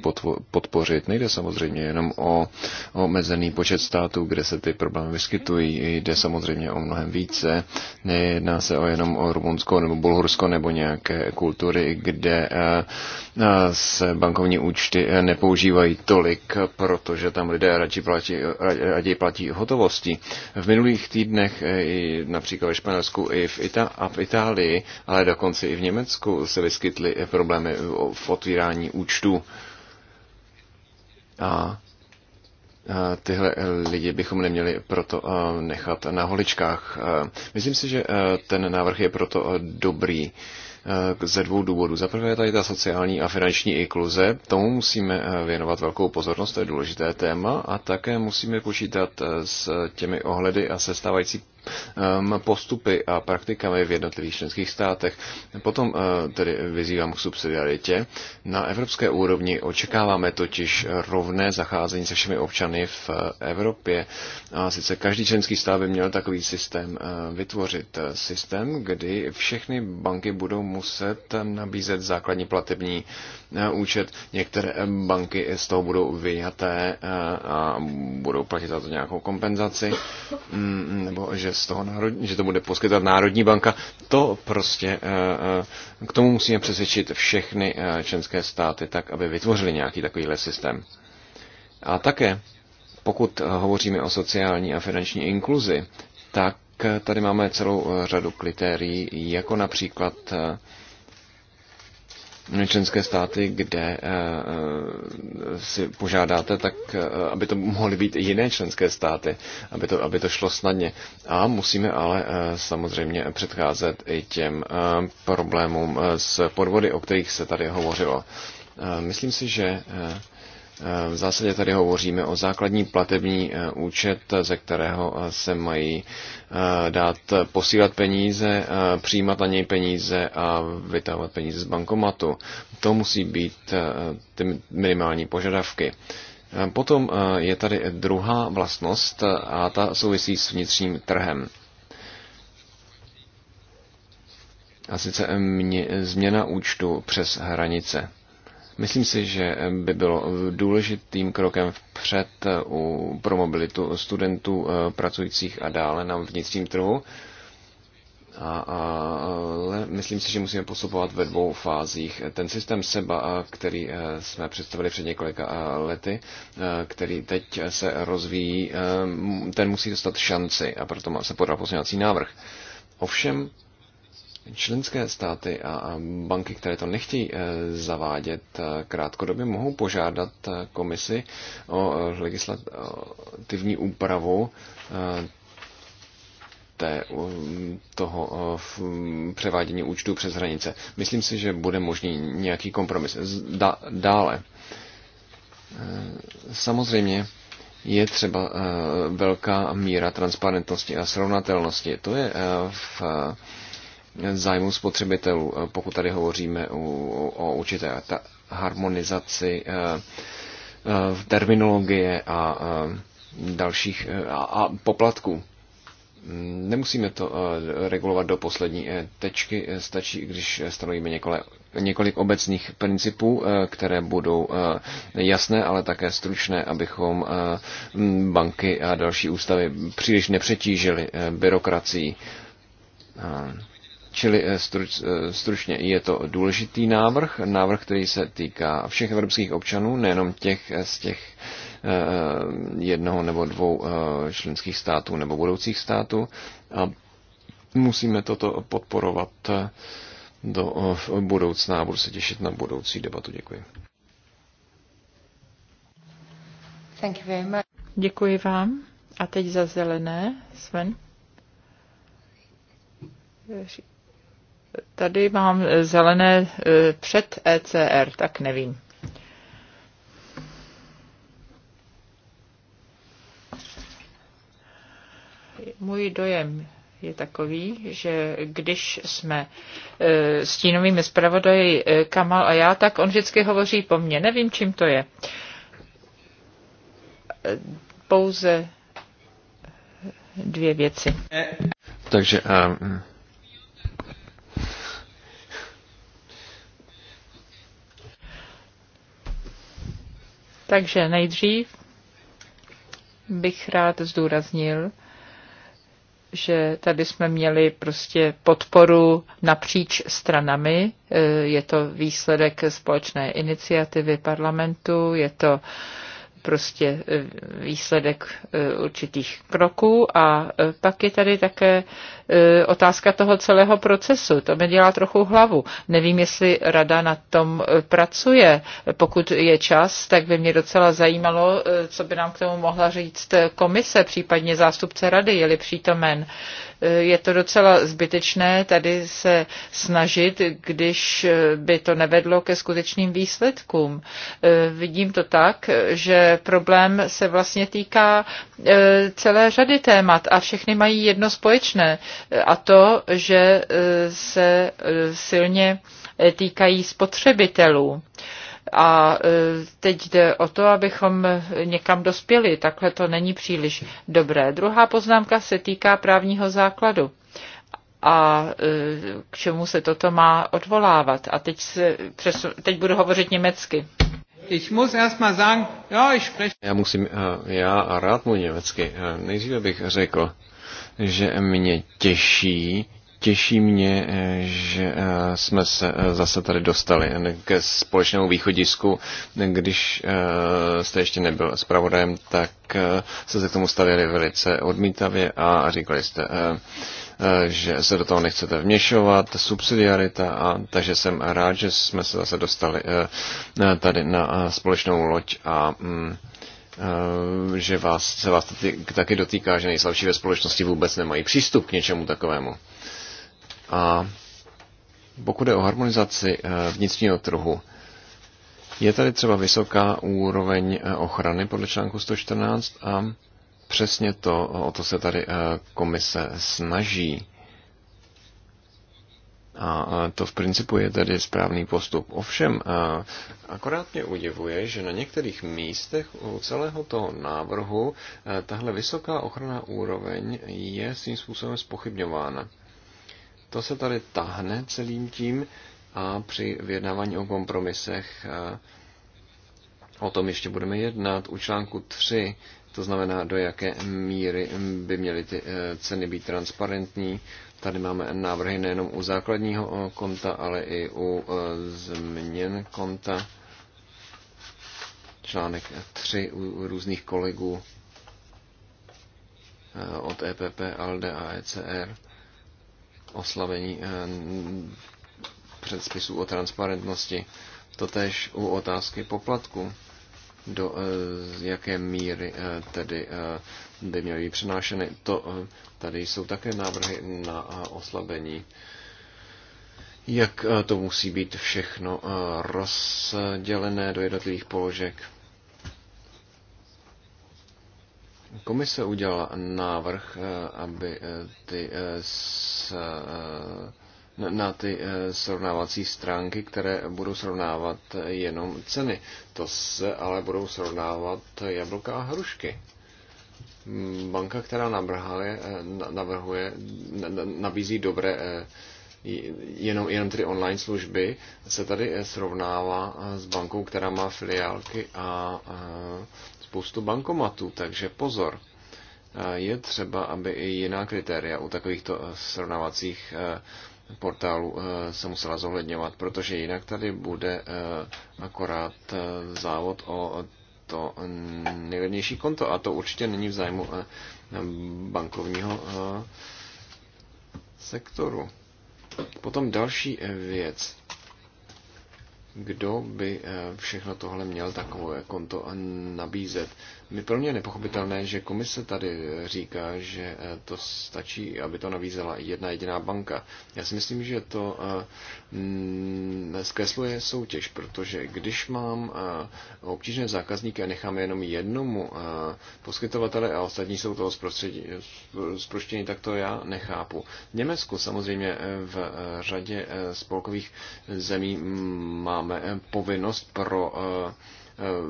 podpořit. Nejde samozřejmě jenom o omezený počet států, kde se ty problémy vyskytují. Jde samozřejmě o mnohem více. Nejedná se o jenom o Rumunsko nebo Bulhursko nebo nějaké kultury, kde se bankovní účty nepoužívají tolik, protože tam lidé raději platí, raději platí hotovosti. V minulých týdnech například ve Španělsku i v, Ita- a v Itálii, ale dokonce i v Německu se vyskytly problémy v otvírání účtů. A tyhle lidi bychom neměli proto nechat na holičkách. Myslím si, že ten návrh je proto dobrý ze dvou důvodů. Za prvé tady ta sociální a finanční inkluze, tomu musíme věnovat velkou pozornost, to je důležité téma a také musíme počítat s těmi ohledy a se stávající Um, postupy a praktikami v jednotlivých členských státech. Potom uh, tedy vyzývám k subsidiaritě. Na evropské úrovni očekáváme totiž rovné zacházení se všemi občany v uh, Evropě. A sice každý členský stát by měl takový systém uh, vytvořit. Systém, kdy všechny banky budou muset nabízet základní platební účet. Některé banky z toho budou vyjaté eh, a budou platit za to nějakou kompenzaci, mm, nebo že, z toho národní, že to bude poskytovat Národní banka. To prostě eh, eh, k tomu musíme přesvědčit všechny členské státy tak, aby vytvořili nějaký takovýhle systém. A také, pokud hovoříme o sociální a finanční inkluzi, tak tady máme celou řadu kritérií, jako například členské státy, kde eh, eh, si požádáte, tak eh, aby to mohly být jiné členské státy, aby to, aby to šlo snadně. A musíme ale samozřejmě předcházet i těm problémům s podvody, o kterých se tady hovořilo. Myslím si, že Eh, v zásadě tady hovoříme o základní platební eh, účet, ze kterého eh, se mají dát posílat peníze, přijímat na něj peníze a vytahovat peníze z bankomatu. To musí být ty minimální požadavky. Potom je tady druhá vlastnost a ta souvisí s vnitřním trhem. A sice změna účtu přes hranice. Myslím si, že by bylo důležitým krokem vpřed eh, u, pro mobilitu studentů eh, pracujících a dále na vnitřním trhu. A, a, ale myslím si, že musíme postupovat ve dvou fázích. Ten systém SEBA, eh, který jsme představili před několika lety, který teď se rozvíjí, ten musí dostat šanci a proto se podal pozměňovací návrh. Ovšem, Členské státy a banky, které to nechtějí eh, zavádět eh, krátkodobě, mohou požádat eh, komisi o legislativní úpravu té, toho převádění účtů přes hranice. Myslím si, že bude možný nějaký kompromis. Da, dále. Samozřejmě je třeba velká míra transparentnosti a srovnatelnosti. To je v zájmu spotřebitelů, eh, pokud tady hovoříme o, o určité ta harmonizaci v eh, eh, terminologie a dalších a, a poplatků. Mm, nemusíme to regulovat do poslední tečky, stačí, když stanovíme několik, několik obecných principů, které budou jasné, ale také stručné, abychom mm, banky a další ústavy příliš nepřetížili byrokracií. Čili eh, struč, eh, stručně je to důležitý návrh, návrh, který se týká všech evropských občanů, nejenom těch eh, z těch jednoho nebo dvou členských států nebo budoucích států. A musíme toto podporovat do budoucna a budu se těšit na budoucí debatu. Děkuji. Thank you very much. Děkuji vám. A teď za zelené, Sven. Řík Tady mám zelené e, před ECR, tak nevím. Můj dojem je takový, že když jsme e, stínovými zpravodaji e, Kamal a já, tak on vždycky hovoří po mně. Nevím, čím to je. E, pouze dvě věci. Takže um, Takže nejdřív bych rád zdůraznil, že tady jsme měli prostě podporu napříč stranami. E, je to výsledek společné iniciativy parlamentu, je to prostě eh, výsledek eh, určitých kroků. A eh, pak je tady také otázka toho celého procesu. To mi dělá trochu hlavu. Nevím, jestli rada na tom pracuje. Pokud je čas, tak by mě docela zajímalo, co by nám k tomu mohla říct komise, případně zástupce rady, je-li přítomen. Je to docela zbytečné tady se snažit, když by to nevedlo ke skutečným výsledkům. Vidím to tak, že problém se vlastně týká e, celé řady témat a všechny mají jedno společné e, a to, že e, se silně týkají spotřebitelů. A teď jde o to, abychom někam dospěli. Takhle to není příliš dobré. Druhá poznámka se týká právního základu a k čemu se toto má odvolávat. A teď, se přesu, teď budu hovořit německy. Ich muss erst mal sagen, ja, ich spreche. Já musím, eh, já a rád mluvím německy. Eh, nejdříve bych řekl, že mě těší, těší mě, eh, že jsme se zase tady dostali ke společnému východisku. Když jste ještě nebyl zpravodajem, tak se se k tomu stavěli velice odmítavě a říkali jste, Eh, že se do toho nechcete vměšovat, subsidiarita, a, takže jsem rád, že jsme se zase dostali eh, eh, tady na společnou loď a mm, že vás, se vás taky dotýká, že nejslabší ve společnosti vůbec nemají přístup k něčemu takovému. A pokud je o harmonizaci vnitřního trhu, je tady třeba vysoká úroveň ochrany podle článku 114 a přesně to, o to se tady eh, komise snaží. A eh, to v principu je tedy správný postup. Ovšem, eh, akorát mě udivuje, že na některých místech u celého toho návrhu tahle vysoká ochrana úroveň je svým způsobem spochybňována. To se tady tahne celým tím a při vyjednávání o kompromisech o tom ještě budeme jednat. U článku 3 to znamená, do jaké míry by měly ty eh, ceny být transparentní. Tady máme návrhy nejenom u základního eh, konta, ale i u eh, změn konta. Článek 3 u různých kolegů od EPP, ALDE a ECR. Oslavení předpisů o transparentnosti. Totež u otázky poplatku do eh, jaké míry eh, tedy eh, by měly být přenášeny. To, tady jsou také návrhy na oslabení jak to musí být všechno rozdělené do jednotlivých položek. Komise udělala návrh, aby ty s na ty eh, srovnávací stránky, které budou srovnávat eh, jenom ceny. To se ale budou srovnávat jablka a hrušky. Mm, banka, která nabrhuje, eh, navrhuje nabízí dobré jenom, jenom tedy online služby, se tady srovnává s bankou, která má filiálky a spoustu bankomatů, takže pozor je třeba, aby i jiná kritéria u takovýchto srovnávacích portálu eh, se musela zohledňovat, protože jinak tady bude eh, akorát eh, závod o to nejlevnější konto a to určitě není v zájmu bankovního sektoru. Potom další věc. Kdo by všechno tohle měl takové konto nabízet? mi pro mě nepochopitelné, že komise tady eh, říká, že eh, to stačí, aby to navízela jedna jediná banka. Já si myslím, že to eh, mm, zkresluje soutěž, protože když mám obtížné zákazníky a nechám jenom jednomu poskytovatele a ostatní jsou toho zproštění, tak to já nechápu. V Německu samozřejmě v řadě spolkových zemí mm, máme povinnost pro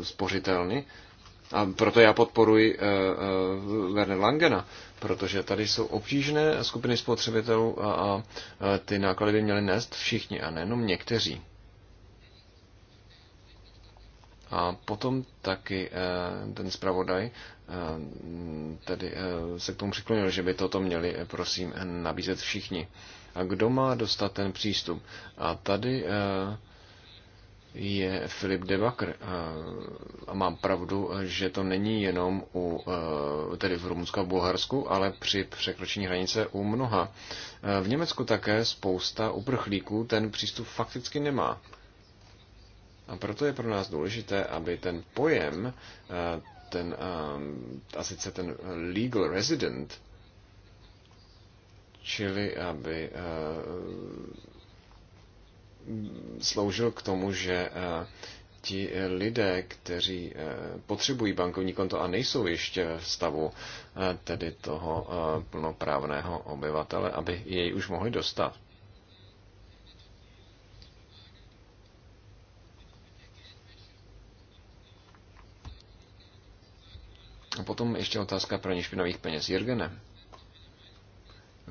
spořitelny, a proto já podporuji eh, eh, Werner Langena, protože tady jsou obtížné skupiny spotřebitelů a, a ty náklady by měly nést všichni a nejenom někteří. A potom taky eh, ten zpravodaj tedy se k tomu přiklonil, že by toto měli, prosím, nabízet všichni. A kdo má dostat ten přístup? A tady je Filip Debakr. A mám pravdu, že to není jenom u, e, tedy v Rumunsku a Bulharsku, ale při překročení hranice u mnoha. E, v Německu také spousta uprchlíků ten přístup fakticky nemá. A proto je pro nás důležité, aby ten pojem, e, ten, a sice ten legal resident, čili aby sloužil k tomu, že eh, ti lidé, kteří eh, potřebují bankovní konto a nejsou ještě v stavu eh, tedy toho plnoprávného obyvatele, aby jej už mohli dostat. A potom ještě otázka pro špinavých peněz. Jirgene,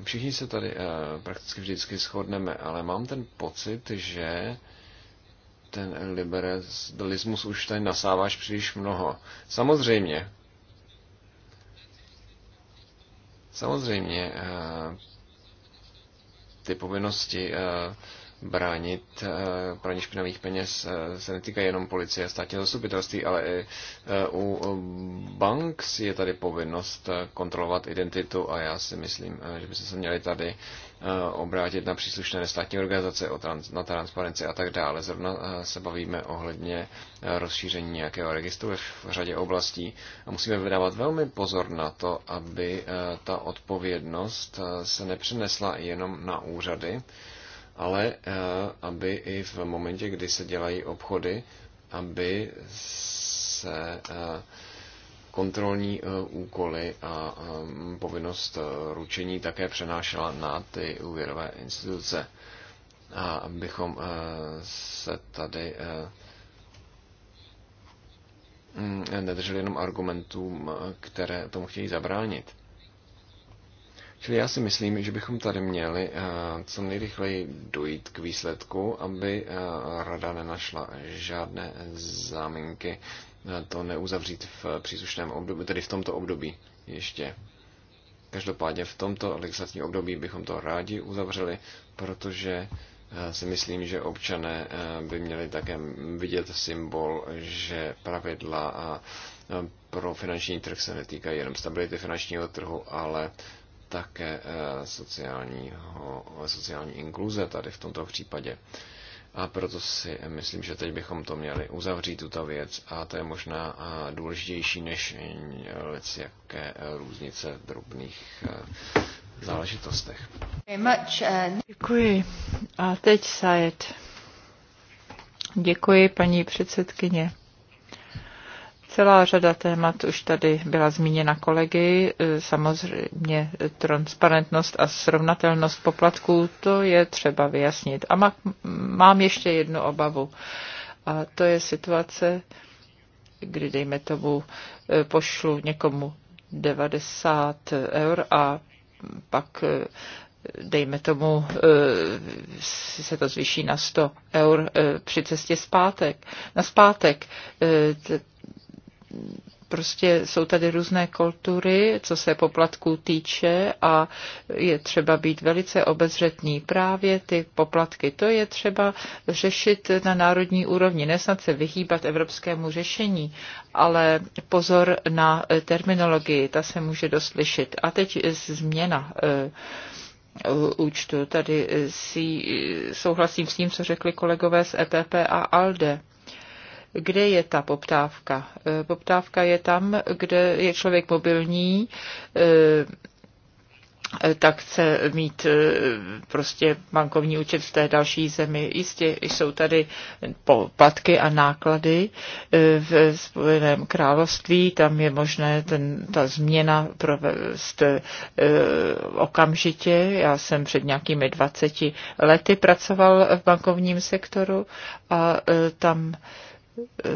Všichni se tady eh, prakticky vždycky shodneme, ale mám ten pocit, že ten liberalismus už tady nasáváš příliš mnoho. Samozřejmě, samozřejmě, eh, ty povinnosti eh, bránit eh, praní špinavých peněz eh, se netýká jenom policie a státního zastupitelství, ale i eh, u bank je tady povinnost kontrolovat identitu a já si myslím, že bychom se měli tady obrátit na příslušné státní organizace na transparenci a tak dále. Zrovna se bavíme ohledně rozšíření nějakého registru v řadě oblastí a musíme vydávat velmi pozor na to, aby ta odpovědnost se nepřenesla jenom na úřady, ale eh, aby i v momentě, kdy se dělají obchody, aby se eh, kontrolní eh, úkoly a povinnost ručení také přenášela na ty úvěrové instituce. A abychom se tady mm, nedrželi jenom argumentům, které tomu chtějí zabránit. Čili já si myslím, že bychom tady měli eh, co nejrychleji dojít k výsledku, aby eh, rada nenašla žádné záminky eh, to neuzavřít v příslušném období, tedy v tomto období ještě. Každopádně v tomto legislativním období bychom to rádi uzavřeli, protože si myslím, že občané by měli také vidět symbol, že pravidla pro finanční trh se netýkají jenom stability finančního trhu, ale také eh, sociálního, sociální inkluze tady v tomto případě. A proto si myslím, že teď bychom to měli uzavřít, tuto věc, a to je možná eh, důležitější než jaké eh, různice v drobných záležitostech. Děkuji. A teď Sajet. Děkuji, paní předsedkyně. Celá řada témat už tady byla zmíněna kolegy. Samozřejmě transparentnost a srovnatelnost poplatků, to je třeba vyjasnit. A mám ještě jednu obavu. A to je situace, kdy dejme tomu pošlu někomu 90 eur a pak dejme tomu, se to zvýší na 100 eur při cestě zpátek, na zpátek prostě jsou tady různé kultury, co se poplatků týče a je třeba být velice obezřetný právě ty poplatky. To je třeba řešit na národní úrovni, nesnad se vyhýbat evropskému řešení, ale pozor na terminologii, ta se může doslyšet. A teď změna eh, účtu. Tady eh, si eh, souhlasím s tím, co řekli kolegové z EPP a ALDE kde je ta poptávka? E, poptávka je tam, kde je člověk mobilní, e, e, tak chce mít prostě bankovní účet v té další zemi. Jistě jsou tady poplatky a náklady v Spojeném království, tam je možné ten, ta změna provést okamžitě. Já jsem před nějakými 20 lety pracoval v bankovním sektoru a tam Eh,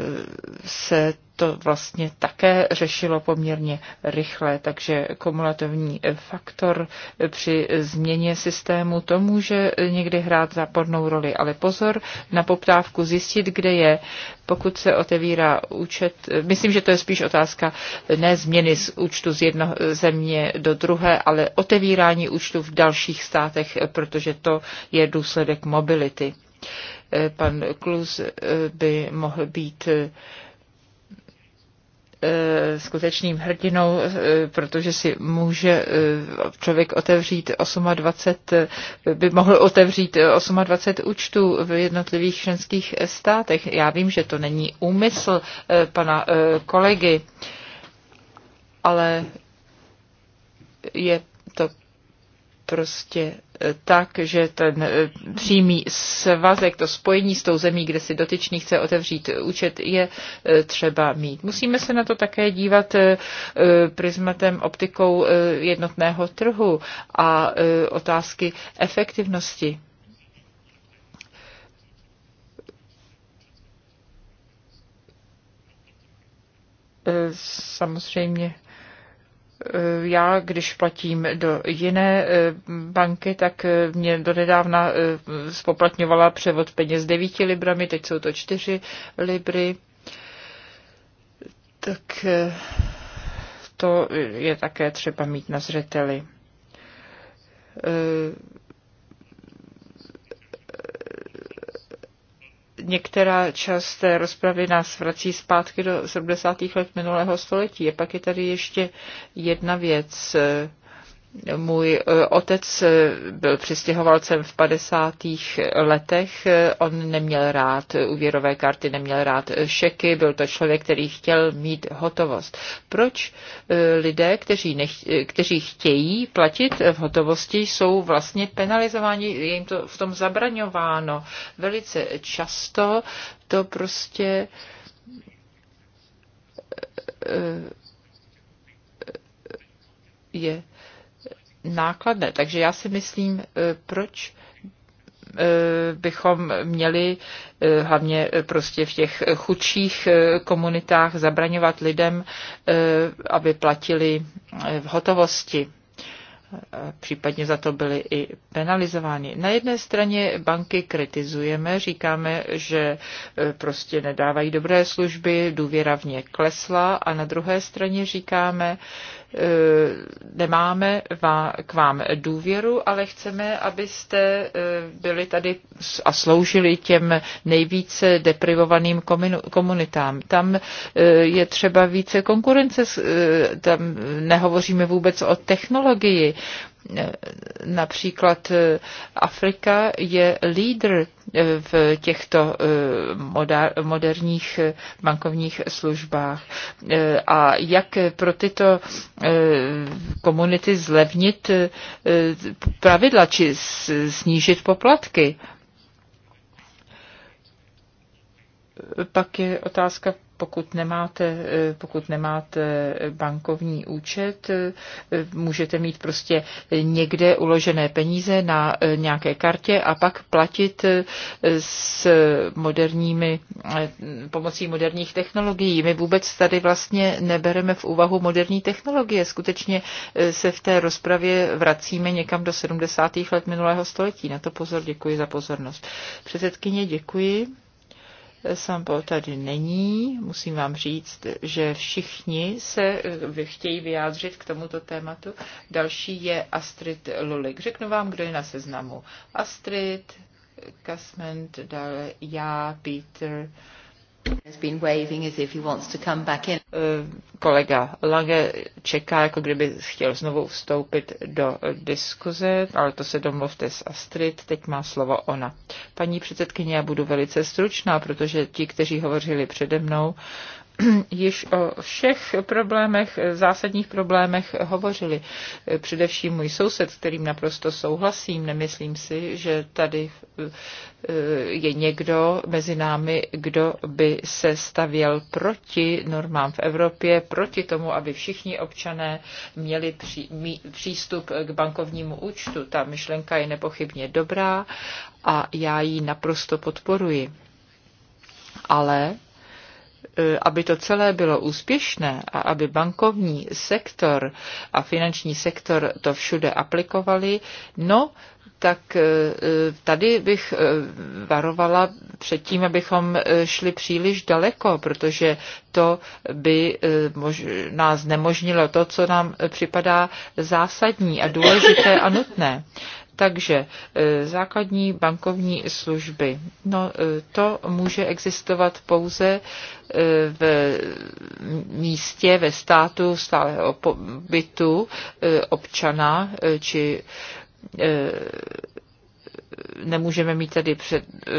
se to vlastně také řešilo poměrně rychle, takže kumulativní faktor při změně systému to může někdy hrát zápornou roli, ale pozor na poptávku zjistit, kde je, pokud se otevírá účet. Myslím, že to je spíš otázka ne změny z účtu z jedné země do druhé, ale otevírání účtu v dalších státech, protože to je důsledek mobility. Eh, pan Klus eh, by mohl být eh, skutečným hrdinou, protože si může člověk otevřít 28, by mohl otevřít 28 účtů v jednotlivých členských státech. Já vím, že to není úmysl pana kolegy, ale je to prostě tak, že ten eh, přímý svazek, to spojení s tou zemí, kde si dotyčný chce otevřít účet, je eh, třeba mít. Musíme se na to také dívat eh, prismatem optikou jednotného trhu a otázky efektivnosti. Samozřejmě Eh, já, když platím do jiné eh, banky, tak eh, mě donedávna spoplatňovala převod peněz 9 librami, teď jsou to 4 libry. Tak to je také třeba mít na zřeteli některá část té rozpravy nás vrací zpátky do 70. let minulého století. A pak je tady ještě jedna věc. Můj eh, otec eh, byl přistěhovalcem v 50. letech. Eh, on neměl rád úvěrové karty, neměl rád šeky, byl to člověk, který chtěl mít hotovost. Proč lidé, kteří, nech, kteří chtějí platit v hotovosti, jsou vlastně penalizováni, je jim to v tom zabraňováno. Velice často to prostě je nákladné. Takže já si myslím, eh, proč eh, bychom měli eh, hlavně prostě v těch chudších komunitách zabraňovat lidem, aby platili v hotovosti případně za to byly i penalizovány. Na jedné straně banky kritizujeme, říkáme, že prostě nedávají dobré služby, důvěra v ně klesla a na druhé straně říkáme, Eh, nemáme k vám důvěru, ale chceme, abyste eh, byli tady a sloužili těm nejvíce deprivovaným komunitám. Tam eh, je třeba více konkurence, tam nehovoříme vůbec o technologii. Například eh, Afrika je lídr eh, v těchto eh, moderních bankovních službách. A jak pro tyto komunity zlevnit pravidla či snížit poplatky? Pak je otázka pokud nemáte, eh, pokud nemáte bankovní účet, eh, můžete mít prostě někde uložené peníze na eh, nějaké kartě a pak platit s moderními, pomocí moderních technologií. My vůbec tady vlastně nebereme v úvahu moderní technologie. Skutečně se v té rozpravě vracíme někam do 70. let minulého století. Na to pozor, děkuji za pozornost. Předsedkyně, děkuji. Sampo tady není. Musím vám říct, že všichni se eh, chtějí vyjádřit k tomuto tématu. Další je Astrid Lulik. Řeknu vám, kdo je na seznamu. Astrid, Kasment, dále já, Peter, Kolega Lange čeká, jako kdyby chtěl znovu vstoupit do diskuze, ale to se domluvte s Astrid, teď má slovo ona. Paní předsedkyně, já budu velice stručná, protože ti, kteří hovořili přede mnou, již o všech problémech, zásadních problémech hovořili. Především můj soused, s kterým naprosto souhlasím, nemyslím si, že tady eh, je někdo mezi námi, kdo by se stavěl proti normám v Evropě, proti tomu, aby všichni občané měli přístup k bankovnímu účtu. Ta myšlenka je nepochybně dobrá a já ji naprosto podporuji. Ale E, aby to celé bylo úspěšné a aby bankovní sektor a finanční sektor to všude aplikovali, no tak e, tady bych e, varovala před tím, abychom šli příliš daleko, protože to by nás nemožnilo to, co nám připadá zásadní a důležité a nutné. Takže e, základní bankovní služby. No, e, to může existovat pouze e, v místě, ve státu stáleho pobytu občana či nemůžeme mít tady, před, eh,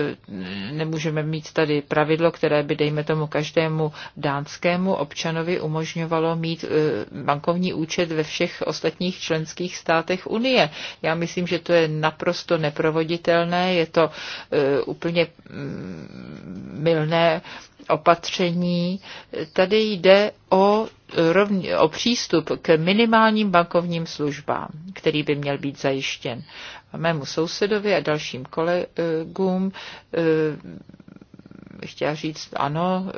nemůžeme mít tady pravidlo, které by, dejme tomu, každému dánskému občanovi umožňovalo mít eh, bankovní účet ve všech ostatních členských státech Unie. Já myslím, že to je naprosto neprovoditelné, je to eh, úplně milné mm, opatření. Tady jde o, o přístup k minimálním bankovním službám, který by měl být zajištěn mému sousedovi a dalším kolegům eh, chtěla říct, ano, eh,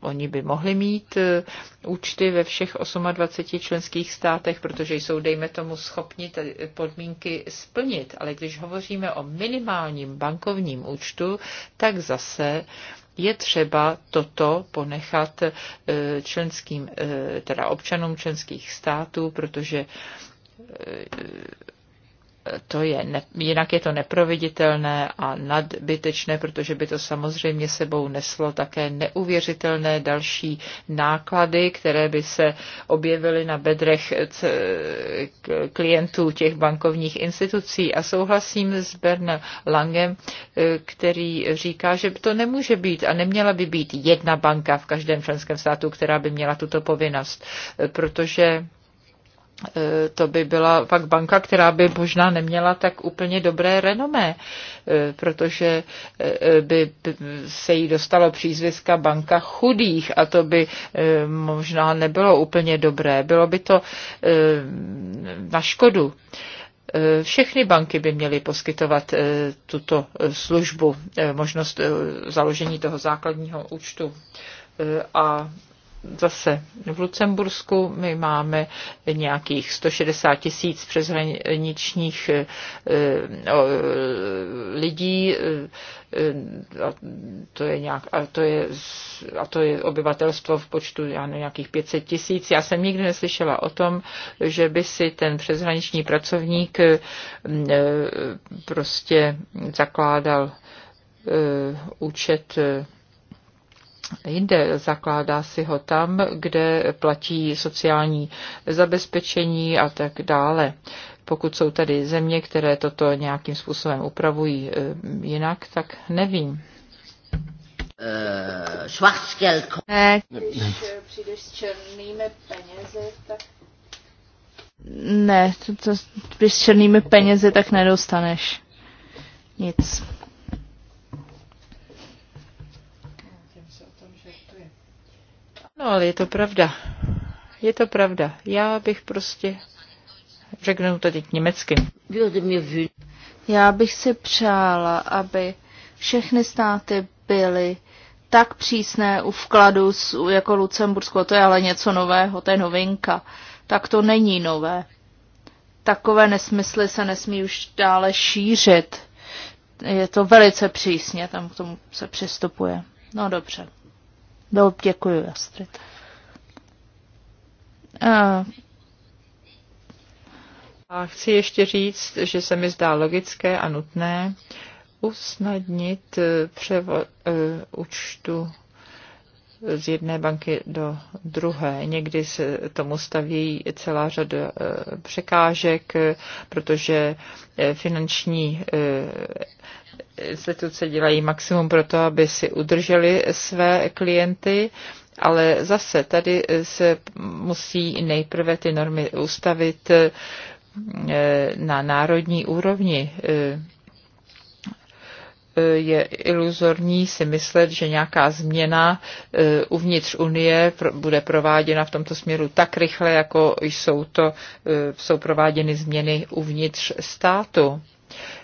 oni by mohli mít eh, účty ve všech 28 členských státech, protože jsou, dejme tomu, schopni podmínky splnit. Ale když hovoříme o minimálním bankovním účtu, tak zase je třeba toto ponechat členským, teda občanům členských států, protože to je ne, jinak je to neproviditelné a nadbytečné, protože by to samozřejmě sebou neslo také neuvěřitelné další náklady, které by se objevily na bedrech klientů těch bankovních institucí. A souhlasím s Bernem Langem, eh, který říká, že to nemůže být a neměla by být jedna banka v každém členském státu, která by měla tuto povinnost, eh, protože E, to by byla pak banka, která by možná neměla tak úplně dobré renomé, e, protože e, by se jí dostalo přízviska banka chudých a to by možná nebylo úplně dobré. Bylo by to na škodu. Všechny banky by měly poskytovat tuto službu, možnost založení toho základního účtu. A zase v Lucembursku my máme nějakých 160 tisíc přeshraničních eh, eh, lidí eh, a to je, nějak, a to je, a to je obyvatelstvo v počtu já nevím, nějakých 500 tisíc. Já jsem nikdy neslyšela o tom, že by si ten přeshraniční pracovník prostě zakládal účet jinde, zakládá si ho tam, kde platí sociální zabezpečení a tak dále. Pokud jsou tady země, které toto nějakým způsobem upravují eh, jinak, tak nevím. Uh, Ne, Když eh, přijdeš s černými penězi, tak ne, to, to, když s černými penězi, tak nedostaneš nic. No ale je to pravda. Je to pravda. Já bych prostě, řeknu to teď německy. Já bych si přála, aby všechny státy byly tak přísné u vkladu jako Lucembursko, to je ale něco nového, to je novinka. Tak to není nové. Takové nesmysly se nesmí už dále šířit. Je to velice přísně, tam k tomu se přistupuje. No dobře. No, děkuji, Astrid. A... A chci ještě říct, že se mi zdá logické a nutné usnadnit eh, převod eh, účtu z jedné banky do druhé. Někdy se tomu staví celá řada eh, překážek, protože finanční instituce dělají maximum pro to, aby si udrželi své klienty, ale zase tady se musí nejprve ty normy ustavit eh, na národní úrovni eh, eh, je iluzorní si myslet, že nějaká změna uvnitř Unie bude prováděna v tomto směru tak rychle, jako jsou, to, jsou prováděny změny uvnitř státu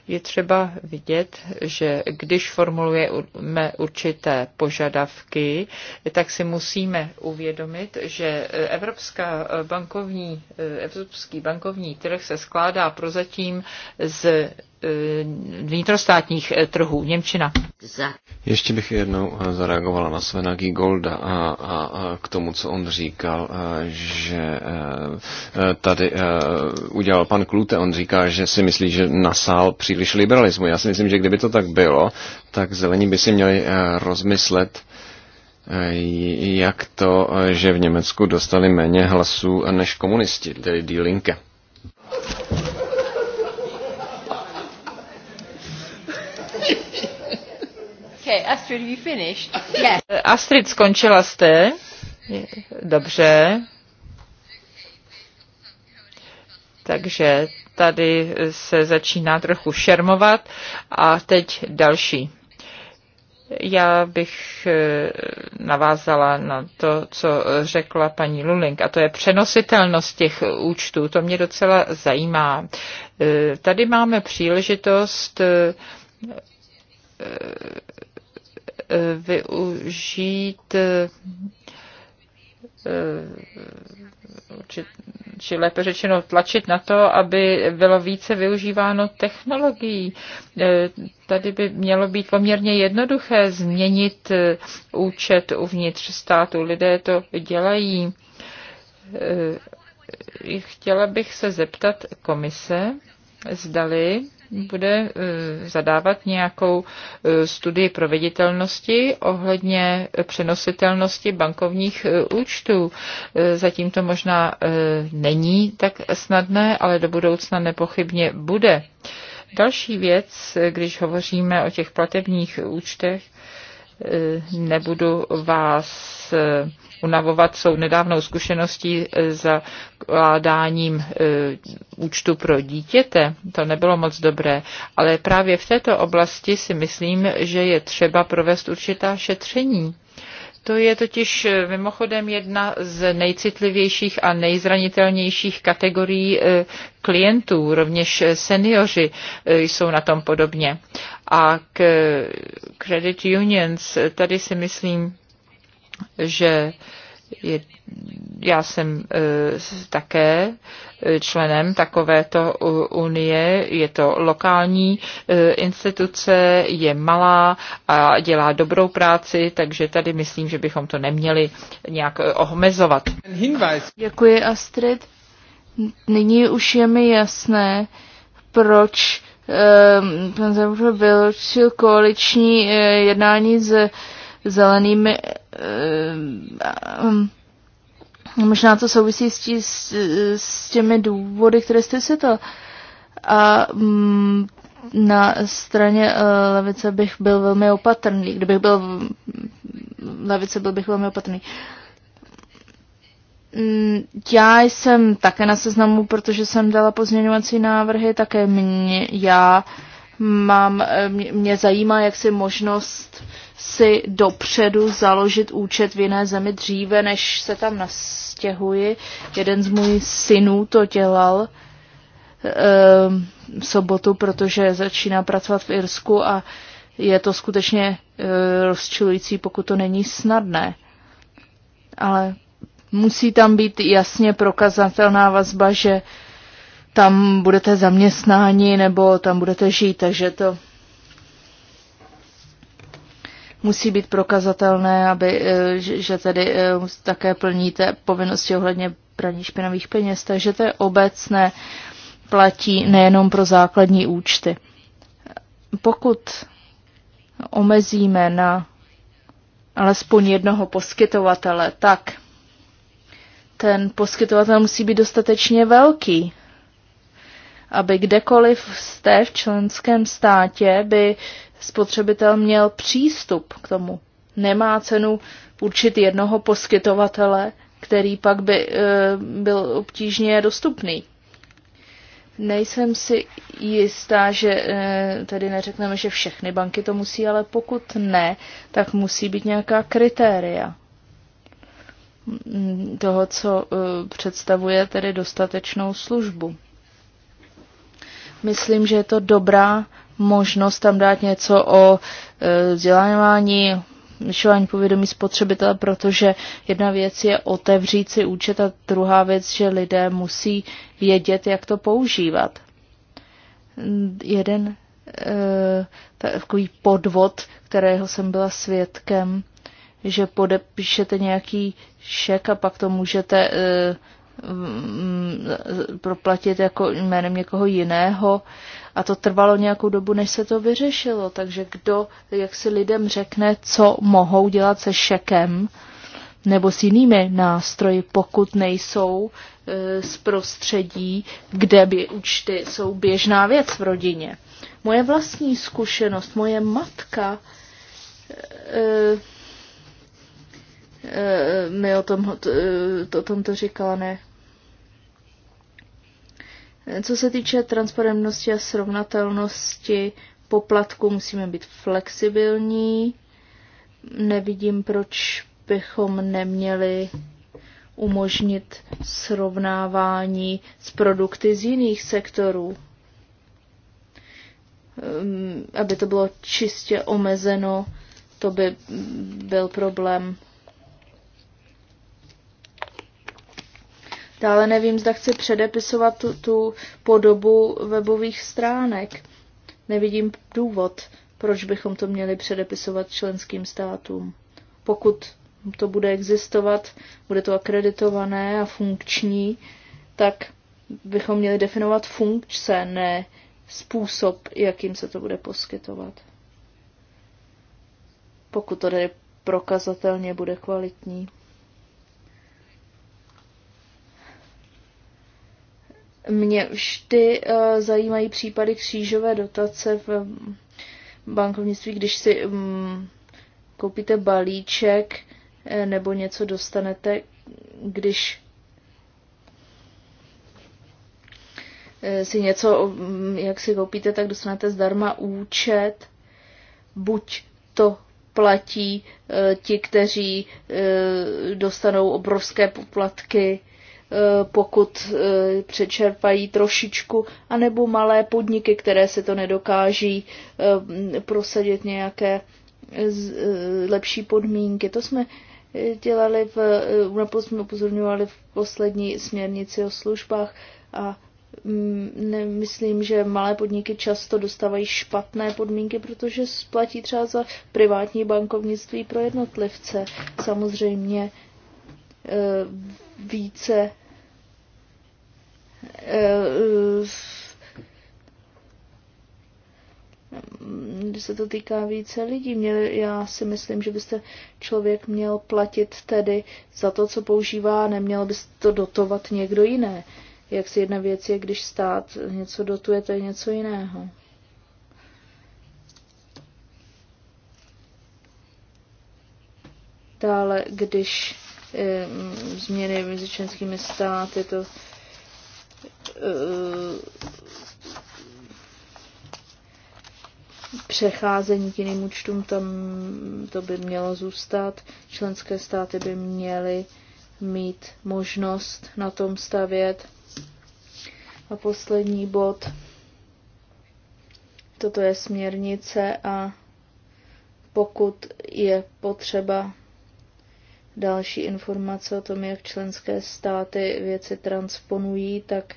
je třeba vidět, že když formulujeme určité požadavky, tak si musíme uvědomit, že Evropská bankovní, Evropský bankovní trh se skládá prozatím z Eh, vnitrostátních eh, trhů. Němčina. Ještě bych jednou eh, zareagovala na Svena Golda a, a, a k tomu, co on říkal, že tady udělal pan Klute. On říká, že si myslí, že nasál příliš liberalismu. Já si myslím, že kdyby to tak bylo, tak zelení by si měli rozmyslet, jak to, že v Německu dostali méně hlasů než komunisti, tedy d Linke. okay, Astrid, you finished? Yes. Astrid, skončila jste? Dobře. Takže tady se začíná trochu šermovat. A teď další. Já bych eh, navázala na to, co řekla paní Luling, a to je přenositelnost těch účtů. To mě docela zajímá. Eh, tady máme příležitost eh, využít eh, či, či lépe řečeno tlačit na to, aby bylo více využíváno technologií. Eh, tady by mělo být poměrně jednoduché změnit eh, účet uvnitř státu. Lidé to dělají. Chtěla bych se zeptat komise, zdali bude eh, zadávat nějakou eh, studii proveditelnosti ohledně přenositelnosti bankovních eh, účtů. Zatím to možná není tak snadné, ale do budoucna nepochybně bude. Další věc, když hovoříme o těch platebních účtech, nebudu vás eh, unavovat svou nedávnou zkušeností eh, za kládáním eh, účtu pro dítěte. To nebylo moc dobré, ale právě v této oblasti si myslím, že je třeba provést určitá šetření to je totiž eh, mimochodem jedna z nejcitlivějších a nejzranitelnějších kategorií eh, klientů, rovněž eh, seniori jsou na tom podobně. A k Credit Unions tady si myslím, že já jsem e, také e, členem takovéto unie. Je to lokální e, instituce, je malá a dělá dobrou práci, takže tady myslím, že bychom to neměli nějak ohmezovat. Děkuji, Astrid. Nyní už je mi jasné, proč pan Zemřel byl koaliční jednání z zelenými. Eh, eh, možná to souvisí s, tí, s, s těmi důvody, které jste si to. A mm, na straně eh, levice bych byl velmi opatrný. Kdybych byl levice, byl bych velmi opatrný. Mm, já jsem také na seznamu, protože jsem dala pozměňovací návrhy, také mě, já mám, mě, mě zajímá, jak si možnost si dopředu založit účet v jiné zemi dříve, než se tam nastěhuji. Jeden z mojich synů to dělal ehm, v sobotu, protože začíná pracovat v Irsku a je to skutečně eh, rozčilující, pokud to není snadné. Ale musí tam být jasně prokazatelná vazba, že tam budete zaměstnáni nebo tam budete žít, takže to musí být prokazatelné, aby, eh, že tedy eh, také plníte povinnosti ohledně praní špinavých peněz, takže to je obecné, platí nejenom pro základní účty. Pokud omezíme na alespoň jednoho poskytovatele, tak ten poskytovatel musí být dostatečně velký, aby kdekoliv jste v členském státě, by spotřebitel měl přístup k tomu. Nemá cenu určit jednoho poskytovatele, který pak by eh, byl obtížně dostupný. Nejsem si jistá, že eh, tedy neřekneme, že všechny banky to musí, ale pokud ne, tak musí být nějaká kritéria toho, co eh, představuje tedy dostatečnou službu. Myslím, že je to dobrá možnost tam dát něco o e, vzdělávání, zvyšování povědomí spotřebitele, protože jedna věc je otevřít si účet a druhá věc, že lidé musí vědět, jak to používat. Jeden e, takový podvod, kterého jsem byla svědkem, že podepíšete nějaký šek a pak to můžete e, Mm, proplatit jako jménem někoho jiného a to trvalo nějakou dobu, než se to vyřešilo. Takže kdo, jak si lidem řekne, co mohou dělat se šekem nebo s jinými nástroji, pokud nejsou eh, z prostředí, kde by účty jsou běžná věc v rodině. Moje vlastní zkušenost, moje matka eh, eh, mi o tom, to, o tom to říkala, ne co se týče transparentnosti a srovnatelnosti poplatku, musíme být flexibilní. Nevidím, proč bychom neměli umožnit srovnávání s produkty z jiných sektorů, ehm, aby to bylo čistě omezeno, to by byl problém Dále nevím, zda chci předepisovat tu, tu podobu webových stránek. Nevidím důvod, proč bychom to měli předepisovat členským státům. Pokud to bude existovat, bude to akreditované a funkční, tak bychom měli definovat funkce, ne způsob, jakým se to bude poskytovat. Pokud to tedy prokazatelně bude kvalitní. Mě vždy uh, zajímají případy křížové dotace v mm, bankovnictví, když si um, koupíte balíček eh, nebo něco dostanete, když eh, si něco, mm, jak si koupíte, tak dostanete zdarma účet. Buď to platí ti, kteří dostanou obrovské poplatky Eh, pokud eh, přečerpají trošičku, anebo malé podniky, které se to nedokáží eh, prosadit nějaké lepší podmínky. To jsme dělali v, nebo jsme upozorňovali v poslední směrnici o službách a mm, myslím, že malé podniky často dostávají špatné podmínky, protože splatí třeba za privátní bankovnictví pro jednotlivce. Samozřejmě více eh, když se to týká více lidí. Mě, já si myslím, že byste člověk měl platit tedy za to, co používá, neměl byste to dotovat někdo jiné. Jak si jedna věc je, když stát něco dotuje, to je něco jiného. Dále, když Eh, změny mezi členskými státy, to eh, přecházení k jiným účtům, tam to by mělo zůstat. Členské státy by měly mít možnost na tom stavět. A poslední bod. Toto je směrnice a pokud je potřeba další informace o tom, jak členské státy věci transponují, tak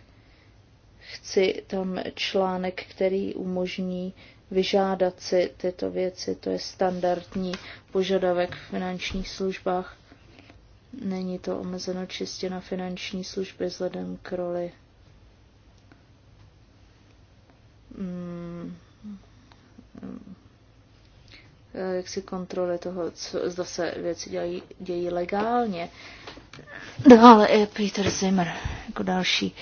chci tam článek, který umožní vyžádat si tyto věci. To je standardní požadavek v finančních službách. Není to omezeno čistě na finanční služby vzhledem k roli Hmm. hmm. Eh, jak si kontroly toho, co, zda se věci dělají, dějí legálně. Dále no, je eh, Peter Zimmer jako další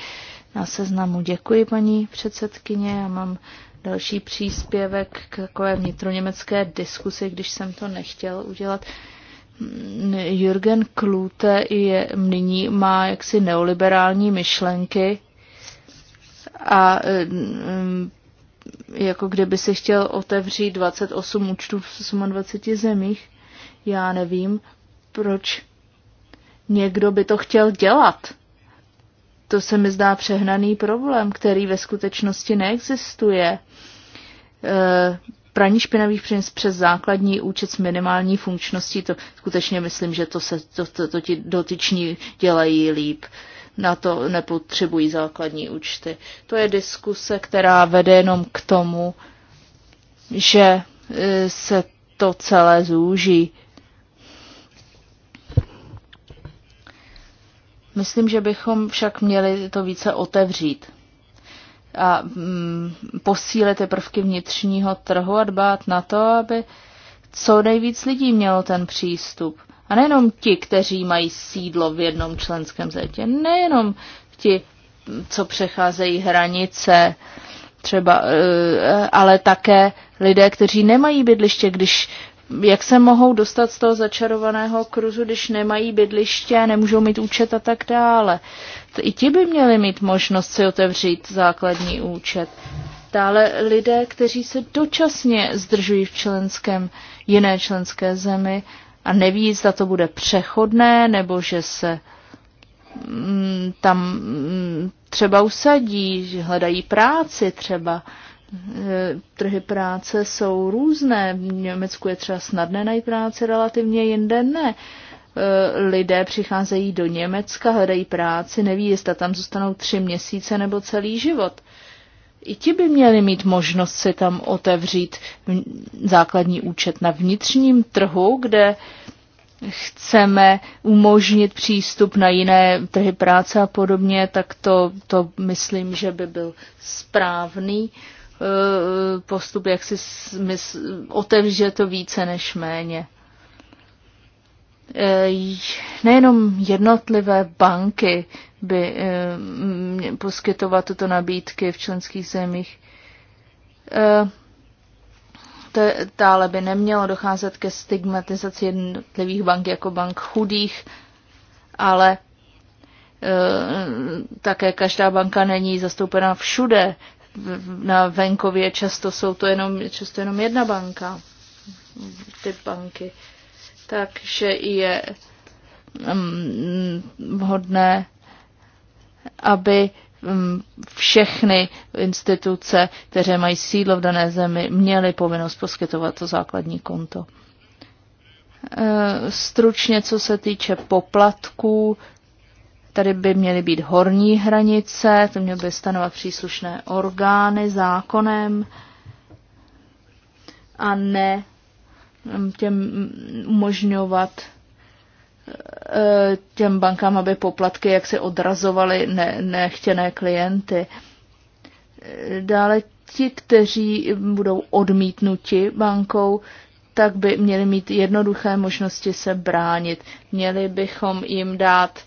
na seznamu. Děkuji, paní předsedkyně. Já mám další příspěvek k takové vnitroněmecké diskusi, když jsem to nechtěl udělat. Mm, Jürgen Klute je, nyní má jaksi neoliberální myšlenky a eh, jako kdyby si chtěl otevřít 28 účtů v 28 zemích. Já nevím, proč někdo by to chtěl dělat. To se mi zdá přehnaný problém, který ve skutečnosti neexistuje. E, praní špinavých peněz přes základní účet s minimální funkčností, to skutečně myslím, že to se to, to, to ti dotyční dělají líp. E, na to nepotřebují základní účty. To je diskuse, která vede jenom k tomu, že e, se to celé zúží. Myslím, že bychom však měli to více otevřít a mm, posílit ty prvky vnitřního trhu a dbát na to, aby co nejvíc lidí mělo ten přístup. A nejenom ti, kteří mají sídlo v jednom členském zetě, nejenom ti, co přecházejí hranice, třeba, eh, ale také lidé, kteří nemají bydliště, když jak se mohou dostat z toho začarovaného kruzu, když nemají bydliště, nemůžou mít účet a tak dále. I ti by měli mít možnost si otevřít základní účet. Dále lidé, kteří se dočasně zdržují v členském, jiné členské zemi a neví, zda to bude přechodné, nebo že se mm, tam mm, třeba usadí, že hledají práci třeba. E, trhy práce jsou různé. V Německu je třeba snadné najít práci, relativně jinde ne. E, lidé přicházejí do Německa, hledají práci, neví, jestli tam zůstanou tři měsíce nebo celý život. I ti by měli mít možnost si tam otevřít základní účet na vnitřním trhu, kde chceme umožnit přístup na jiné trhy práce a podobně, tak to, to myslím, že by byl správný eh, postup, jak si smysl, otevře to více než méně. Eh, nejenom jednotlivé banky by eh, poskytovat tuto nabídky v členských zemích. Eh, dále by nemělo docházet ke stigmatizaci jednotlivých bank jako bank chudých, ale také každá banka není zastoupena všude. Na venkově často jsou to jenom, často jenom jedna banka, ty banky. Uh, takže je mm, vhodné, aby mm, všechny instituce, které mají sídlo v dané zemi, měly povinnost poskytovat to základní konto. E, stručně, co se týče poplatků, tady by měly být horní hranice, to měly by stanovat příslušné orgány zákonem a ne Mm, těm mm, umožňovat eh, těm bankám, aby poplatky jak se odrazovaly ne, nechtěné klienty. Dále ti, kteří budou odmítnuti bankou, tak by měli mít jednoduché možnosti se bránit. Měli bychom jim dát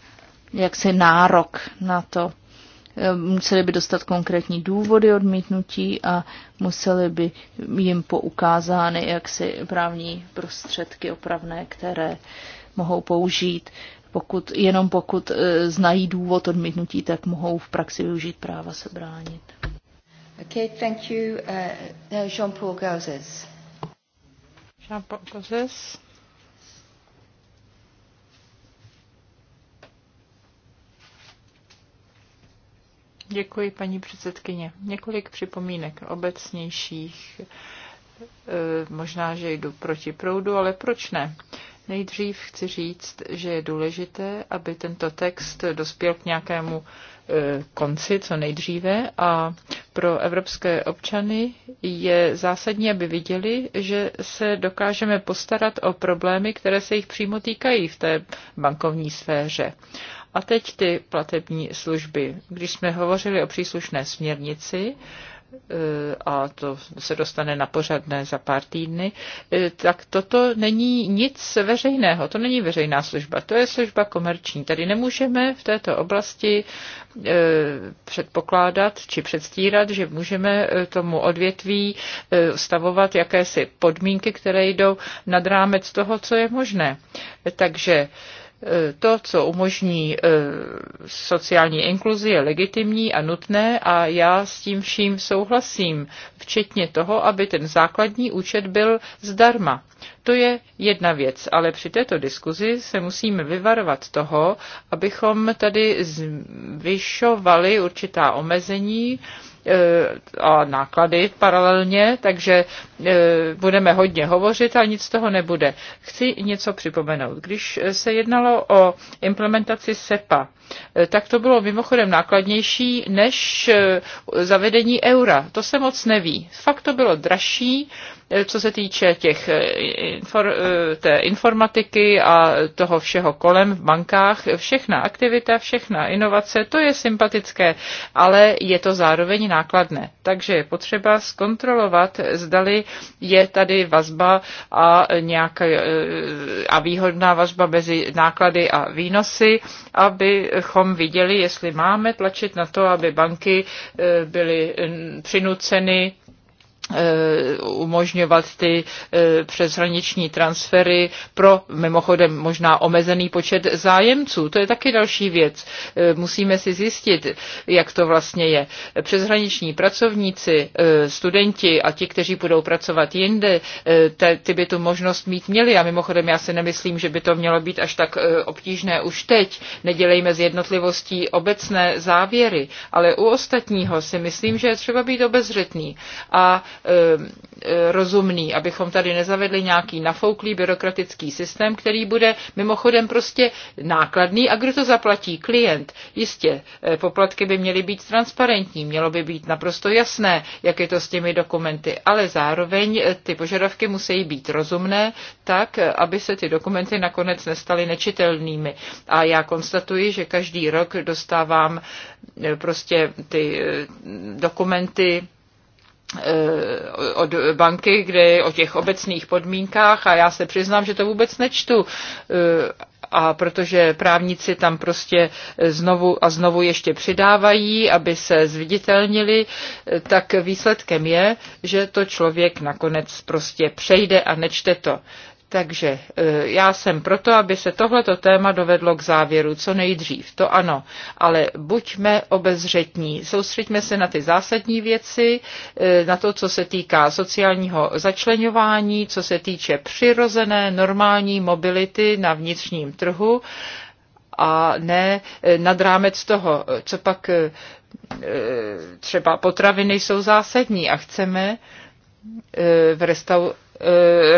jaksi nárok na to museli by dostat konkrétní důvody odmítnutí a museli by jim poukázány jaksi právní prostředky opravné, které mohou použít. Pokud, jenom pokud e, znají důvod odmítnutí, tak mohou v praxi využít práva se bránit. Okay, thank you. Uh, Jean-Paul Gauzes. Jean-Paul Gauzes. Děkuji, paní předsedkyně. Několik připomínek obecnějších. E, možná, že jdu proti proudu, ale proč ne? Nejdřív chci říct, že je důležité, aby tento text dospěl k nějakému e, konci co nejdříve a pro evropské občany je zásadní, aby viděli, že se dokážeme postarat o problémy, které se jich přímo týkají v té bankovní sféře. A teď ty platební služby. Když jsme hovořili o příslušné směrnici, Eh, a to se dostane na pořadné za pár týdny, eh, tak toto není nic veřejného, to není veřejná služba, to je služba komerční. Tady nemůžeme v této oblasti eh, předpokládat či předstírat, že můžeme tomu odvětví stavovat jakési podmínky, které jdou nad rámec toho, co je možné. Takže to, co umožní e, sociální inkluzi, je legitimní a nutné a já s tím vším souhlasím, včetně toho, aby ten základní účet byl zdarma. To je jedna věc, ale při této diskuzi se musíme vyvarovat toho, abychom tady zvyšovali určitá omezení, E, a náklady paralelně, takže e, budeme hodně hovořit a nic z toho nebude. Chci něco připomenout. Když se jednalo o implementaci SEPA, Eh, tak to bylo mimochodem nákladnější než eh, zavedení eura. To se moc neví. Fakt to bylo dražší, eh, co se týče těch infor, té informatiky a toho všeho kolem v bankách. Všechna aktivita, všechna inovace, to je sympatické, ale je to zároveň nákladné. Takže je potřeba zkontrolovat, zdali je tady vazba a, nějaká, a výhodná vazba mezi náklady a výnosy, aby abychom viděli, jestli máme tlačit na to, aby banky eh, byly přinuceny Eh, umožňovat ty eh, přeshraniční transfery pro mimochodem možná omezený počet zájemců. To je taky další věc. Eh, musíme si zjistit, jak to vlastně je. Přeshraniční pracovníci, studenti a ti, kteří budou pracovat jinde, ty by tu možnost mít měli. A mimochodem já si nemyslím, že by to mělo být až tak obtížné už teď. Nedělejme z jednotlivostí obecné závěry, ale u ostatního si myslím, že je třeba být obezřetný. A Eh, rozumný, abychom tady nezavedli nějaký nafouklý byrokratický systém, který bude mimochodem prostě nákladný a kdo to zaplatí? Klient. Jistě, eh, poplatky by měly být transparentní, mělo by být naprosto jasné, jak je to s těmi dokumenty, ale zároveň eh, ty požadavky musí být rozumné, tak, aby se ty dokumenty nakonec nestaly nečitelnými. A já konstatuji, že každý rok dostávám prostě ty dokumenty, Eh, od banky, kde o těch obecných podmínkách a já se přiznám, že to vůbec nečtu eh, a protože právníci tam prostě znovu a znovu ještě přidávají, aby se zviditelnili, eh, tak výsledkem je, že to člověk nakonec prostě přejde a nečte to. Takže e, já jsem proto, aby se tohleto téma dovedlo k závěru co nejdřív. To ano, ale buďme obezřetní. Soustřeďme se na ty zásadní věci, e, na to, co se týká sociálního začlenování, co se týče přirozené normální mobility na vnitřním trhu a ne e, nad rámec toho, co pak třeba potraviny jsou zásadní a chceme v restauraci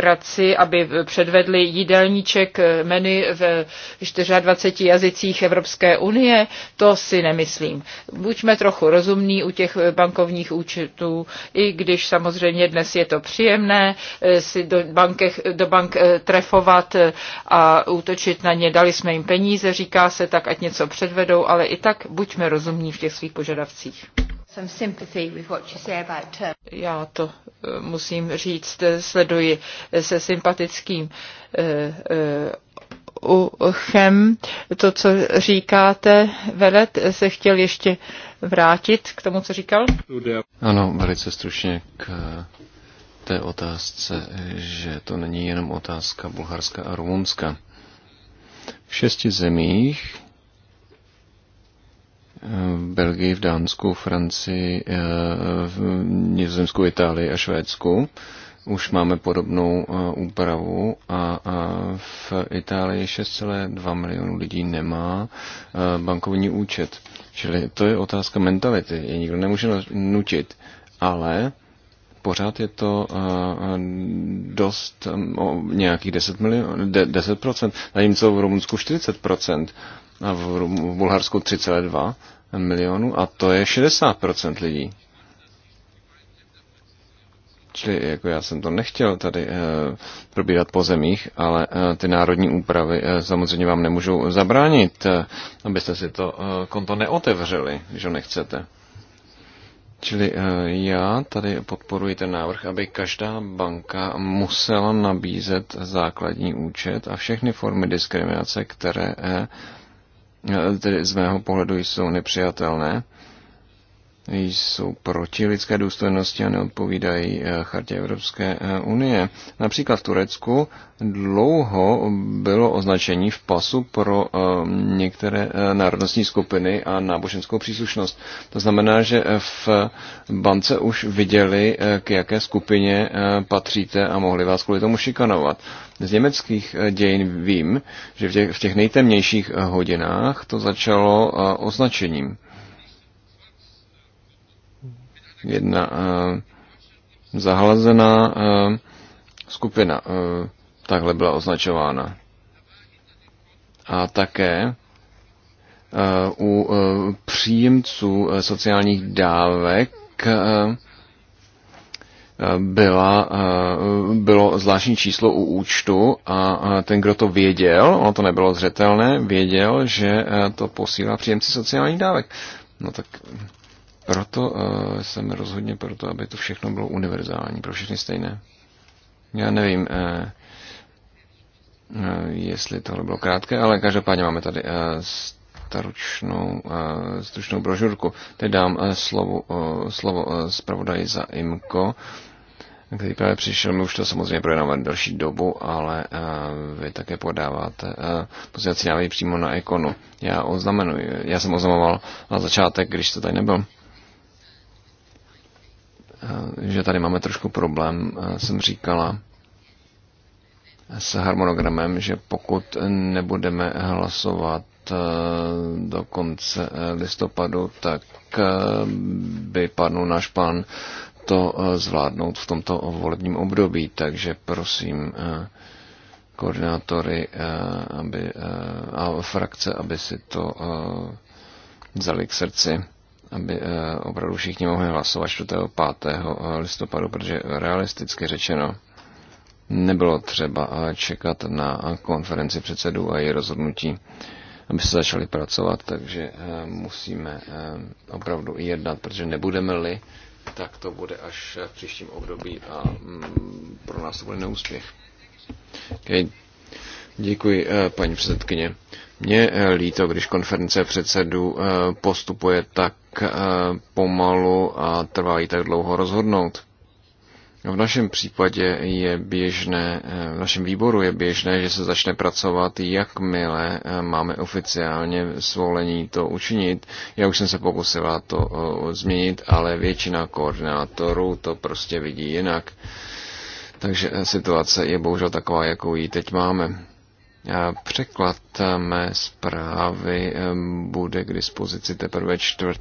radci, aby předvedli jídelníček menu v 24 jazycích Evropské unie, to si nemyslím. Buďme trochu rozumní u těch bankovních účtů, i když samozřejmě dnes je to příjemné eh, si do, bankech, do bank eh, trefovat eh, a útočit na ně. Dali jsme jim peníze, říká se tak, ať něco předvedou, ale i tak buďme rozumní v těch svých požadavcích. Já to eh, musím říct, eh, sleduji eh, se sympatickým uchem to, co říkáte. Velet se chtěl ještě vrátit k tomu, co říkal? Ano, velice stručně k té otázce, že to není jenom otázka Bulharska a Rumunska. V šesti zemích v Belgii, v Dánsku, Francii, eh, v Nizozemsku, Itálii a Švédsku. Už máme podobnou eh, úpravu a v Itálii 6,2 milionů lidí nemá eh, bankovní účet. Čili to je otázka mentality, je nikdo nemůže nutit, ale pořád je to dost o nějakých 10, milion, 10%, zatímco v Rumunsku 40% a v, Bulharsku milionů a to je 60% lidí. Čili jako já jsem to nechtěl tady e, eh, probírat po zemích, ale e, ty národní úpravy e, samozřejmě vám nemůžou zabránit, e, abyste si to e, konto neotevřeli, když ho nechcete. Čili já tady podporuji ten návrh, aby každá banka musela nabízet základní účet a všechny formy diskriminace, které Eh, tedy z mého pohledu jsou nepřijatelné, jsou proti lidské důstojnosti a neodpovídají eh, chartě Evropské eh, unie. Například v Turecku dlouho bylo označení v pasu pro některé národnostní skupiny a náboženskou příslušnost. To znamená, že v bance už viděli, k jaké skupině patříte a mohli vás kvůli tomu šikanovat. Z německých eh, dějin vím, že v těch, v těch nejtemnějších eh, hodinách to začalo eh, označením. Jedna zahlazená skupina takhle byla označována. A také u příjemců sociálních dávek byla, eh, bylo zvláštní číslo u účtu a ten, kdo to věděl, ono to nebylo zřetelné, věděl, že eh, to posílá příjemci sociálních dávek. No tak proto eh, jsem rozhodně proto, aby to všechno bylo univerzální, pro všechny stejné. Já nevím, jestli tohle bylo krátké, ale každopádně máme tady stručnou, eh, stručnou brožurku. Teď dám eh, eh, slovo, slovo zpravodaji za IMKO, který právě přišel. My už to samozřejmě projednáváme další dobu, ale vy také podáváte pozici návrhy přímo na ikonu. Já oznamenuji, já jsem oznamoval na začátek, když jste tady nebyl že tady máme trošku problém, jsem říkala, s harmonogramem, že pokud nebudeme hlasovat Eh, do konce eh, listopadu, tak eh, by padnul náš plán to zvládnout v tomto volebním období. Takže prosím koordinátory aby, a frakce, aby si to vzali k srdci aby opravdu všichni mohli hlasovat 4. 5. listopadu, protože realisticky řečeno nebylo třeba čekat na konferenci předsedů a její rozhodnutí aby se začali pracovat, takže eh, musíme eh, opravdu i jednat, protože nebudeme-li, tak to bude až v příštím období a mm, pro nás to bude neúspěch. Okay. Děkuji, eh, paní předsedkyně. Mně líto, když konference předsedů postupuje tak pomalu a trvá jí tak dlouho rozhodnout. V našem případě je běžné, eh, v našem výboru je běžné, že se začne pracovat, jakmile eh, máme oficiálně svolení to učinit. Já už jsem se pokusila to eh, změnit, ale většina koordinátorů to prostě vidí jinak. Takže situace je bohužel taková, jakou ji teď máme. Překlad mé zprávy bude k dispozici teprve 4.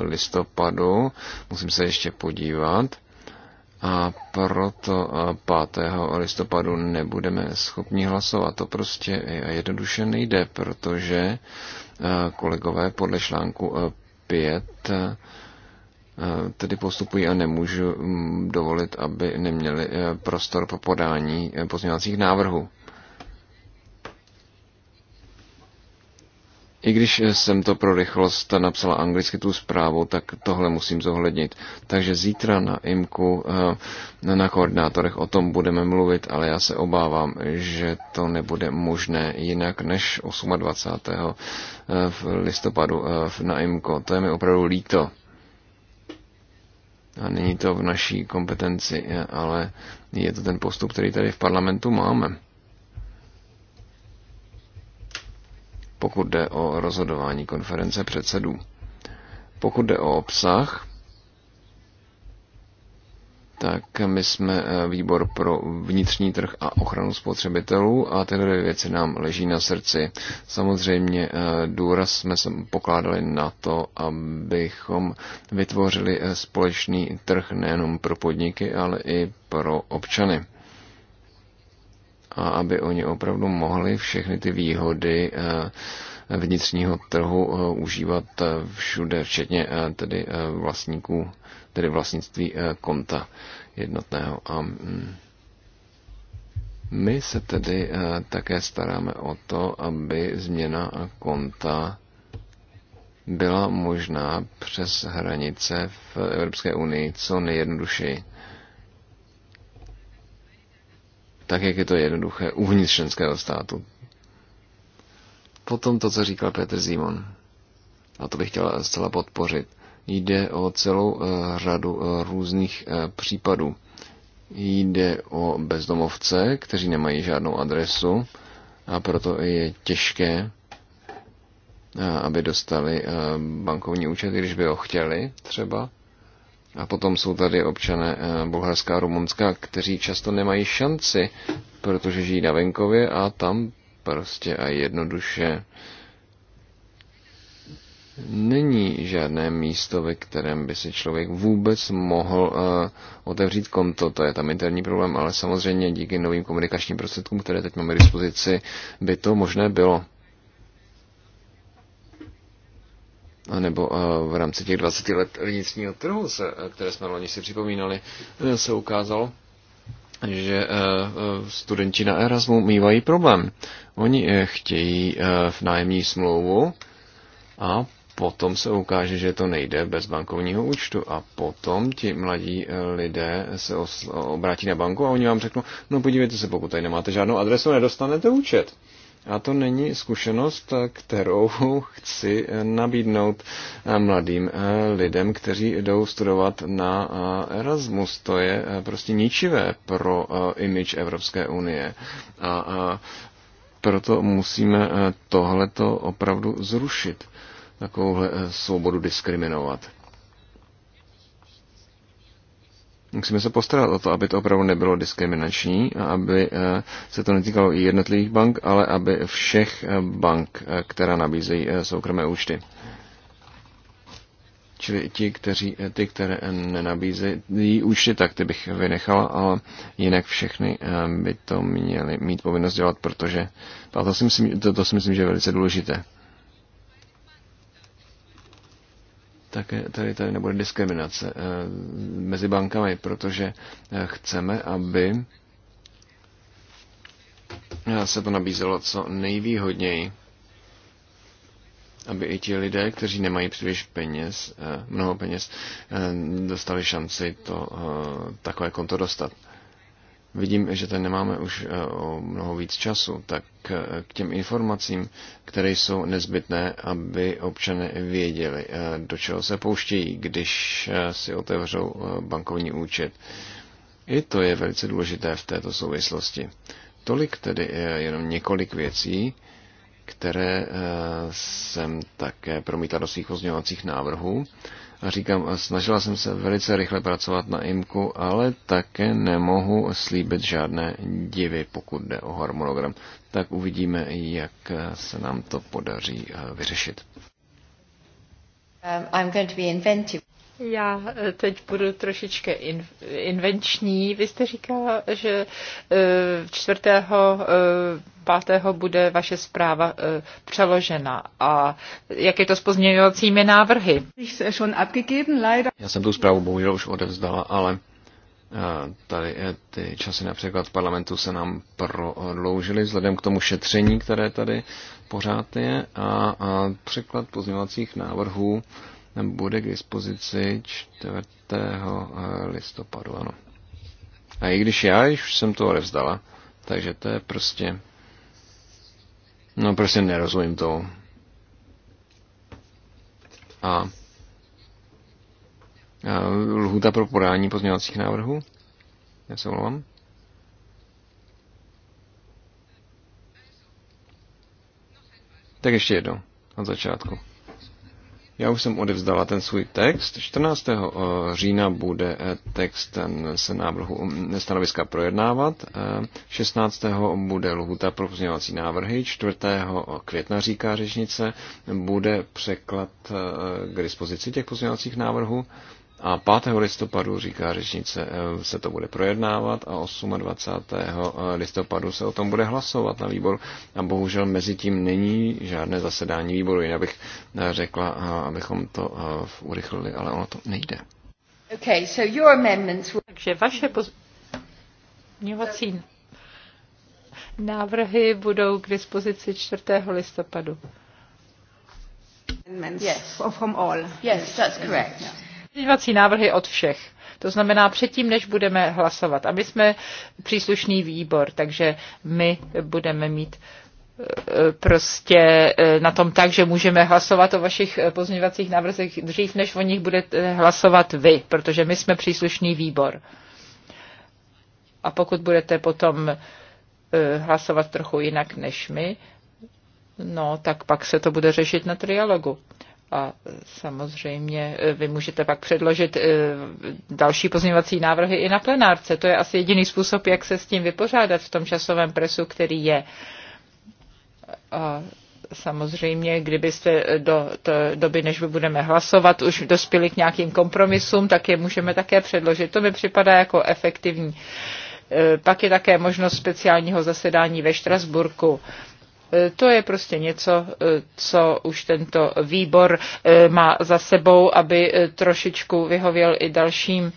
listopadu. Musím se ještě podívat a proto 5. listopadu nebudeme schopni hlasovat. To prostě jednoduše nejde, protože kolegové podle článku 5 tedy postupují a nemůžu dovolit, aby neměli e, prostor po podání e, pozměňovacích návrhů. I když jsem to pro rychlost napsala anglicky tu zprávu, tak tohle musím zohlednit. Takže zítra na IMKU, eh, na koordinátorech o tom budeme mluvit, ale já se obávám, že to nebude možné jinak než 28. Eh, v listopadu eh, na IMKO. To je mi opravdu líto. A není to v naší kompetenci, ale je to ten postup, který tady v parlamentu máme. pokud jde o rozhodování konference předsedů. Pokud jde o obsah, tak my jsme eh, výbor pro vnitřní trh a ochranu spotřebitelů a tyhle dvě věci nám leží na srdci. Samozřejmě eh, důraz jsme pokládali na to, abychom vytvořili eh, společný trh nejenom pro podniky, ale i pro občany a aby oni opravdu mohli všechny ty výhody eh, vnitřního trhu eh, užívat eh, všude, včetně tedy vlastníků, tedy vlastnictví konta jednotného. A mm, my se tedy také staráme o to, aby změna konta byla možná přes hranice v Evropské unii co nejjednodušeji. tak jak je to jednoduché uvnitř členského státu. Potom to, co říkal Petr Simon, a to bych chtěla zcela podpořit, jde o celou eh, řadu eh, různých eh, případů. Jde o bezdomovce, kteří nemají žádnou adresu a proto je těžké, aby dostali bankovní účet, když by ho chtěli třeba, a potom jsou tady občané eh, Bulharská a Rumunska, kteří často nemají šanci, protože žijí na venkově a tam prostě a jednoduše není žádné místo, ve kterém by si člověk vůbec mohl uh, otevřít konto. To je tam interní problém, ale samozřejmě díky novým komunikačním prostředkům, které teď máme k dispozici, by to možné bylo. nebo eh, v rámci těch 20 let vnitřního trhu, se, eh, které jsme loni si připomínali, eh, se ukázalo, že studenti na Erasmu mývají problém. Oni chtějí v nájemní smlouvu a potom se ukáže, že to nejde bez bankovního účtu a potom ti mladí lidé se obrátí na banku a oni vám řeknou, no podívejte se, pokud tady nemáte žádnou adresu, nedostanete účet. A to není zkušenost, kterou chci nabídnout mladým eh, lidem, kteří jdou studovat na eh, Erasmus. To je eh, prostě ničivé pro image Evropské unie. A proto musíme tohleto opravdu zrušit, takovouhle svobodu diskriminovat. Musíme se postarat o to, aby to opravdu nebylo diskriminační a aby eh, se to netýkalo i jednotlivých bank, ale aby všech eh, bank, eh, která nabízejí soukromé účty. Čili ti, kteří, ty, které nenabízejí účty, tak ty bych vynechala, ale jinak všechny by to měly mít povinnost dělat, protože to si myslím, to, to si myslím že je velice důležité. také tady, tady nebude diskriminace eh, mezi bankami, protože eh, chceme, aby eh, se to nabízelo co nejvýhodněji, aby i ti lidé, kteří nemají příliš peněz, mnoho peněz, dostali šanci to takové konto dostat vidím, že tady nemáme už eh, o mnoho víc času, tak eh, k těm informacím, které jsou nezbytné, aby občané věděli, eh, do čeho se pouštějí, když si otevřou bankovní účet. I to je velice důležité v této souvislosti. Tolik tedy je jenom několik věcí, které jsem také promítal do svých pozměňovacích návrhů. Říkám, snažila jsem se velice rychle pracovat na IMKU, ale také nemohu slíbit žádné divy, pokud jde o harmonogram. Tak uvidíme, jak se nám to podaří eh, vyřešit. Um, I'm going to be inventive. Já eh, teď budu trošičku in, invenční. Vy jste říkala, že 4. Eh, 5. Eh, bude vaše zpráva přeložena. A jak je to s pozměňovacími návrhy? Já jsem tu zprávu bohužel už odevzdala, ale tady ty časy například v parlamentu se nám prodloužily vzhledem k tomu šetření, které tady pořád je a, a překlad pozměňovacích návrhů bude k dispozici 4. Eh, listopadu, ano. A i když já již jsem to odevzdala, takže to je prostě... No prostě nerozumím tomu. A lhůta pro podání pozměňovacích návrhů? Já se omlouvám. Tak ještě jedno, od začátku. Já už jsem odevzdala ten svůj text. 14. Eh, října bude eh, text eh, se návrhu mm, stanoviska projednávat. 16. bude lhuta pro pozměňovací návrhy. 4. května, říká řečnice, bude překlad k dispozici těch pozměňovacích návrhů. A 5. listopadu, říká řečnice, eh, se to bude projednávat a 28. Eh, listopadu se o tom bude hlasovat na výboru. A bohužel mezi tím není žádné zasedání výboru, jinak bych eh, řekla, abychom to urychlili, ale ono to nejde. Okay, so your amendments... Takže vaše pozměňovací návrhy budou k dispozici 4. listopadu. Yes. From all. Yes, that's correct. Yeah. Pozměňovací návrhy od všech. To znamená předtím, než budeme hlasovat. A my jsme příslušný výbor, takže my budeme mít eh, prostě eh, na tom tak, že můžeme hlasovat o vašich eh, pozměňovacích návrzech dřív, než o nich budete hlasovat vy, protože my jsme příslušný výbor. A pokud budete potom hlasovat trochu jinak než my, no tak pak se to bude řešit na trialogu a samozřejmě eh, vy můžete pak předložit eh, další pozměňovací návrhy i na plenárce. To je asi jediný způsob, jak se s tím vypořádat v tom časovém presu, který je. A samozřejmě, kdybyste do té doby, než my budeme hlasovat, už dospěli k nějakým kompromisům, tak je můžeme také předložit. To mi připadá jako efektivní. Eh, pak je také možnost speciálního zasedání ve Štrasburku E, to je prostě něco, e, co už tento výbor e, má za sebou, aby trošičku vyhověl i dalším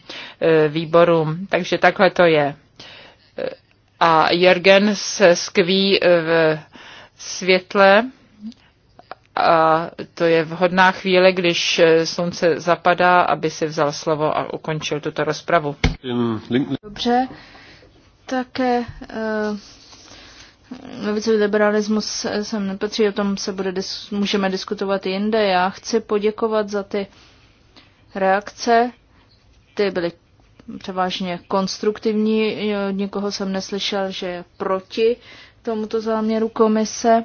výborům. Takže takhle to je. A Jürgen se skví v světle a to je vhodná chvíle, když slunce zapadá, aby si vzal slovo a ukončil tuto rozpravu. Dobře, také uh Levicový liberalismus eh, sem nepatří, o tom se bude, můžeme diskutovat jinde. Já chci poděkovat za ty reakce. Ty byly převážně konstruktivní, od nikoho jsem neslyšel, že je proti tomuto záměru komise.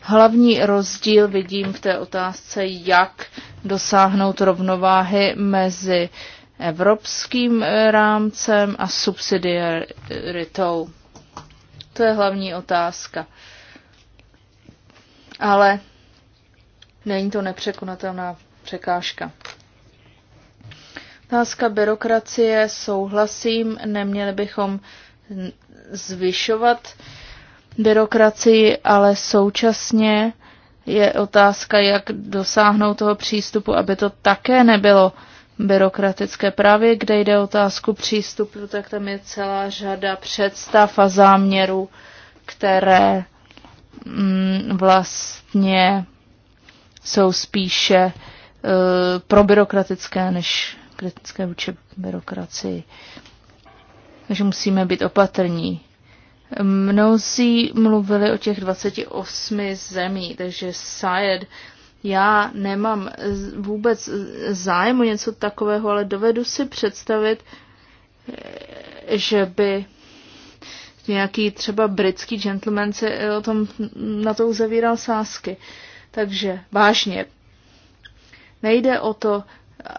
Hlavní rozdíl vidím v té otázce, jak dosáhnout rovnováhy mezi evropským eh, rámcem a subsidiaritou. To je hlavní otázka. Ale není to nepřekonatelná překážka. Otázka byrokracie, souhlasím, neměli bychom zvyšovat byrokracii, ale současně je otázka, jak dosáhnout toho přístupu, aby to také nebylo byrokratické. Právě kde jde otázku přístupu, tak tam je celá řada představ a záměrů, které mm, vlastně jsou spíše e, probyrokratické než kritické vůči byrokracii. Takže musíme být opatrní. Mnozí mluvili o těch 28 zemí, takže SAED já nemám vůbec zájem o něco takového, ale dovedu si představit, eh, že by nějaký třeba britský gentleman se eh, o tom, na to uzavíral sásky. Takže vážně, nejde o to, eh,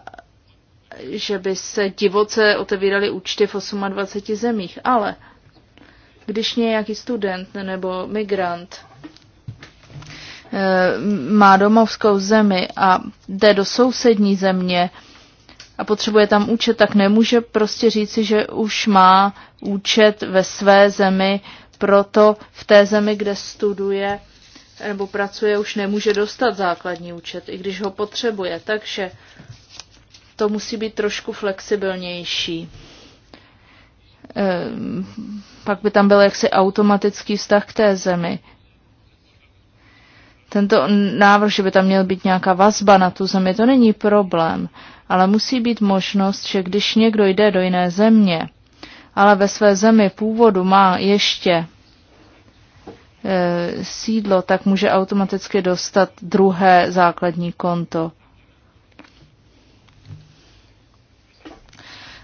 že by se divoce otevíraly účty v 28 zemích, ale když nějaký student nebo migrant Eh, má domovskou zemi a jde do sousední země a potřebuje tam účet, tak nemůže prostě říci, že už má účet ve své zemi, proto v té zemi, kde studuje nebo pracuje, už nemůže dostat základní účet, i když ho potřebuje. Takže to musí být trošku flexibilnější. Ehm, pak by tam byl jaksi automatický vztah k té zemi. Tento návrh, že by tam měl být nějaká vazba na tu zemi, to není problém, ale musí být možnost, že když někdo jde do jiné země, ale ve své zemi původu má ještě e, sídlo, tak může automaticky dostat druhé základní konto.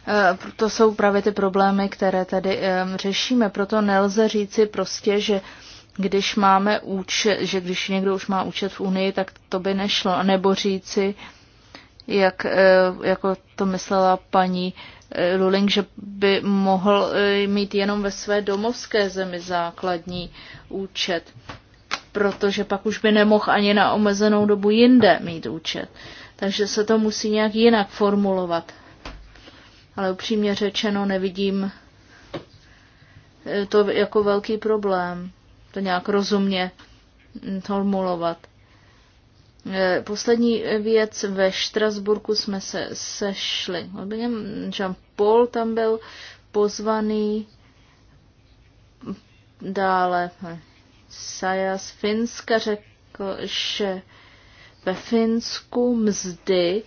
E, to jsou právě ty problémy, které tady e, řešíme. Proto nelze říci prostě, že když máme účet, že když někdo už má účet v Unii, tak to by nešlo. A nebo říci, jak eh, jako to myslela paní eh, Luling, že by mohl eh, mít jenom ve své domovské zemi základní účet, protože pak už by nemohl ani na omezenou dobu jinde mít účet. Takže se to musí nějak jinak formulovat. Ale upřímně řečeno nevidím to jako velký problém to nějak rozumně formulovat. E, poslední věc, ve Štrasburku jsme se sešli. Jean-Paul tam byl pozvaný, dále hm, Sajas Finska řekl, že ve Finsku mzdy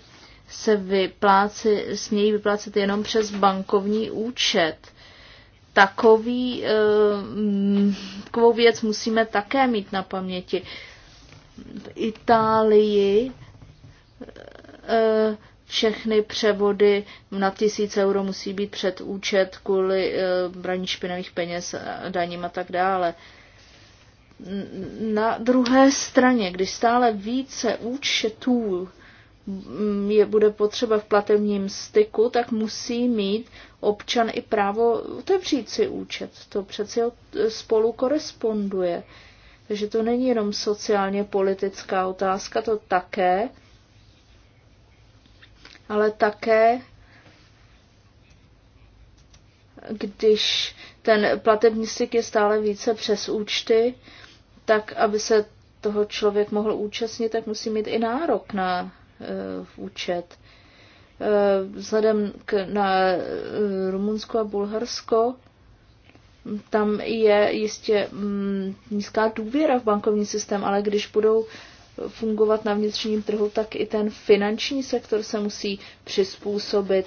se vyplácí, smějí vyplácet jenom přes bankovní účet takový, eh, mm, takovou věc musíme také mít na paměti. V Itálii eh, všechny převody na tisíc euro musí být před účet kvůli braní eh, špinavých peněz, daním a tak dále. Na druhé straně, když stále více účetů je bude potřeba v platebním styku, tak musí mít občan i právo otevřít si účet. To přeci spolu koresponduje. Takže to není jenom sociálně politická otázka, to také, ale také, když ten platební styk je stále více přes účty, tak aby se toho člověk mohl účastnit, tak musí mít i nárok na v účet. Eh, vzhledem k, na eh, Rumunsko a Bulharsko, tam je jistě mm, nízká důvěra v bankovní systém, ale když budou fungovat na vnitřním trhu, tak i ten finanční sektor se musí přizpůsobit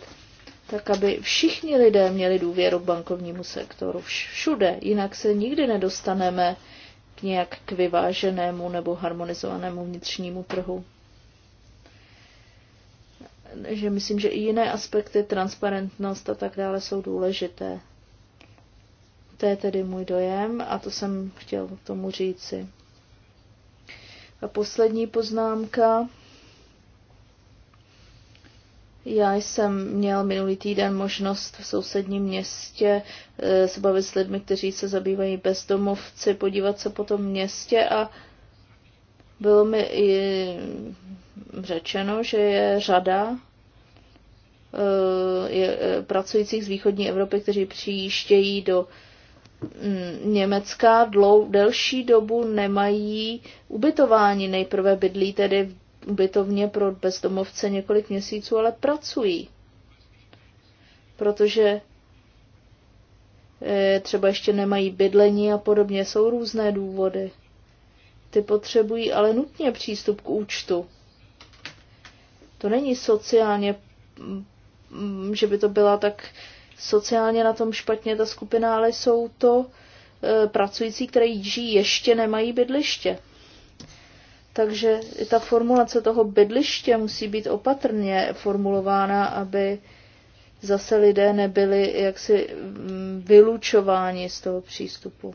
tak aby všichni lidé měli důvěru k bankovnímu sektoru všude, jinak se nikdy nedostaneme k nějak k vyváženému nebo harmonizovanému vnitřnímu trhu že myslím, že i jiné aspekty, transparentnost a tak dále jsou důležité. To je tedy můj dojem a to jsem chtěl tomu říci. A poslední poznámka. Já jsem měl minulý týden možnost v sousedním městě eh, se bavit s lidmi, kteří se zabývají bezdomovci, podívat se po tom městě a bylo mi i řečeno, že je řada eh, je, eh, pracujících z východní Evropy, kteří přijíždějí do mm, Německa dlou, delší dobu nemají ubytování. Nejprve bydlí tedy v ubytovně pro bezdomovce několik měsíců, ale pracují. Protože eh, třeba ještě nemají bydlení a podobně. Jsou různé důvody. Ty potřebují ale nutně přístup k účtu. To není sociálně, mm, že by to byla tak sociálně na tom špatně ta skupina, ale jsou to e, pracující, kteří žijí ještě nemají bydliště. Takže i ta formulace toho bydliště musí být opatrně formulována, aby zase lidé nebyli jaksi mm, vylučováni z toho přístupu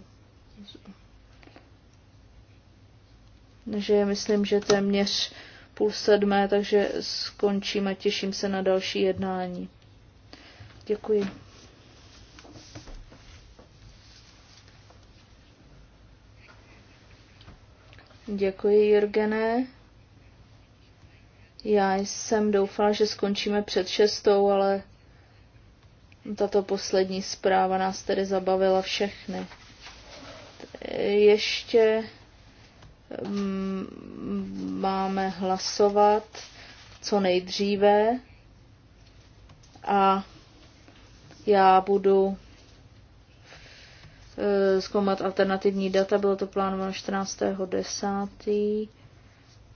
že myslím, že téměř půl sedmé, takže skončíme. Těším se na další jednání. Děkuji. Děkuji, Jurgené. Já jsem doufala, že skončíme před šestou, ale tato poslední zpráva nás tedy zabavila všechny. Ještě Mm, máme hlasovat co nejdříve a já budu eh, zkoumat alternativní data. Bylo to plánováno 14.10.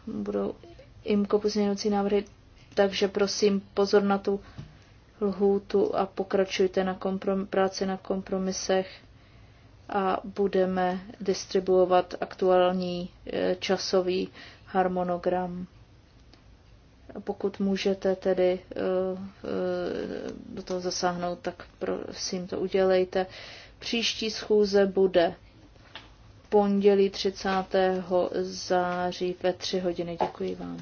Budou IMKO pozměňovací návrhy, takže prosím pozor na tu lhůtu a pokračujte na komprom- práci na kompromisech a budeme distribuovat aktuální e, časový harmonogram. Pokud můžete tedy e, e, do toho zasáhnout, tak prosím to udělejte. Příští schůze bude pondělí 30. září ve 3 hodiny. Děkuji vám.